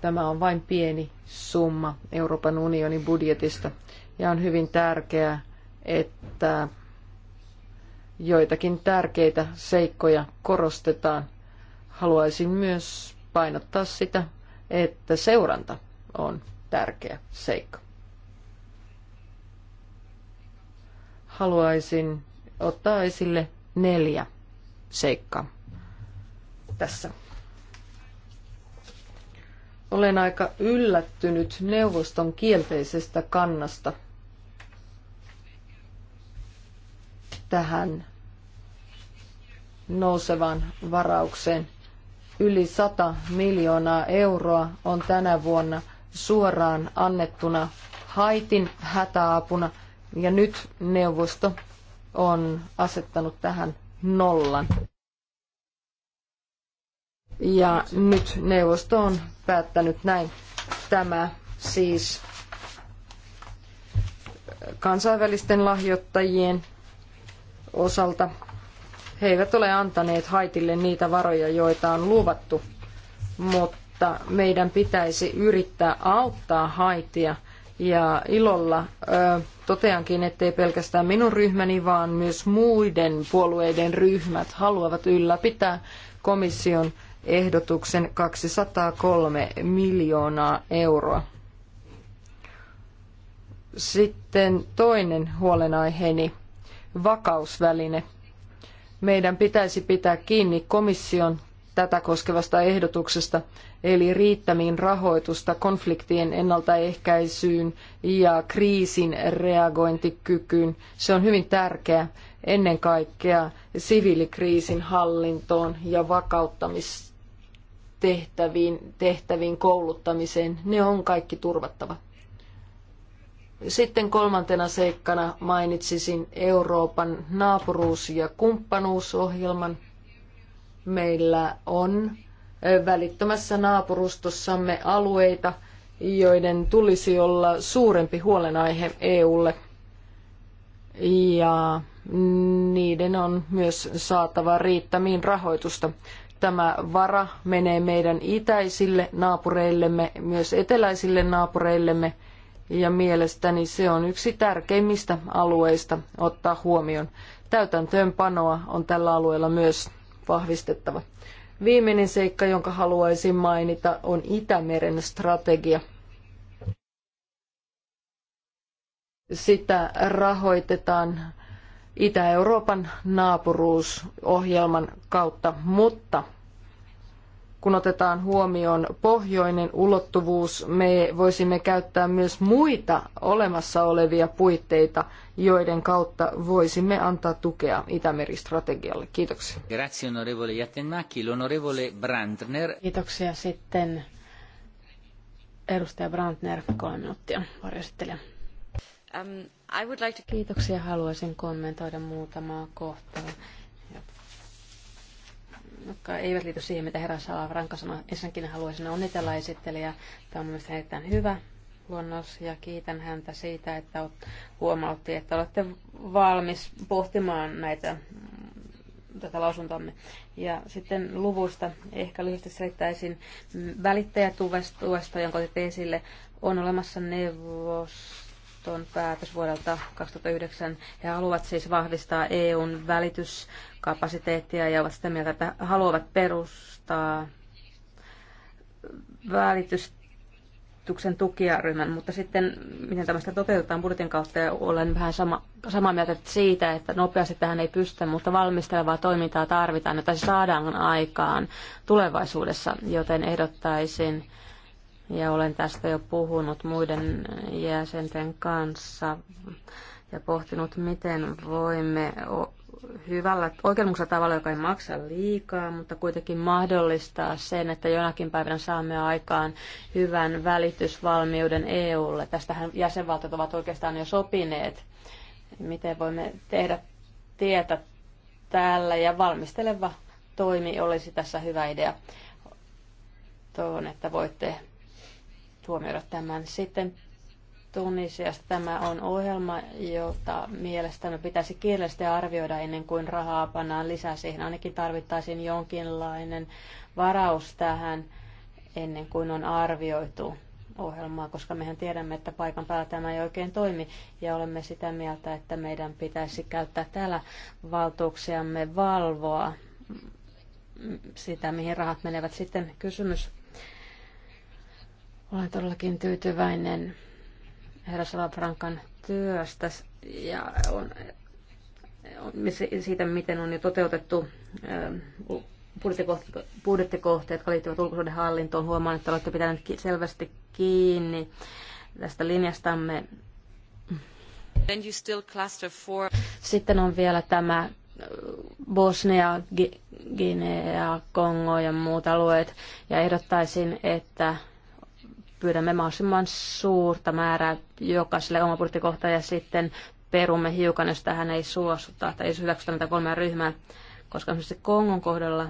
Tämä on vain pieni summa Euroopan unionin budjetista ja on hyvin tärkeää, että joitakin tärkeitä seikkoja korostetaan. Haluaisin myös painottaa sitä, että seuranta on tärkeä seikka. Haluaisin ottaa esille neljä seikkaa tässä. Olen aika yllättynyt neuvoston kielteisestä kannasta tähän nousevan varaukseen. Yli 100 miljoonaa euroa on tänä vuonna suoraan annettuna Haitin hätäapuna ja nyt neuvosto on asettanut tähän nollan. Ja nyt neuvosto on päättänyt näin. Tämä siis kansainvälisten lahjoittajien osalta. He eivät ole antaneet Haitille niitä varoja, joita on luvattu, mutta meidän pitäisi yrittää auttaa Haitia – ja ilolla ö, toteankin, ettei pelkästään minun ryhmäni, vaan myös muiden puolueiden ryhmät haluavat ylläpitää komission ehdotuksen 203 miljoonaa euroa. Sitten toinen huolenaiheeni vakausväline. Meidän pitäisi pitää kiinni komission tätä koskevasta ehdotuksesta, eli riittämiin rahoitusta konfliktien ennaltaehkäisyyn ja kriisin reagointikykyyn. Se on hyvin tärkeää ennen kaikkea siviilikriisin hallintoon ja vakauttamistehtäviin tehtäviin kouluttamiseen. Ne on kaikki turvattava. Sitten kolmantena seikkana mainitsisin Euroopan naapuruus- ja kumppanuusohjelman. Meillä on välittömässä naapurustossamme alueita, joiden tulisi olla suurempi huolenaihe EUlle. Ja niiden on myös saatava riittämiin rahoitusta. Tämä vara menee meidän itäisille naapureillemme, myös eteläisille naapureillemme – ja mielestäni se on yksi tärkeimmistä alueista ottaa huomioon. Täytäntöönpanoa on tällä alueella myös vahvistettava. Viimeinen seikka, jonka haluaisin mainita, on Itämeren strategia. Sitä rahoitetaan Itä-Euroopan naapuruusohjelman kautta, mutta kun otetaan huomioon pohjoinen ulottuvuus, me voisimme käyttää myös muita olemassa olevia puitteita, joiden kautta voisimme antaa tukea Itämeri-strategialle. Kiitoksia. Grazie onorevole Jatenmäki, onorevole Brandner. Kiitoksia sitten edustaja Brandner, kolme minuuttia, varjoesittelijä. Um, I would like to... Kiitoksia, haluaisin kommentoida muutamaa kohtaa jotka eivät liity siihen, mitä herra Salavaranka sanoi. Ensinnäkin haluaisin onnitella esittelijä. Tämä on mielestäni erittäin hyvä luonnos ja kiitän häntä siitä, että huomautti, että olette valmis pohtimaan näitä mm, tätä lausuntoamme. Ja sitten luvusta ehkä lyhyesti selittäisin mm, välittäjätuvesta, jonka otit esille. On olemassa neuvos, neuvoston päätös vuodelta 2009. He haluavat siis vahvistaa EUn välityskapasiteettia ja ovat sitä mieltä, että haluavat perustaa välitystuksen tukijaryhmän, mutta sitten miten tämmöistä toteutetaan budjetin kautta ja olen vähän sama, samaa mieltä siitä, että nopeasti tähän ei pystytä, mutta valmistelevaa toimintaa tarvitaan, että se saadaan aikaan tulevaisuudessa, joten ehdottaisin ja olen tästä jo puhunut muiden jäsenten kanssa ja pohtinut, miten voimme hyvällä, oikeudenmukaisella tavalla, joka ei maksa liikaa, mutta kuitenkin mahdollistaa sen, että jonakin päivänä saamme aikaan hyvän välitysvalmiuden EUlle. Tästähän jäsenvaltiot ovat oikeastaan jo sopineet, miten voimme tehdä tietä täällä ja valmisteleva toimi olisi tässä hyvä idea. Toivon, että voitte huomioida tämän. Sitten Tunisiasta tämä on ohjelma, jota mielestäni pitäisi kielellisesti arvioida ennen kuin rahaa pannaan lisää siihen. Ainakin tarvittaisiin jonkinlainen varaus tähän ennen kuin on arvioitu ohjelmaa, koska mehän tiedämme, että paikan päällä tämä ei oikein toimi ja olemme sitä mieltä, että meidän pitäisi käyttää täällä valtuuksiamme valvoa sitä, mihin rahat menevät. Sitten kysymys olen todellakin tyytyväinen herra Salafrankan työstä ja on, on, siitä, miten on jo toteutettu ähm, budjettikohteet, jotka liittyvät ulkoisuuden hallintoon. Huomaan, että olette pitäneet selvästi kiinni tästä linjastamme. Then you still cluster four. Sitten on vielä tämä Bosnia, Guinea, Kongo ja muut alueet. Ja ehdottaisin, että pyydämme mahdollisimman suurta määrää jokaiselle oma budjettikohta ja sitten perumme hiukan, jos tähän ei suostuta tai ei hyväksytä näitä kolmea ryhmää, koska esimerkiksi Kongon kohdalla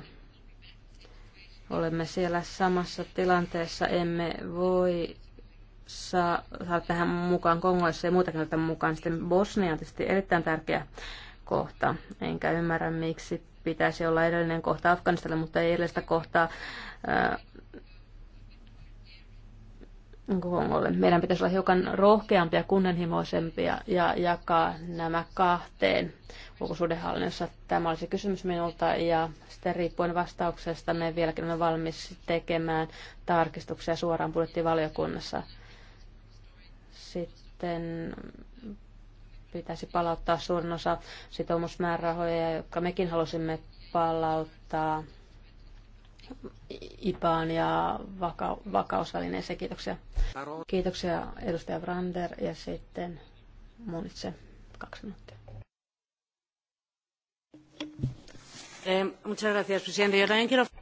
olemme siellä samassa tilanteessa, emme voi saa, saa tähän mukaan Kongoissa ja muutakin tähän mukaan. Sitten Bosnia on tietysti erittäin tärkeä kohta, enkä ymmärrä miksi pitäisi olla edellinen kohta Afganistalle, mutta ei edellistä kohtaa Kongolle. Meidän pitäisi olla hiukan rohkeampia, kunnianhimoisempia ja jakaa nämä kahteen ulkosuudenhallinnossa. Tämä olisi kysymys minulta ja sitten riippuen vastauksesta me vieläkin olemme valmis tekemään tarkistuksia suoraan budjettivaliokunnassa. Sitten pitäisi palauttaa suurin osa sitoumusmäärärahoja, jotka mekin halusimme palauttaa IPAan ja vaka- vakausvälineeseen. Kiitoksia. Kiitoksia edustaja Brander ja sitten Munitse kaksi minuuttia. Eh,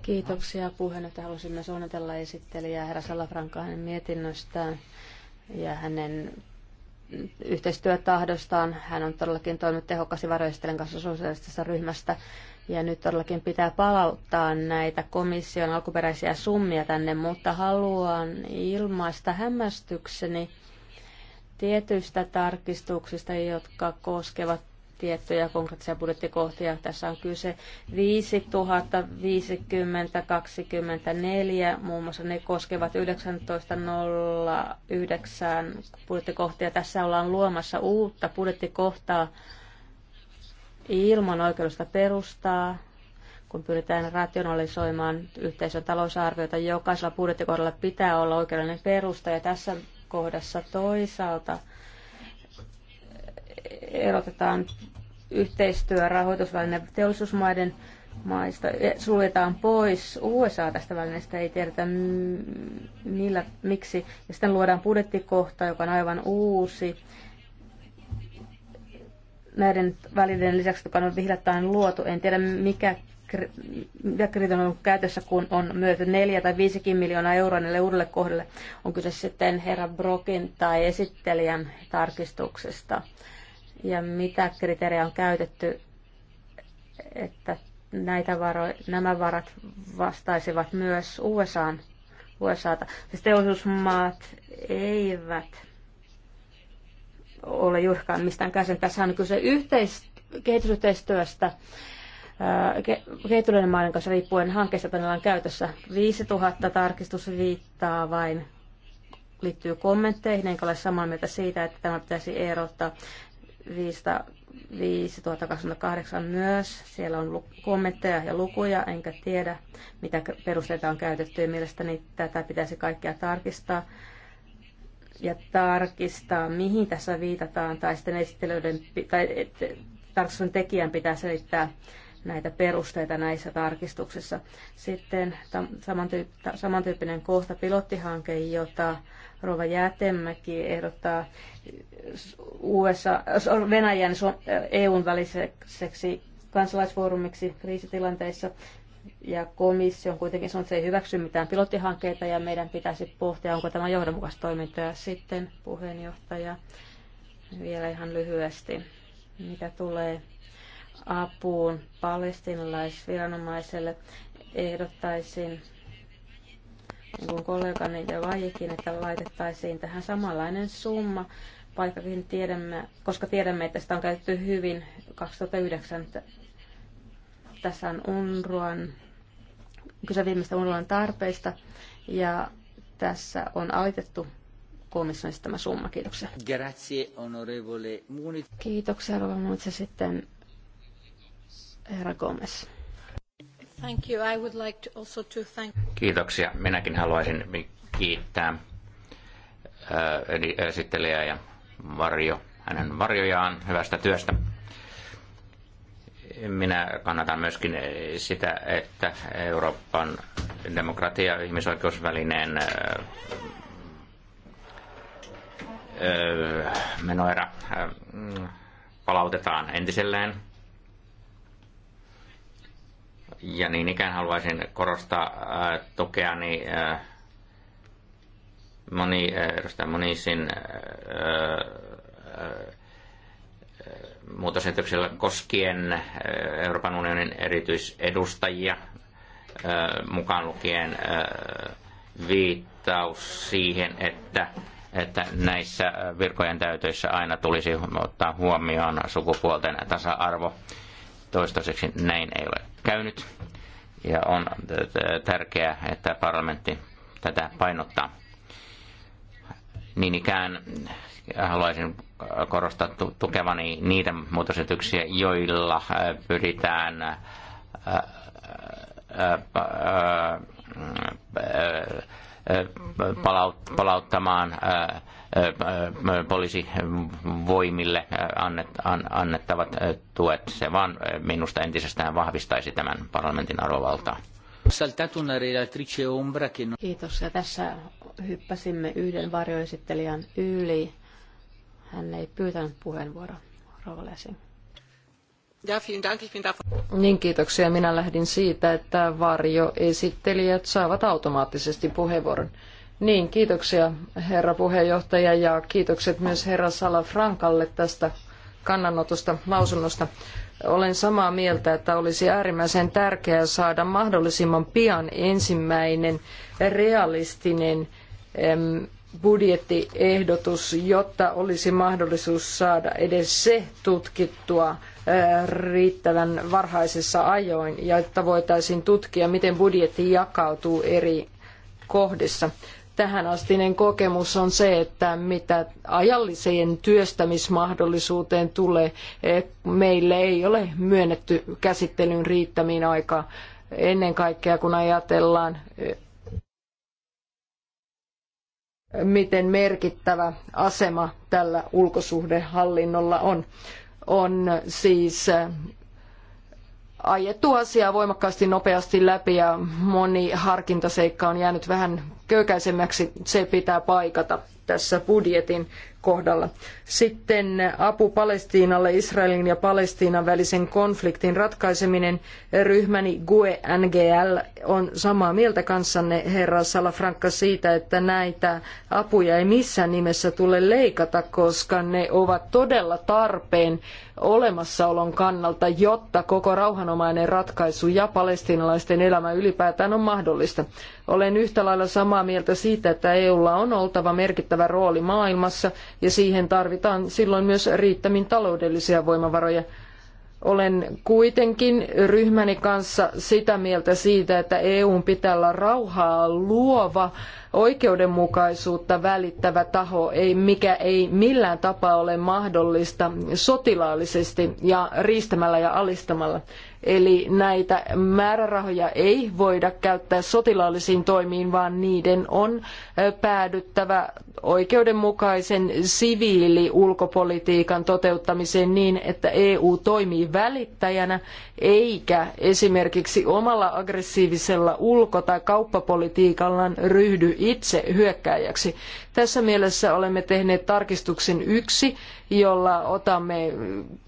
Kiitoksia että Haluaisin myös onnitella esittelijää herra Salafrankaa hänen mietinnöstään ja hänen yhteistyötahdostaan. Hän on todellakin toiminut tehokkaasti varoistelen kanssa sosiaalisesta ryhmästä ja nyt todellakin pitää palauttaa näitä komission alkuperäisiä summia tänne, mutta haluan ilmaista hämmästykseni tietyistä tarkistuksista, jotka koskevat tiettyjä konkreettisia budjettikohtia. Tässä on kyse 5024, muun muassa ne koskevat 1909 budjettikohtia. Tässä ollaan luomassa uutta budjettikohtaa ilman oikeudellista perustaa, kun pyritään rationalisoimaan yhteisön talousarviota, jokaisella budjettikohdalla pitää olla oikeudellinen perusta. Ja tässä kohdassa toisaalta erotetaan yhteistyö rahoitusväline teollisuusmaiden maista, e, suljetaan pois USA tästä välineestä, ei tiedetä millä, miksi. Ja sitten luodaan budjettikohta, joka on aivan uusi näiden välineiden lisäksi, joka on vihdattain luotu. En tiedä, mikä mitä kriteerit on käytössä, kun on myöty neljä tai 5 miljoonaa euroa näille uudelle kohdalle, On kyse sitten herra Brokin tai esittelijän tarkistuksesta. Ja mitä kriteerejä on käytetty, että näitä varo, nämä varat vastaisivat myös USAan, USAta. Siis teollisuusmaat eivät ole juurikaan mistään käsin. Tässä on kyse yhteist- kehitysyhteistyöstä kehittyneiden maiden kanssa riippuen hankkeesta, jota on käytössä. 5000 tarkistus viittaa vain liittyy kommentteihin, enkä ole samaa mieltä siitä, että tämä pitäisi erottaa 5028 myös. Siellä on kommentteja ja lukuja, enkä tiedä, mitä perusteita on käytetty, ja mielestäni tätä pitäisi kaikkea tarkistaa ja tarkistaa, mihin tässä viitataan, tai sitten esittelyiden, tai tarkistuksen tekijän pitää selittää näitä perusteita näissä tarkistuksissa. Sitten samantyyppinen kohta, pilottihanke, jota Rova Jäätemäki ehdottaa USA, Venäjän EUn väliseksi kansalaisfoorumiksi kriisitilanteissa ja komissio on kuitenkin sanonut, että se ei hyväksy mitään pilottihankkeita ja meidän pitäisi pohtia, onko tämä johdonmukaista toimintaa. Sitten puheenjohtaja vielä ihan lyhyesti, mitä tulee apuun palestinalaisviranomaiselle, ehdottaisin niin kuin kollegani ja vajikin, että laitettaisiin tähän samanlainen summa, vaikkakin tiedämme, koska tiedämme, että sitä on käytetty hyvin 2009 tässä on UNRUAN, kyse viimeistä UNRUAN tarpeista ja tässä on alitettu komission tämä summa. Kiitoksia. Grazie, onorevole Munit. Kiitoksia, Rova Munit. sitten herra Gomez. Thank you. I would like to also to thank... Kiitoksia. Minäkin haluaisin kiittää esittelijää ja Varjo, hänen varjojaan hyvästä työstä. Minä kannatan myöskin sitä, että Euroopan demokratia- ja ihmisoikeusvälineen menoera palautetaan entiselleen. Ja niin ikään haluaisin korostaa tukeani moni, edustaja Monisin muutosesityksellä koskien äh, Euroopan unionin erityisedustajia, äh, mukaan lukien äh, viittaus siihen, että, että näissä virkojen täytöissä aina tulisi ottaa huomioon sukupuolten tasa-arvo. Toistaiseksi näin ei ole käynyt ja on tärkeää, että parlamentti tätä painottaa. Niin ikään haluaisin korostaa tukevani niitä muutosetyksiä, joilla pyritään palauttamaan poliisivoimille annettavat tuet. Se vaan äh, minusta entisestään vahvistaisi tämän parlamentin arvovaltaa. Kiitos. Ja tässä hyppäsimme yhden varjoesittelijän yli. Hän ei pyytänyt puheenvuoroa. Rova Niin kiitoksia. Minä lähdin siitä, että varjoesittelijät saavat automaattisesti puheenvuoron. Niin, kiitoksia herra puheenjohtaja ja kiitokset myös herra Salafrankalle tästä kannanotosta, lausunnosta. Olen samaa mieltä, että olisi äärimmäisen tärkeää saada mahdollisimman pian ensimmäinen realistinen budjettiehdotus, jotta olisi mahdollisuus saada edes se tutkittua riittävän varhaisessa ajoin ja että voitaisiin tutkia, miten budjetti jakautuu eri kohdissa. Tähänastinen kokemus on se, että mitä ajalliseen työstämismahdollisuuteen tulee, e, meille ei ole myönnetty käsittelyn riittämiin aikaa ennen kaikkea kun ajatellaan e, miten merkittävä asema tällä ulkosuhdehallinnolla on. On siis äh, ajettu asiaa voimakkaasti nopeasti läpi ja moni harkintaseikka on jäänyt vähän köykäisemmäksi. Se pitää paikata tässä budjetin kohdalla. Sitten apu Palestiinalle, Israelin ja Palestiinan välisen konfliktin ratkaiseminen. Ryhmäni GUE NGL on samaa mieltä kanssanne, herra Salafranca, siitä, että näitä apuja ei missään nimessä tule leikata, koska ne ovat todella tarpeen olemassaolon kannalta, jotta koko rauhanomainen ratkaisu ja palestiinalaisten elämä ylipäätään on mahdollista. Olen yhtä lailla samaa mieltä siitä, että EUlla on oltava merkittävä rooli maailmassa ja siihen tarvitaan silloin myös riittämin taloudellisia voimavaroja. Olen kuitenkin ryhmäni kanssa sitä mieltä siitä, että EUn pitää olla rauhaa luova, oikeudenmukaisuutta välittävä taho, mikä ei millään tapaa ole mahdollista sotilaallisesti ja riistämällä ja alistamalla. Eli näitä määrärahoja ei voida käyttää sotilaallisiin toimiin, vaan niiden on päädyttävä oikeudenmukaisen siviiliulkopolitiikan toteuttamiseen niin, että EU toimii välittäjänä eikä esimerkiksi omalla aggressiivisella ulko- tai kauppapolitiikallaan ryhdy itse hyökkääjäksi. Tässä mielessä olemme tehneet tarkistuksen yksi, jolla otamme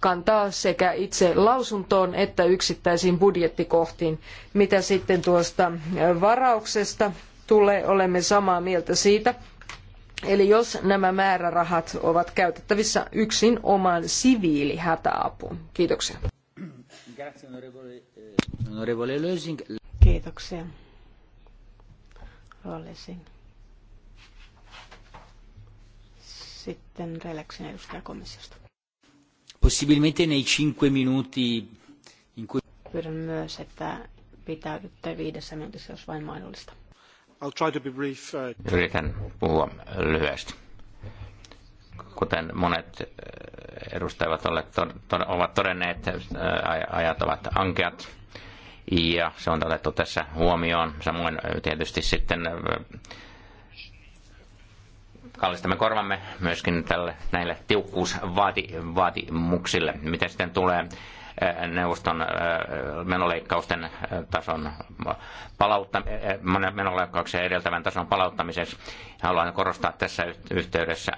kantaa sekä itse lausuntoon että yksittäisiin budjettikohtiin. Mitä sitten tuosta varauksesta tulee, olemme samaa mieltä siitä. Eli jos nämä määrärahat ovat käytettävissä yksin omaan siviilihätäapuun. Kiitoksia. Kiitoksia. Sitten Relaxin edustaja komissiosta. Possibilmente nei cinque minuti in cui... Pyydän myös, että pitäydytte viidessä minuutissa, jos vain mahdollista. I'll try to be brief. Uh... Yritän puhua lyhyesti. Kuten monet uh, edustajat ovat todenneet, uh, ajat ovat ankeat ja se on otettu tässä huomioon. Samoin uh, tietysti sitten kallistamme korvamme myöskin tälle, näille tiukkuusvaatimuksille. Mitä sitten tulee äh, neuvoston äh, menoleikkausten äh, tason palautta, menoleikkauksen edeltävän tason palauttamiseksi. Haluan korostaa tässä yhteydessä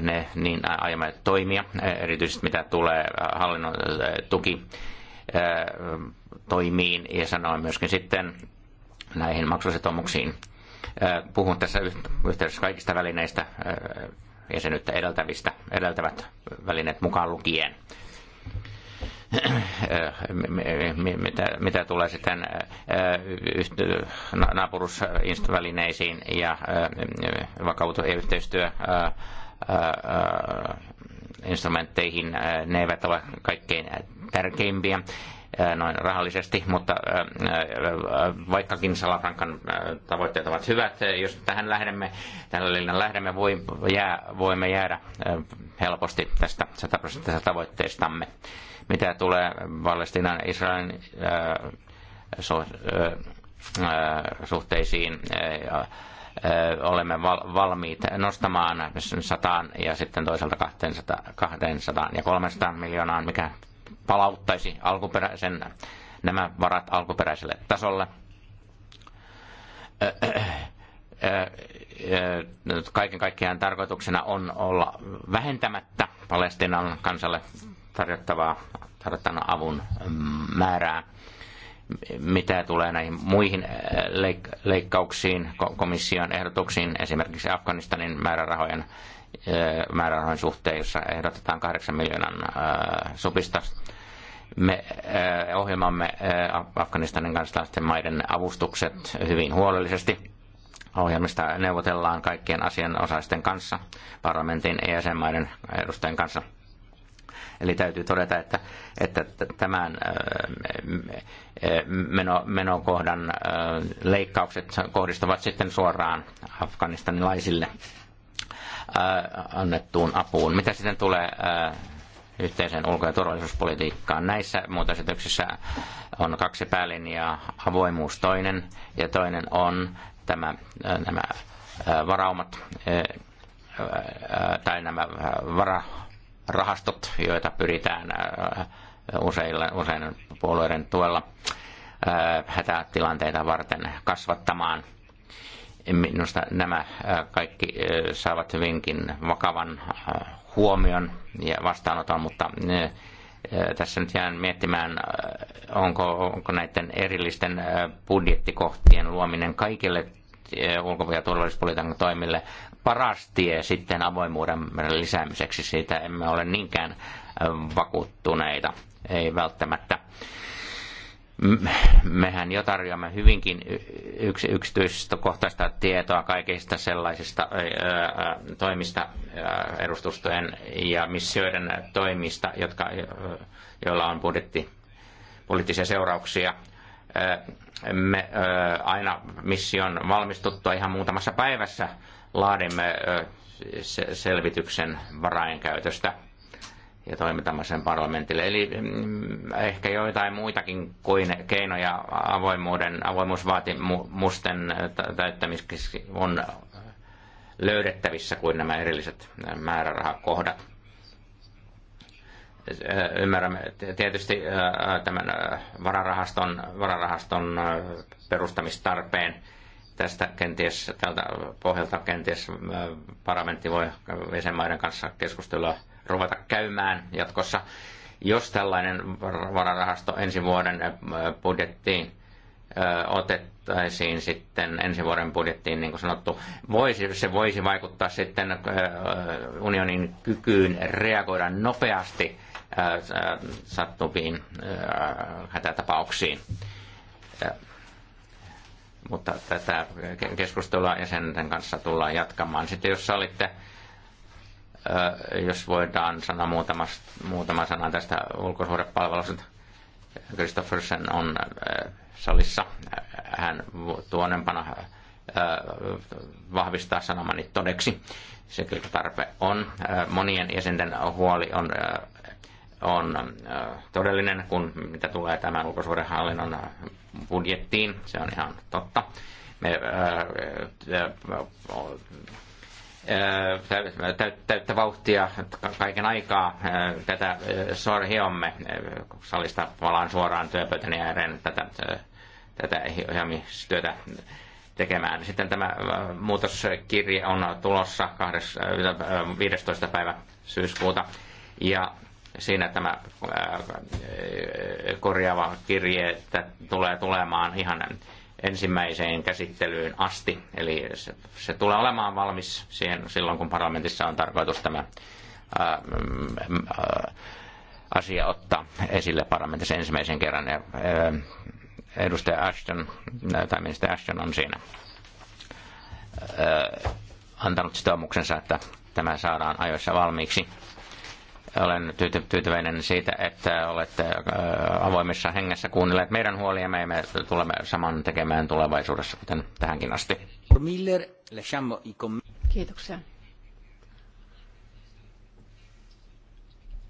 ne niin aiemmat toimia, erityisesti mitä tulee hallinnon tuki toimiin ja sanoin myöskin sitten näihin maksusitoumuksiin Puhun tässä yhteydessä kaikista välineistä, jäsenyyttä edeltävistä, edeltävät välineet mukaan lukien. mitä, mitä tulee sitten naapurusvälineisiin ja vakautu- ja yhteistyöinstrumentteihin, ne eivät ole kaikkein tärkeimpiä noin rahallisesti, mutta vaikkakin Salafrankan tavoitteet ovat hyvät, jos tähän lähdemme, tällä lähdemme, voi, jää, voimme jäädä helposti tästä 100 prosenttisesta tavoitteestamme. Mitä tulee Palestinan Israelin suhteisiin, olemme valmiit nostamaan 100 ja sitten toisaalta 200, 200 ja 300 miljoonaan, mikä palauttaisi alkuperäisen nämä varat alkuperäiselle tasolle. Kaiken kaikkiaan tarkoituksena on olla vähentämättä Palestinan kansalle tarjottavaa tarjottana avun määrää. Mitä tulee näihin muihin leikkauksiin, komission ehdotuksiin, esimerkiksi Afganistanin määrärahojen määrärahojen suhteen, jossa ehdotetaan 8 miljoonan supista me eh, ohjelmamme eh, Afganistanin kansalaisten maiden avustukset hyvin huolellisesti. Ohjelmista neuvotellaan kaikkien asianosaisten kanssa, parlamentin ja jäsenmaiden edustajien kanssa. Eli täytyy todeta, että, että tämän eh, meno, menokohdan leikkaukset kohdistuvat sitten suoraan afganistanilaisille annettuun apuun. Mitä sitten tulee yhteisen ulko- ja turvallisuuspolitiikkaan. Näissä muutosesityksissä on kaksi päälinjaa, avoimuus toinen ja toinen on tämä, äh, nämä äh, varaumat äh, tai nämä vararahastot, joita pyritään useilla, usein puolueiden tuella hätätilanteita varten kasvattamaan. Minusta nämä kaikki saavat hyvinkin vakavan huomion ja vastaanoton, mutta eh, eh, tässä nyt jään miettimään, eh, onko, onko näiden erillisten budjettikohtien luominen kaikille ulko- ja turvallisuuspolitiikan toimille paras tie sitten avoimuuden lisäämiseksi. Siitä emme ole niinkään vakuuttuneita, ei välttämättä mehän jo tarjoamme hyvinkin yks, yksityiskohtaista tietoa kaikista sellaisista toimista, ää, edustustojen ja missioiden toimista, jotka, joilla on budjetti, poliittisia seurauksia. me aina mission valmistuttua ihan muutamassa päivässä laadimme selvityksen varainkäytöstä – ja toimitamme sen parlamentille. Eli mm, ehkä joitain muitakin kuin keinoja avoimuuden, avoimuusvaatimusten täyttämiseksi on löydettävissä kuin nämä erilliset määrärahakohdat. Ymmärrämme tietysti tämän vararahaston, vararahaston perustamistarpeen. Tästä kenties, tältä pohjalta kenties parlamentti voi jäsenmaiden kanssa keskustella ruveta käymään jatkossa, jos tällainen vararahasto ensi vuoden budjettiin otettaisiin sitten ensi vuoden budjettiin, niin kuin sanottu, voisi, se voisi vaikuttaa sitten unionin kykyyn reagoida nopeasti sattuviin hätätapauksiin. Mutta tätä keskustelua jäsenten kanssa tullaan jatkamaan. Sitten jos sallitte jos voidaan sanoa muutama, muutama sana tästä ulkosuhdepalvelusta. Christoffersen on salissa. Hän tuonempana vahvistaa sanomani todeksi. Se kyllä tarve on. Monien jäsenten huoli on, on todellinen, kun mitä tulee tämän ulkosuhdehallinnon budjettiin. Se on ihan totta. Me täyttä vauhtia kaiken aikaa tätä sorhiomme. Salista palaan suoraan työpöytäni ääreen tätä, tätä ohjaamistyötä tekemään. Sitten tämä muutoskirje on tulossa 15. päivä syyskuuta. Ja siinä tämä korjaava kirje tulee tulemaan ihan ensimmäiseen käsittelyyn asti. Eli se, se tulee olemaan valmis siihen, silloin, kun parlamentissa on tarkoitus tämä ää, mm, ää, asia ottaa esille parlamentissa ensimmäisen kerran. Ja, ää, edustaja Ashton, tai ministeri Ashton on siinä ää, antanut sitoumuksensa, että tämä saadaan ajoissa valmiiksi olen tyytyväinen siitä, että olette äh, avoimessa hengessä kuunnelleet meidän huoliamme ja me tulemme saman tekemään tulevaisuudessa, kuten tähänkin asti. Kiitoksia.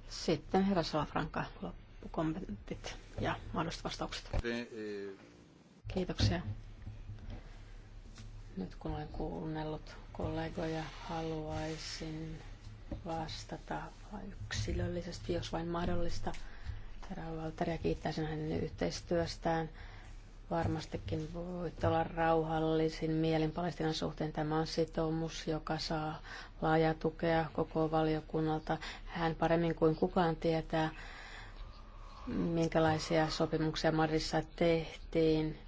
Sitten herra Salafranka, loppukommentit ja mahdolliset vastaukset. Kiitoksia. Nyt kun olen kuunnellut kollegoja, haluaisin vastata yksilöllisesti, jos vain mahdollista. Herra Valtaria kiittäisin hänen yhteistyöstään. Varmastikin voitte olla rauhallisin mielin Palestinan suhteen. Tämä on sitoumus, joka saa laajaa tukea koko valiokunnalta. Hän paremmin kuin kukaan tietää, minkälaisia sopimuksia Madrissa tehtiin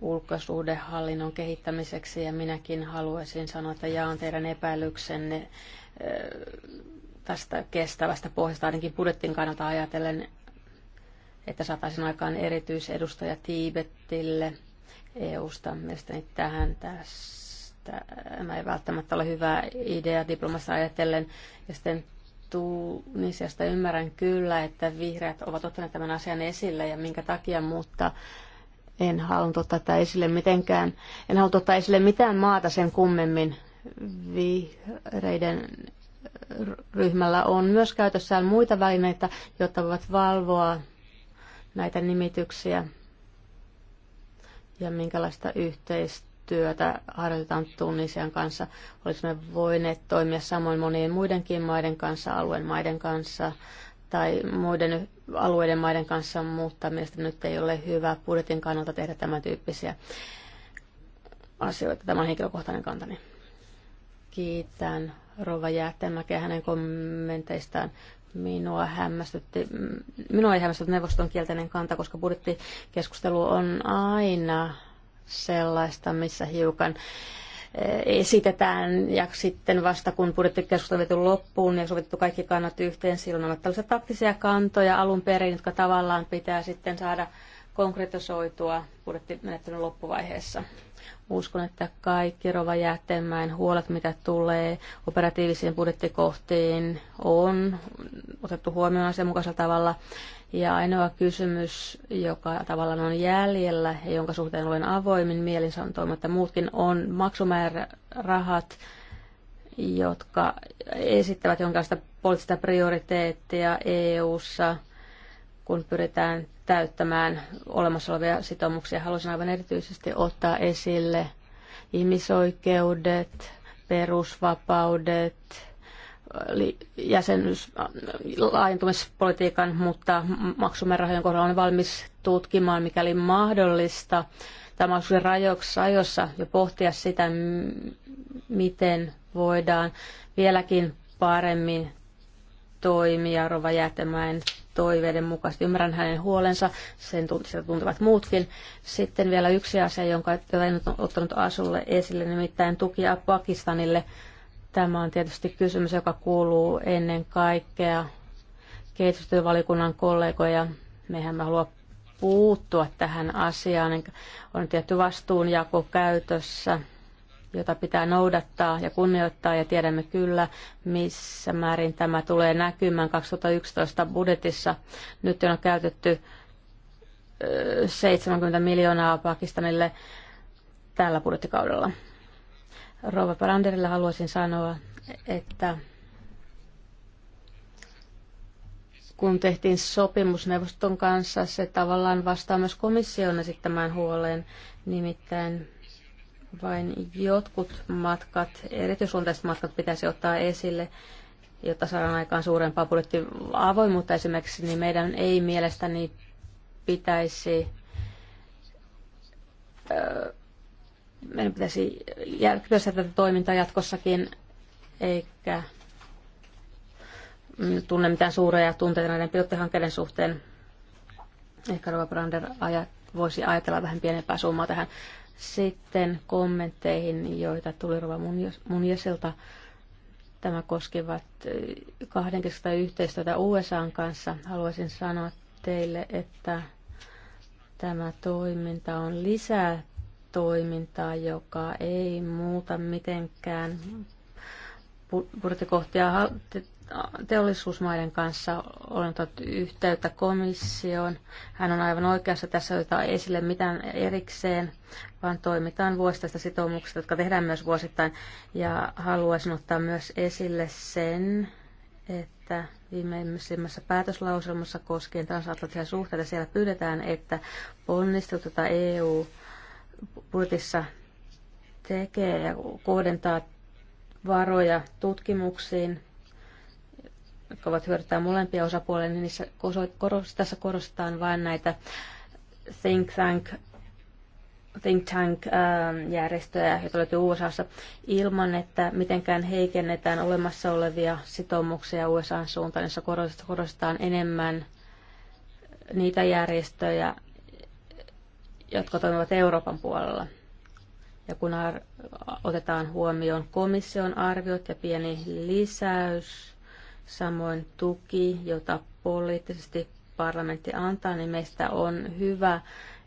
ulkosuhdehallinnon kehittämiseksi ja minäkin haluaisin sanoa, että jaan teidän epäilyksenne tästä kestävästä pohjasta ainakin budjettin kannalta ajatellen, että saataisiin aikaan erityisedustaja Tiibetille EU-sta. Mielestäni tähän tästä Mä ei välttämättä ole hyvä idea diplomassa ajatellen. Ja sitten Tunisiasta ymmärrän kyllä, että vihreät ovat ottaneet tämän asian esille ja minkä takia, mutta en halunnut ottaa tätä esille mitenkään. En halunnut ottaa esille mitään maata sen kummemmin vihreiden ryhmällä on myös käytössään muita välineitä, jotta voivat valvoa näitä nimityksiä ja minkälaista yhteistyötä harjoitetaan Tunisian kanssa. Olisimme voineet toimia samoin monien muidenkin maiden kanssa, alueen maiden kanssa tai muiden alueiden maiden kanssa, mutta mielestäni nyt ei ole hyvä budjetin kannalta tehdä tämän tyyppisiä asioita. Tämä on henkilökohtainen kantani. Kiitän Rova Jäätemäkeä hänen kommenteistaan. Minua, hämmästytti, minua ei hämmästytä neuvoston kielteinen kanta, koska budjettikeskustelu on aina sellaista, missä hiukan eh, esitetään ja sitten vasta kun budjettikeskustelu on viety loppuun ja sovittu kaikki kannat yhteen, silloin on tällaisia taktisia kantoja alun perin, jotka tavallaan pitää sitten saada konkretisoitua budjettimenettelyn loppuvaiheessa. Uskon, että kaikki Rova Jäätteenmäen huolet, mitä tulee operatiivisiin budjettikohtiin, on otettu huomioon asianmukaisella tavalla. Ja ainoa kysymys, joka tavallaan on jäljellä ja jonka suhteen olen avoimin mielin sanoin, että muutkin on maksumäärärahat, jotka esittävät jonkinlaista poliittista prioriteettia EU-ssa, kun pyritään täyttämään olemassa olevia sitoumuksia. Haluaisin aivan erityisesti ottaa esille ihmisoikeudet, perusvapaudet, jäsenyys, laajentumispolitiikan, mutta rahojen kohdalla on valmis tutkimaan, mikäli mahdollista, tämä on rajoissa ajoissa jo pohtia sitä, miten voidaan vieläkin paremmin toimia Rova Jäätemäen toiveiden mukaisesti. Ymmärrän hänen huolensa, sen sitä tuntevat muutkin. Sitten vielä yksi asia, jonka jota en ottanut Asulle esille, nimittäin tukia Pakistanille. Tämä on tietysti kysymys, joka kuuluu ennen kaikkea kehitystyövaliokunnan kollegoja. Mehän mä halua puuttua tähän asiaan. On tietty vastuunjako käytössä jota pitää noudattaa ja kunnioittaa, ja tiedämme kyllä, missä määrin tämä tulee näkymään 2011 budjetissa. Nyt on käytetty 70 miljoonaa Pakistanille tällä budjettikaudella. Rova Paranderille haluaisin sanoa, että kun tehtiin sopimus neuvoston kanssa, se tavallaan vastaa myös komission esittämään huoleen, nimittäin vain jotkut matkat, erityisluonteiset matkat pitäisi ottaa esille, jotta saadaan aikaan suurempaa budjettiavoimuutta esimerkiksi, niin meidän ei mielestäni pitäisi meidän pitäisi jatkaa tätä toimintaa jatkossakin, eikä tunne mitään suuria tunteita näiden pilottihankkeiden suhteen. Ehkä Rova Brander ajat, voisi ajatella vähän pienempää summaa tähän. Sitten kommentteihin, joita tuli Rova Munjasilta. Tämä koskevat eh, kahdenkeskistä yhteistyötä USAn kanssa. Haluaisin sanoa teille, että tämä toiminta on lisää toimintaa, joka ei muuta mitenkään budjettikohtia teollisuusmaiden kanssa olen ottanut yhteyttä komissioon. Hän on aivan oikeassa tässä otetaan esille mitään erikseen, vaan toimitaan vuosittaista sitoumuksista, jotka tehdään myös vuosittain. Ja haluaisin ottaa myös esille sen, että viimeisimmässä päätöslauselmassa koskien transatlanttisia suhteita siellä pyydetään, että ponnistelut, tuota EU budjetissa tekee ja kohdentaa varoja tutkimuksiin, jotka ovat hyödyttää molempia osapuolia, niin niissä korostetaan, tässä korostetaan vain näitä think tank think tank-järjestöjä, ähm, joita löytyy USAssa, ilman että mitenkään heikennetään olemassa olevia sitoumuksia USAn suuntaan, jossa korostetaan enemmän niitä järjestöjä, jotka toimivat Euroopan puolella. Ja kun otetaan huomioon komission arviot ja pieni lisäys samoin tuki, jota poliittisesti parlamentti antaa, niin meistä on hyvä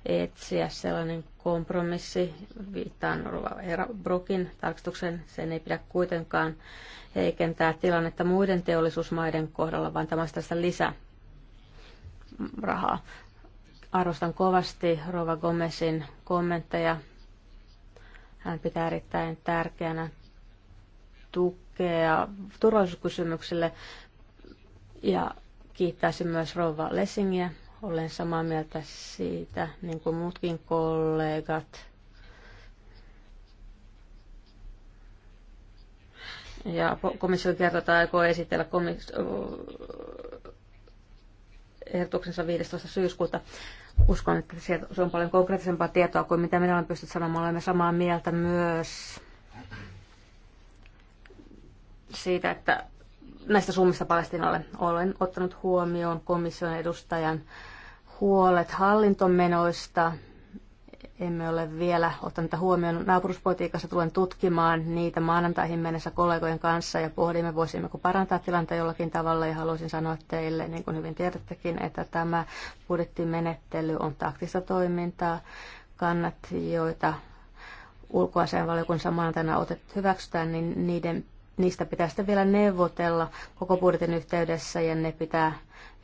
etsiä sellainen kompromissi, viittaan herra Brokin tarkistuksen, sen ei pidä kuitenkaan heikentää tilannetta muiden teollisuusmaiden kohdalla, vaan tämä lisä rahaa. Arvostan kovasti Rova Gomesin kommentteja. Hän pitää erittäin tärkeänä tukea turvallisuuskysymyksille ja kiittäisin myös Rova Lessingiä. Olen samaa mieltä siitä, niin kuin muutkin kollegat. Ja komissio kertoo, että aikoo esitellä komis- ehdotuksensa 15. syyskuuta. Uskon, että se on paljon konkreettisempaa tietoa kuin mitä minä olen pystynyt sanomaan. Olemme samaa mieltä myös siitä, että näistä summista Palestinalle olen ottanut huomioon komission edustajan huolet hallintomenoista. Emme ole vielä ottanut huomioon naapuruspolitiikassa. Tulen tutkimaan niitä maanantaihin mennessä kollegojen kanssa ja pohdimme, voisimmeko parantaa tilannetta jollakin tavalla. Ja haluaisin sanoa teille, niin kuin hyvin tiedättekin, että tämä budjettimenettely on taktista toimintaa. Kannat, joita ulkoasianvaliokunnassa maanantaina otet hyväksytään, niin niiden niistä pitää sitten vielä neuvotella koko budjetin yhteydessä ja ne pitää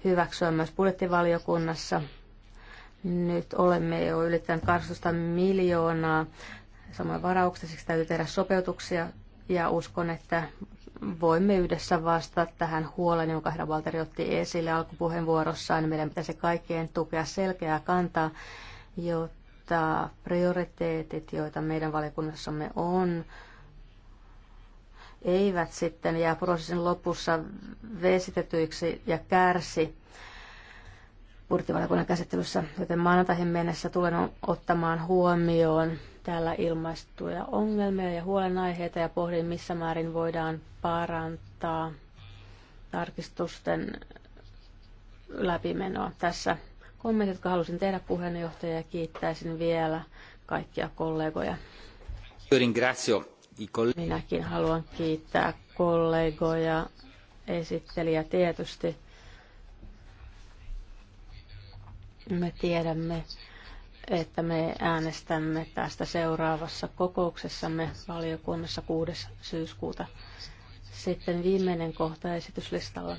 hyväksyä myös budjettivaliokunnassa. Nyt olemme jo ylittäneet 200 miljoonaa samoin varauksista, siksi täytyy tehdä sopeutuksia ja uskon, että voimme yhdessä vastata tähän huoleen, jonka herra Valteri otti esille alkupuheenvuorossaan. Meidän pitäisi kaikkien tukea selkeää kantaa, jotta prioriteetit, joita meidän valiokunnassamme on, eivät sitten jää prosessin lopussa vesitetyiksi ja kärsi budjettivaliokunnan käsittelyssä, joten maanantaihin mennessä tulen ottamaan huomioon täällä ilmaistuja ongelmia ja huolenaiheita ja pohdin, missä määrin voidaan parantaa tarkistusten läpimenoa. Tässä kommentit, jotka halusin tehdä puheenjohtaja ja kiittäisin vielä kaikkia kollegoja. Ringrazio Minäkin haluan kiittää kollegoja, esittelijä tietysti. Me tiedämme, että me äänestämme tästä seuraavassa kokouksessamme valiokunnassa 6. syyskuuta. Sitten viimeinen kohta esityslistalla.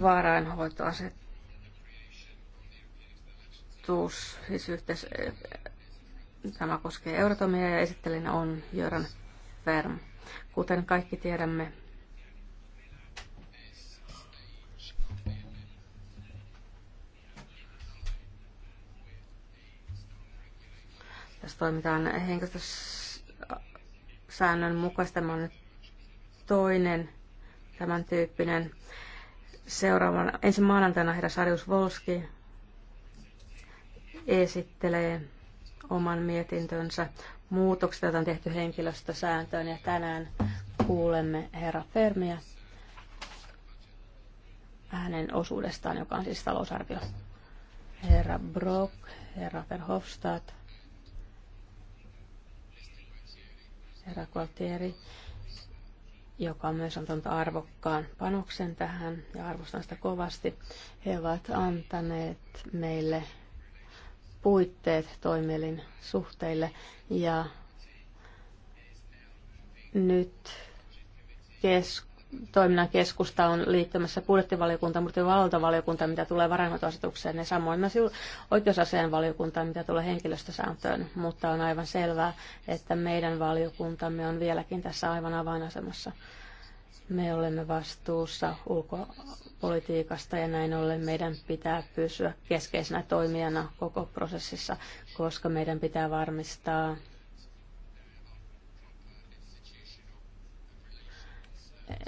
Varainhoitoaset ehdotus, siis yhteys, tämä koskee Eurotomia ja esittelijänä on Jöran Färm. Kuten kaikki tiedämme, tässä toimitaan henkilöstösäännön mukaista. Tämä on nyt toinen tämän tyyppinen. Seuraavana, ensi maanantaina herra Sarius Volski esittelee oman mietintönsä muutoksista, joita on tehty henkilöstösääntöön. Ja tänään kuulemme herra Fermiä hänen osuudestaan, joka on siis talousarvio. Herra Brock, herra Verhofstadt, herra Gualtieri, joka on myös antanut arvokkaan panoksen tähän ja arvostan sitä kovasti. He ovat antaneet meille puitteet toimielin suhteille ja nyt kes, toiminnan keskusta on liittymässä budjettivaliokunta, mutta valvontavaliokunta, mitä tulee varainhoitoasetukseen ja samoin myös oikeusasian valiokunta, mitä tulee henkilöstösääntöön, mutta on aivan selvää, että meidän valiokuntamme on vieläkin tässä aivan avainasemassa. Me olemme vastuussa ulkopolitiikasta ja näin ollen meidän pitää pysyä keskeisenä toimijana koko prosessissa, koska meidän pitää varmistaa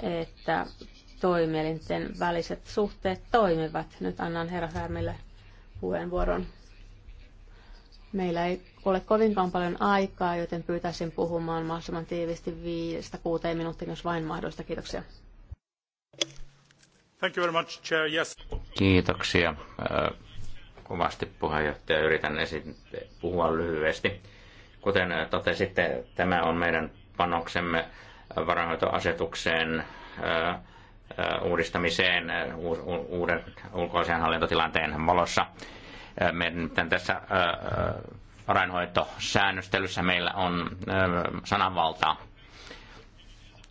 että toimielinten väliset suhteet toimivat. Nyt annan herra Härmille puheenvuoron. Meillä ei ole kovinkaan paljon aikaa, joten pyytäisin puhumaan mahdollisimman tiivisti 5-6 minuuttia, jos vain mahdollista. Kiitoksia. Thank you very much, Chair. Yes. Kiitoksia. Äh, kovasti puheenjohtaja. Yritän esi- puhua lyhyesti. Kuten totesitte, tämä on meidän panoksemme varainhoitoasetukseen äh, äh, uudistamiseen uuden ulkoisen hallintotilanteen valossa – tässä varainhoitosäännöstelyssä meillä on sananvaltaa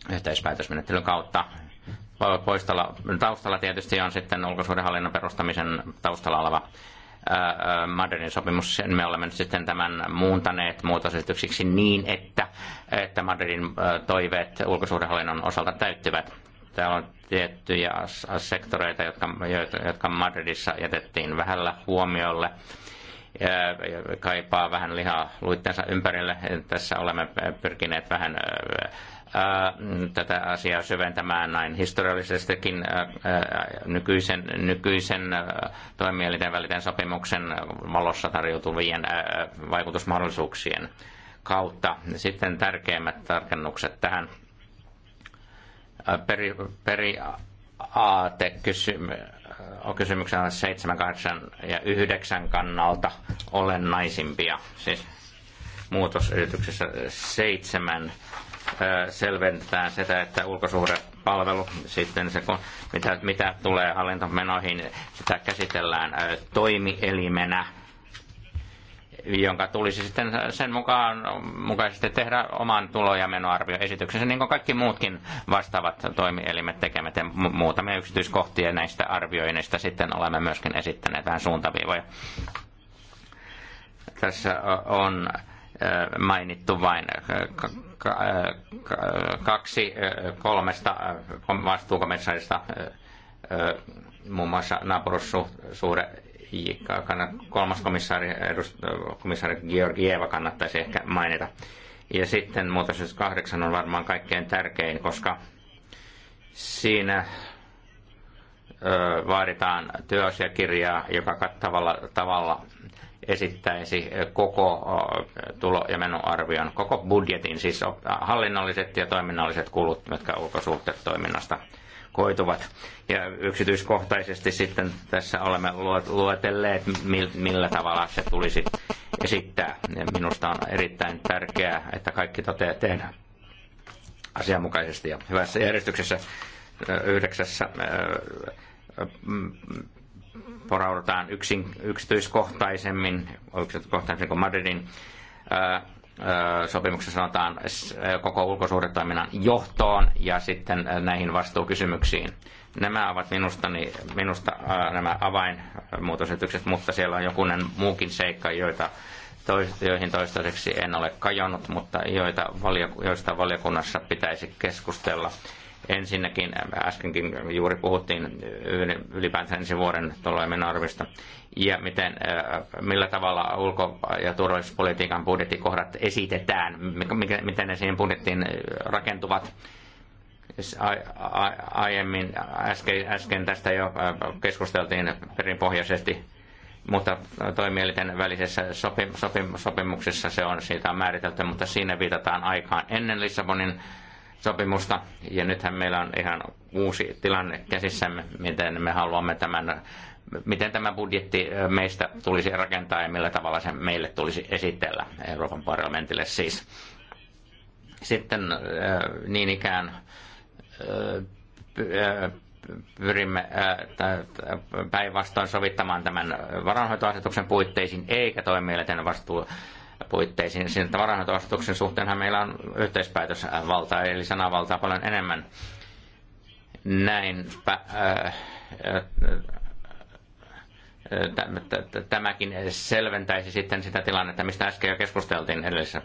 yhteispäätösmenettelyn kautta. Poistalla, taustalla tietysti on sitten ulkosuhdehallinnon perustamisen taustalla oleva Madridin sopimus, sen me olemme nyt sitten tämän muuntaneet muutosesityksiksi niin, että, että Madridin toiveet ulkosuhdehallinnon osalta täyttyvät. Täällä on tiettyjä sektoreita, jotka, jotka Madridissa jätettiin vähällä huomiolle kaipaa vähän lihaa luittensa ympärille. Tässä olemme pyrkineet vähän tätä asiaa syventämään näin historiallisestikin nykyisen, nykyisen toimielinten välisen sopimuksen valossa tarjoutuvien vaikutusmahdollisuuksien kautta. Sitten tärkeimmät tarkennukset tähän Äh, peri, periaate kysymyksen äh, on 7, 8 ja 9 kannalta olennaisimpia. Siis muutosyrityksessä 7 äh, selventää sitä, että ulkosuhdepalvelu, sitten se, mitä, mitä tulee hallintomenoihin, sitä käsitellään toimielimenä jonka tulisi sitten sen mukaan mukaisesti tehdä oman tulo- ja menoarvioesityksensä, niin kuin kaikki muutkin vastaavat toimielimet tekemät. Ja muutamia yksityiskohtia näistä arvioinnista sitten olemme myöskin esittäneet vähän suuntaviivoja. Tässä on äh, mainittu vain äh, äh, kaksi kolmesta vastuukomissaarista, muun muassa naapurussuhde kolmas komissaari, edust, komissaari Georgieva kannattaisi ehkä mainita. Ja sitten muutos kahdeksan on varmaan kaikkein tärkein, koska siinä vaaditaan työasiakirjaa, joka kattavalla tavalla esittäisi koko tulo- ja menoarvion, koko budjetin, siis hallinnolliset ja toiminnalliset kulut, jotka ulkosuhteet toiminnasta koituvat. Ja yksityiskohtaisesti sitten tässä olemme luetelleet, millä tavalla se tulisi esittää. Ja minusta on erittäin tärkeää, että kaikki toteaa tehdään asianmukaisesti ja hyvässä järjestyksessä yhdeksässä poraudutaan yksin, yksityiskohtaisemmin, yksityiskohtaisemmin kuin Madridin sopimuksessa sanotaan koko ulkosuhdetoiminnan johtoon ja sitten näihin vastuukysymyksiin. Nämä ovat minusta, niin, minusta nämä avainmuutosetykset, mutta siellä on jokunen muukin seikka, joita joihin toistaiseksi en ole kajonnut, mutta joita joista valiokunnassa pitäisi keskustella. Ensinnäkin äskenkin juuri puhuttiin ylipäätään ensi vuoden tulojen arvista ja miten, millä tavalla ulko- ja turvallisuuspolitiikan budjettikohdat esitetään, miten ne siihen budjettiin rakentuvat. Siis aiemmin, äsken, äsken tästä jo keskusteltiin perinpohjaisesti, mutta toimielinten välisessä sopim, sopim, sopimuksessa se on siitä on määritelty, mutta siinä viitataan aikaan ennen Lissabonin sopimusta. Ja nythän meillä on ihan uusi tilanne käsissämme, miten me haluamme tämän miten tämä budjetti meistä tulisi rakentaa ja millä tavalla se meille tulisi esitellä Euroopan parlamentille siis. Sitten niin ikään pyrimme päinvastoin sovittamaan tämän varanhoitoasetuksen puitteisiin eikä toimielinten vastuu puitteisiin. Siinä varanhoitoasetuksen suhteenhan meillä on yhteispäätösvaltaa eli sanavaltaa paljon enemmän. Näinpä äh, tämäkin selventäisi sitten sitä tilannetta, mistä äsken jo keskusteltiin edellisessä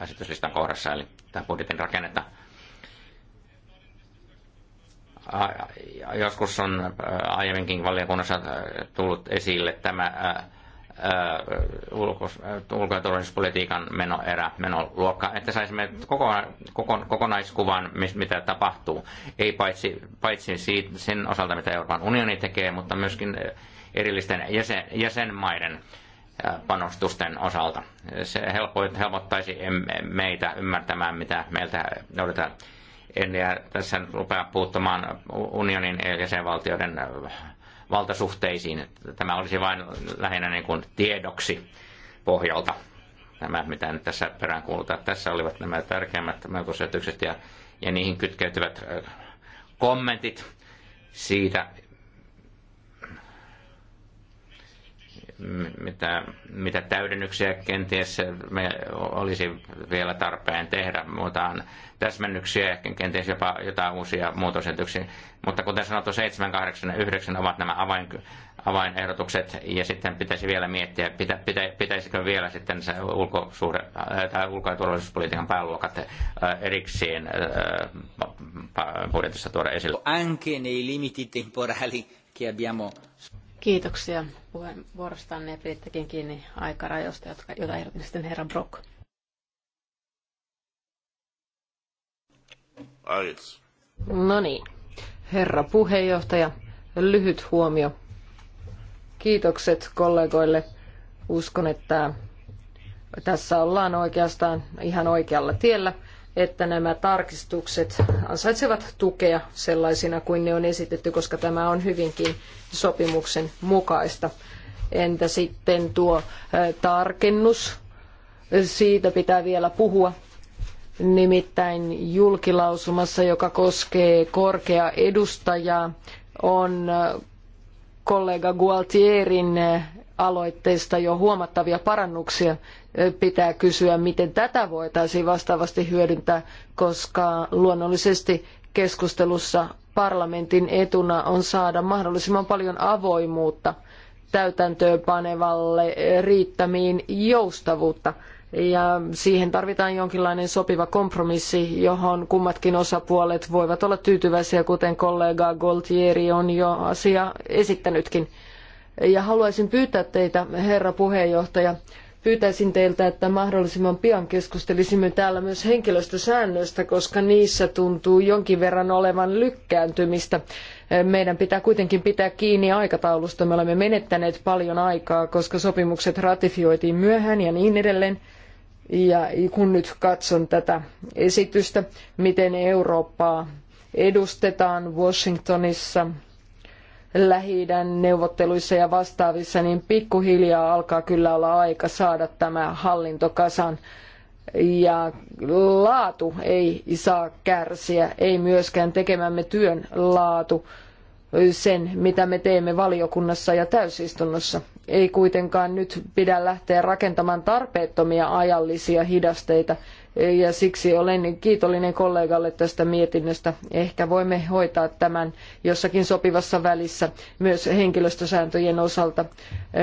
asetuslistan kohdassa, eli tämä budjetin rakennetta. Joskus on aiemminkin valiokunnassa tullut esille tämä ulko- ja turvallisuuspolitiikan menoerä, menoluokka, että saisimme koko, koko, kokonaiskuvan, mitä tapahtuu, ei paitsi, paitsi siitä, sen osalta, mitä Euroopan unioni tekee, mutta myöskin erillisten jäsen, jäsenmaiden panostusten osalta. Se helpottaisi meitä ymmärtämään, mitä meiltä odotetaan. En tässä rupea puuttumaan unionin jäsenvaltioiden valtasuhteisiin. Tämä olisi vain lähinnä niin kuin tiedoksi pohjalta. Nämä, mitä nyt tässä peräänkuulutaan. Tässä olivat nämä tärkeimmät melkoisetykset ja, ja niihin kytkeytyvät kommentit siitä, mitä, mitä täydennyksiä kenties me olisi vielä tarpeen tehdä, muutaan täsmennyksiä, kenties jopa jotain uusia muutosentyksiä. Mutta kuten sanottu, 7, 8 ja 9 ovat nämä avain, avainehdotukset, ja sitten pitäisi vielä miettiä, pitä, pitä, pitäisikö vielä sitten se ulkosuhde, äh, tai ulko- ja turvallisuuspolitiikan pääluokat äh, erikseen äh, budjetissa tuoda esille. Anche nei limiti temporali che abbiamo Kiitoksia puheenvuorostanne ja pidittekin kiinni aikarajoista, jotka, joita ehdotin sitten herra Brock. Aits. No niin, herra puheenjohtaja, lyhyt huomio. Kiitokset kollegoille. Uskon, että tässä ollaan oikeastaan ihan oikealla tiellä että nämä tarkistukset ansaitsevat tukea sellaisina kuin ne on esitetty, koska tämä on hyvinkin sopimuksen mukaista. Entä sitten tuo tarkennus? Siitä pitää vielä puhua. Nimittäin julkilausumassa, joka koskee korkeaa edustajaa, on kollega Gualtierin eh, aloitteesta jo huomattavia parannuksia. Eh, pitää kysyä, miten tätä voitaisiin vastaavasti hyödyntää, koska luonnollisesti keskustelussa parlamentin etuna on saada mahdollisimman paljon avoimuutta täytäntöönpanevalle eh, riittämiin joustavuutta ja siihen tarvitaan jonkinlainen sopiva kompromissi, johon kummatkin osapuolet voivat olla tyytyväisiä, kuten kollega Goltieri on jo asia esittänytkin. Ja haluaisin pyytää teitä, herra puheenjohtaja, pyytäisin teiltä, että mahdollisimman pian keskustelisimme täällä myös henkilöstösäännöistä, koska niissä tuntuu jonkin verran olevan lykkääntymistä. Meidän pitää kuitenkin pitää kiinni aikataulusta. Me olemme menettäneet paljon aikaa, koska sopimukset ratifioitiin myöhään ja niin edelleen. Ja kun nyt katson tätä esitystä, miten Eurooppaa edustetaan Washingtonissa, lähi neuvotteluissa ja vastaavissa, niin pikkuhiljaa alkaa kyllä olla aika saada tämä hallinto kasaan. Ja laatu ei saa kärsiä, ei myöskään tekemämme työn laatu sen, mitä me teemme valiokunnassa ja täysistunnossa. Ei kuitenkaan nyt pidä lähteä rakentamaan tarpeettomia ajallisia hidasteita ja siksi olen kiitollinen kollegalle tästä mietinnöstä. Ehkä voimme hoitaa tämän jossakin sopivassa välissä myös henkilöstösääntöjen osalta.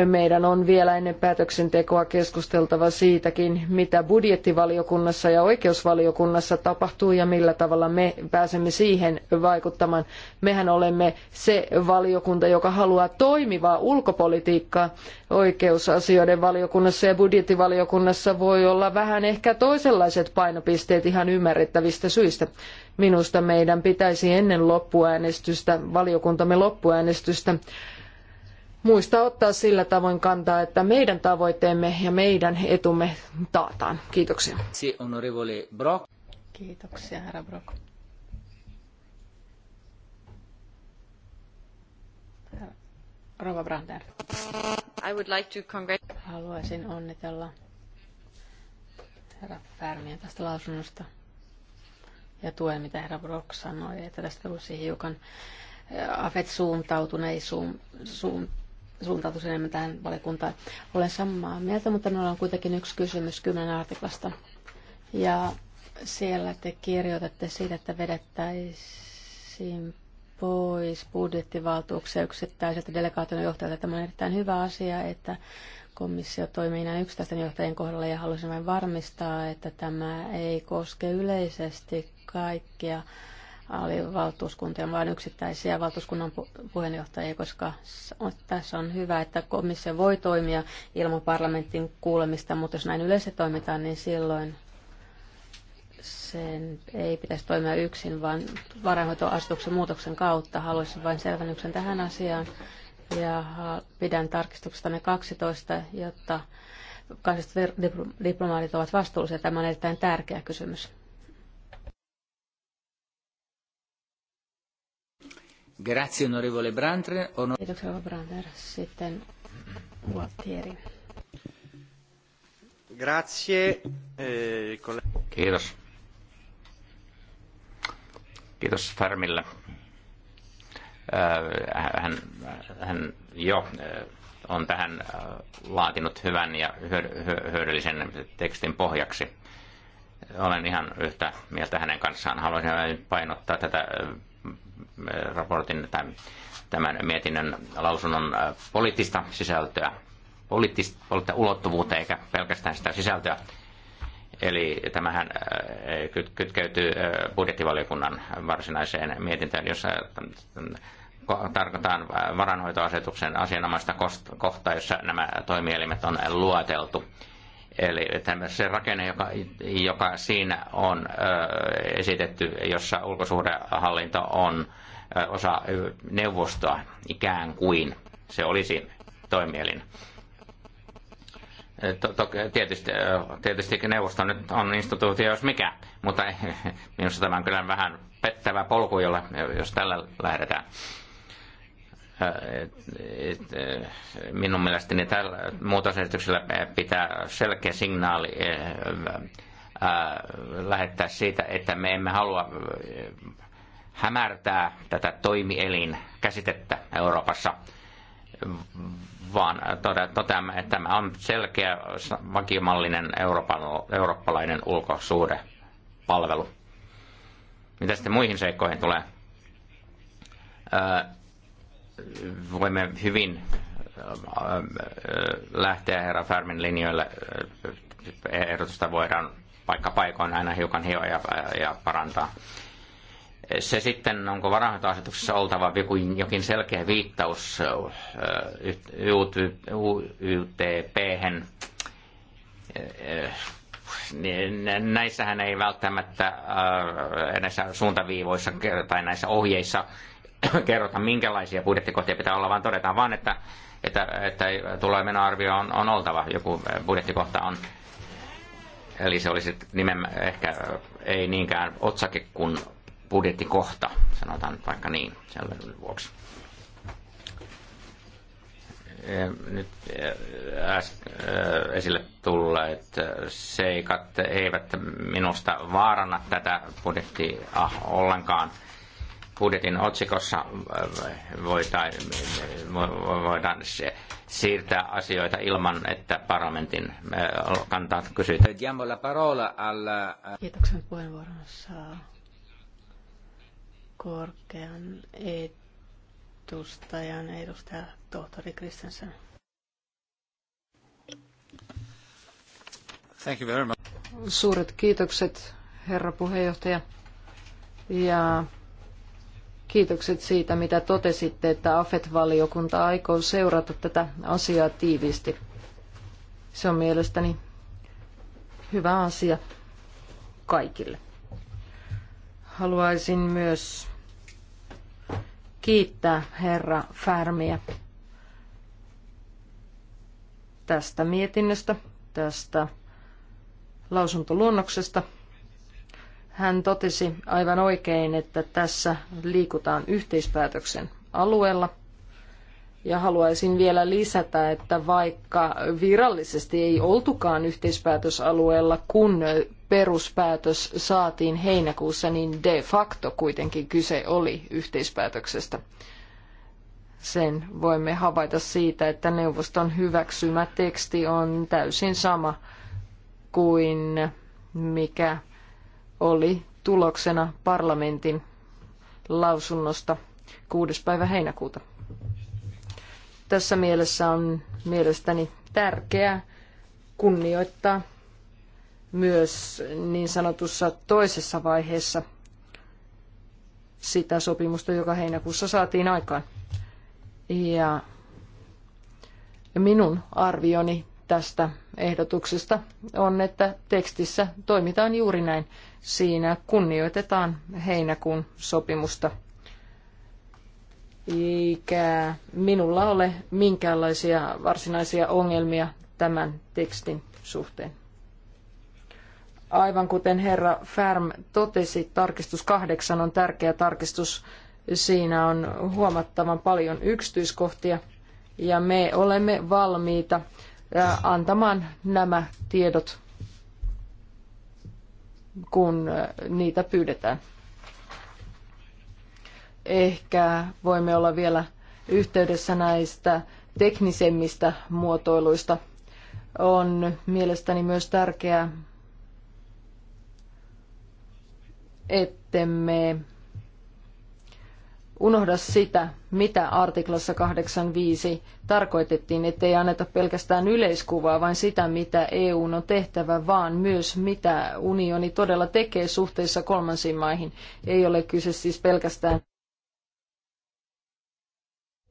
Meidän on vielä ennen päätöksentekoa keskusteltava siitäkin, mitä budjettivaliokunnassa ja oikeusvaliokunnassa tapahtuu ja millä tavalla me pääsemme siihen vaikuttamaan. Mehän olemme se valiokunta, joka haluaa toimivaa ulkopolitiikkaa oikeusasioiden valiokunnassa ja budjettivaliokunnassa voi olla vähän ehkä toisenlaisia erilaiset painopisteet ihan ymmärrettävistä syistä. Minusta meidän pitäisi ennen loppuäänestystä, valiokuntamme loppuäänestystä, muista ottaa sillä tavoin kantaa, että meidän tavoitteemme ja meidän etumme taataan. Kiitoksia. Kiitoksia, herra Brock. Rova Brander. I would like to congratulate. Haluaisin onnitella herra Färmiä tästä lausunnosta ja tuen, mitä herra Brock sanoi, että tästä tulisi hiukan afet suuntautuneisuun suun, suun, suuntautuisi enemmän tähän valiokuntaan. Olen samaa mieltä, mutta minulla on kuitenkin yksi kysymys 10 artiklasta. Ja siellä te kirjoitatte siitä, että vedettäisiin pois budjettivaltuuksia yksittäiseltä delegaation johtajalta. Tämä on erittäin hyvä asia, että Komissio toimii näin yksittäisten johtajien kohdalla ja haluaisin vain varmistaa, että tämä ei koske yleisesti kaikkia alivaltuuskuntia, vaan yksittäisiä valtuuskunnan puheenjohtajia, koska tässä on hyvä, että komissio voi toimia ilman parlamentin kuulemista, mutta jos näin yleisesti toimitaan, niin silloin sen ei pitäisi toimia yksin, vaan varainhoitoasetuksen muutoksen kautta. Haluaisin vain selvennyksen tähän asiaan ja pidän tarkistuksesta ne 12, jotta kansalliset diplomaatit ovat vastuullisia. Tämä on erittäin tärkeä kysymys. Grazie onorevole Brandre. Ono... Kiitoksia Brandre. Sitten Gualtieri. Grazie. Eh, Kiitos. Kiitos Färmille hän, hän jo on tähän laatinut hyvän ja hyödyllisen tekstin pohjaksi. Olen ihan yhtä mieltä hänen kanssaan. Haluaisin painottaa tätä raportin tai tämän mietinnön lausunnon poliittista sisältöä, poliittista, poliittista ulottuvuutta eikä pelkästään sitä sisältöä. Eli tämähän kytkeytyy budjettivaliokunnan varsinaiseen mietintään, jossa tarkoitan äh, varanhoitoasetuksen asianomaista kohtaa, jossa nämä toimielimet on luoteltu. Eli se rakenne, joka, joka siinä on ö, äh, esitetty, jossa ulkosuhdehallinto on äh, ö, osa neuvostoa ikään kuin, se olisi toimielin. To, to, tietysti, tietysti neuvosto nyt on instituutio, jos mikä, mutta minusta tämä on kyllä vähän pettävä polku, jolla, jos tällä lähdetään. Äh, äh, minun mielestäni tällä muutosesityksellä pitää selkeä signaali äh, lähettää siitä, että me emme halua hämärtää tätä toimielin käsitettä Euroopassa, vaan toteamme, että tämä on selkeä vakiomallinen Euroopan, eurooppalainen ulkosuhdepalvelu. Mitä sitten muihin seikkoihin tulee? voimme hyvin äh, äh, lähteä herra Färmin linjoille. Ehdotusta voidaan paikka paikoin aina hiukan hioa ja, ja parantaa. Se sitten, onko varahoitoasetuksessa oltava jokin, selkeä viittaus äh, UTP, niin näissähän ei välttämättä näissä suuntaviivoissa tai näissä ohjeissa kerrota, minkälaisia budjettikohtia pitää olla, vaan todetaan vaan, että, että, että tulo- menoarvio on, on oltava, joku budjettikohta on. Eli se olisi nimen, ehkä ei niinkään otsake kuin budjettikohta, sanotaan vaikka niin, selvyyden vuoksi. Nyt esille tulleet seikat eivät minusta vaaranna tätä budjettia ollenkaan – budjetin otsikossa äh, voidaan, voidaan siirtää asioita ilman, että parlamentin äh, kantaa kysytään. Diamo Kiitoksen puheenvuoron saa korkean edustajan edustaja tohtori Kristensen. Thank you very much. Suuret kiitokset, herra puheenjohtaja. Ja Kiitokset siitä, mitä totesitte, että AFET-valiokunta aikoo seurata tätä asiaa tiiviisti. Se on mielestäni hyvä asia kaikille. Haluaisin myös kiittää herra Färmiä tästä mietinnöstä, tästä lausuntoluonnoksesta – hän totesi aivan oikein, että tässä liikutaan yhteispäätöksen alueella. Ja haluaisin vielä lisätä, että vaikka virallisesti ei oltukaan yhteispäätösalueella, kun peruspäätös saatiin heinäkuussa, niin de facto kuitenkin kyse oli yhteispäätöksestä. Sen voimme havaita siitä, että neuvoston hyväksymä teksti on täysin sama kuin mikä oli tuloksena parlamentin lausunnosta 6. päivä heinäkuuta. Tässä mielessä on mielestäni tärkeää kunnioittaa myös niin sanotussa toisessa vaiheessa sitä sopimusta, joka heinäkuussa saatiin aikaan. Ja minun arvioni tästä ehdotuksesta on, että tekstissä toimitaan juuri näin. Siinä kunnioitetaan heinäkuun sopimusta. Eikä minulla ole minkäänlaisia varsinaisia ongelmia tämän tekstin suhteen. Aivan kuten herra Färm totesi, tarkistus kahdeksan on tärkeä tarkistus. Siinä on huomattavan paljon yksityiskohtia ja me olemme valmiita antamaan nämä tiedot, kun niitä pyydetään. Ehkä voimme olla vielä yhteydessä näistä teknisemmistä muotoiluista. On mielestäni myös tärkeää, ettemme unohda sitä, mitä artiklassa 85 tarkoitettiin, ettei anneta pelkästään yleiskuvaa, vain sitä, mitä EU on tehtävä, vaan myös mitä unioni todella tekee suhteessa kolmansiin maihin. Ei ole kyse siis pelkästään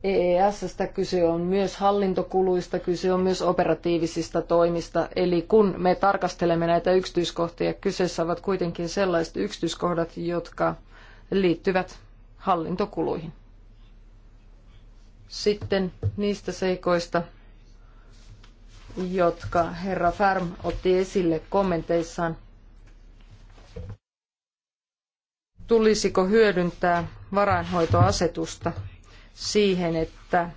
e e stä. kyse on myös hallintokuluista, kyse on myös operatiivisista toimista. Eli kun me tarkastelemme näitä yksityiskohtia, kyseessä ovat kuitenkin sellaiset yksityiskohdat, jotka liittyvät hallintokuluihin. Sitten niistä seikoista, jotka herra Färm otti esille kommenteissaan. Tulisiko hyödyntää varainhoitoasetusta siihen, että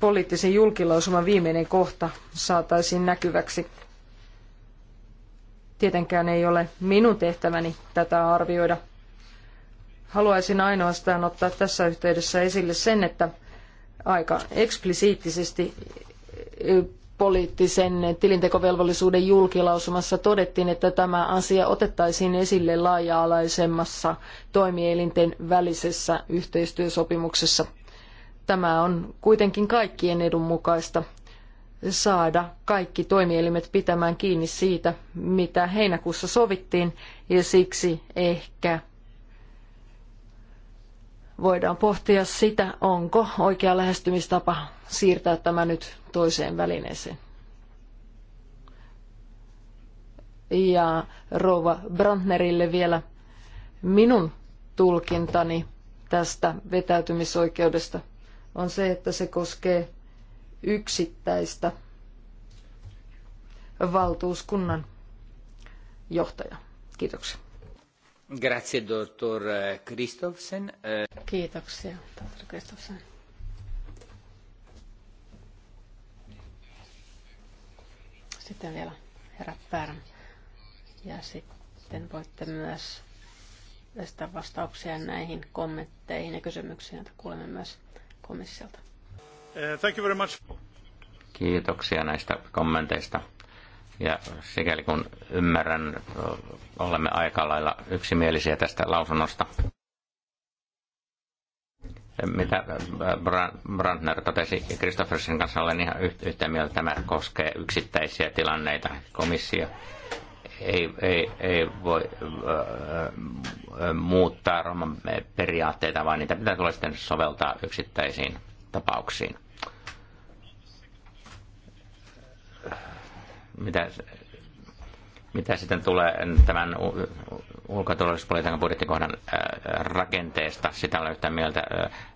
poliittisen julkilausuman viimeinen kohta saataisiin näkyväksi. Tietenkään ei ole minun tehtäväni tätä arvioida. Haluaisin ainoastaan ottaa tässä yhteydessä esille sen, että aika eksplisiittisesti e, poliittisen tilintekovelvollisuuden julkilausumassa todettiin, että tämä asia otettaisiin esille laaja-alaisemmassa toimielinten välisessä yhteistyösopimuksessa. Tämä on kuitenkin kaikkien edun mukaista saada kaikki toimielimet pitämään kiinni siitä, mitä heinäkuussa sovittiin, ja siksi ehkä voidaan pohtia sitä, onko oikea lähestymistapa siirtää tämä nyt toiseen välineeseen. Ja Rova Brandnerille vielä minun tulkintani tästä vetäytymisoikeudesta on se, että se koskee yksittäistä valtuuskunnan johtajaa. Kiitoksia. Grazie, dottor Kristofsen. Kiitoksia, tohtori Kristofsen. Sitten vielä herra Pärm. Ja sitten voitte myös tästä vastauksia näihin kommentteihin ja kysymyksiin, joita kuulemme myös komissiolta. Thank you very much. Kiitoksia näistä kommenteista. Ja sikäli kun ymmärrän, olemme aika lailla yksimielisiä tästä lausunnosta. Mitä Brandner totesi Kristoffersin kanssa, olen ihan yhtä mieltä. Tämä koskee yksittäisiä tilanneita. Komissio ei, ei, ei voi muuttaa Roman periaatteita, vaan niitä pitää tulla sitten soveltaa yksittäisiin tapauksiin. mitä, mitä sitten tulee tämän ulkotulollisuuspolitiikan budjettikohdan rakenteesta, sitä olen yhtä mieltä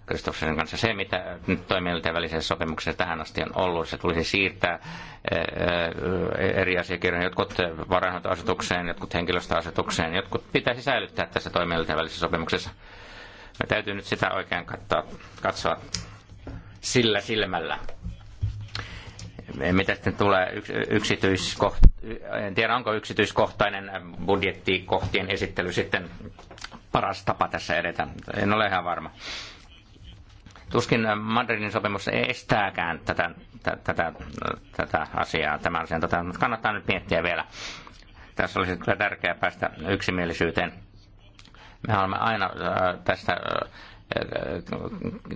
Kristoffersen kanssa. Se, mitä nyt toimielinten välisessä sopimuksessa tähän asti on ollut, se tulisi siirtää eri asiakirjoja, Jotkut varainhoitoasetukseen, jotkut henkilöstöasetukseen, jotkut pitäisi säilyttää tässä toimielinten välisessä sopimuksessa. Me täytyy nyt sitä oikein katsoa, katsoa sillä silmällä. Mitä sitten tulee yksityiskohtainen, En tiedä, onko yksityiskohtainen budjettikohtien esittely sitten paras tapa tässä edetä. En ole ihan varma. Tuskin Madridin sopimus estääkään tätä, tätä, tätä asiaa, tämän asian. Tätä tota, kannattaa nyt miettiä vielä. Tässä olisi kyllä tärkeää päästä yksimielisyyteen. Me olemme aina äh, tästä äh,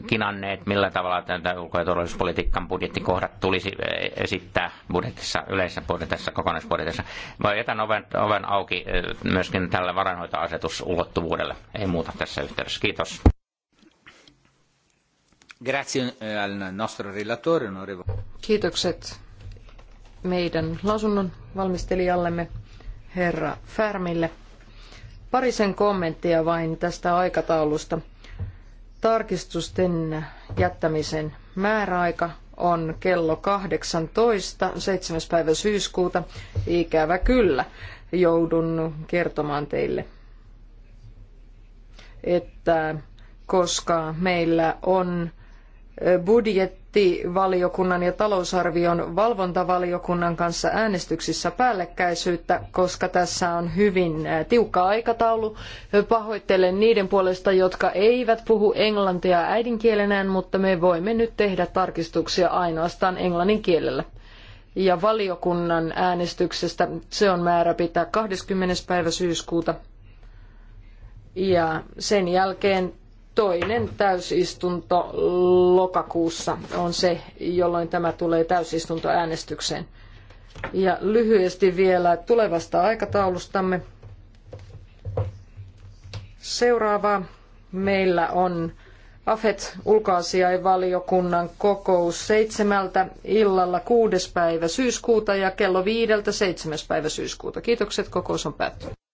kinanneet, millä tavalla tätä ulko- ja turvallisuuspolitiikan budjettikohdat tulisi eh, esittää budjetissa, yleisessä budjetissa, kokonaisbudjetissa. Mä jätän oven, oven auki eh, myöskin tälle varainhoitoasetusulottuvuudelle. Ei muuta tässä yhteydessä. Kiitos. Grazie eh, al nostro relatore, Kiitokset meidän lausunnon valmistelijallemme, herra Färmille. Parisen kommenttia vain tästä aikataulusta. Tarkistusten jättämisen määräaika on kello 18. 7. päivä syyskuuta. Ikävä kyllä joudun kertomaan teille, että koska meillä on budjetti, budjettivaliokunnan ja talousarvion valvontavaliokunnan kanssa äänestyksissä päällekkäisyyttä, koska tässä on hyvin tiukka aikataulu. Pahoittelen niiden puolesta, jotka eivät puhu englantia äidinkielenään, mutta me voimme nyt tehdä tarkistuksia ainoastaan englannin kielellä. Ja valiokunnan äänestyksestä se on määrä pitää 20. päivä syyskuuta. Ja sen jälkeen toinen täysistunto lokakuussa on se, jolloin tämä tulee täysistuntoäänestykseen. Ja lyhyesti vielä tulevasta aikataulustamme. Seuraava meillä on AFET ulkoasiainvaliokunnan kokous seitsemältä illalla kuudes päivä syyskuuta ja kello viideltä seitsemäs päivä syyskuuta. Kiitokset, kokous on päättynyt.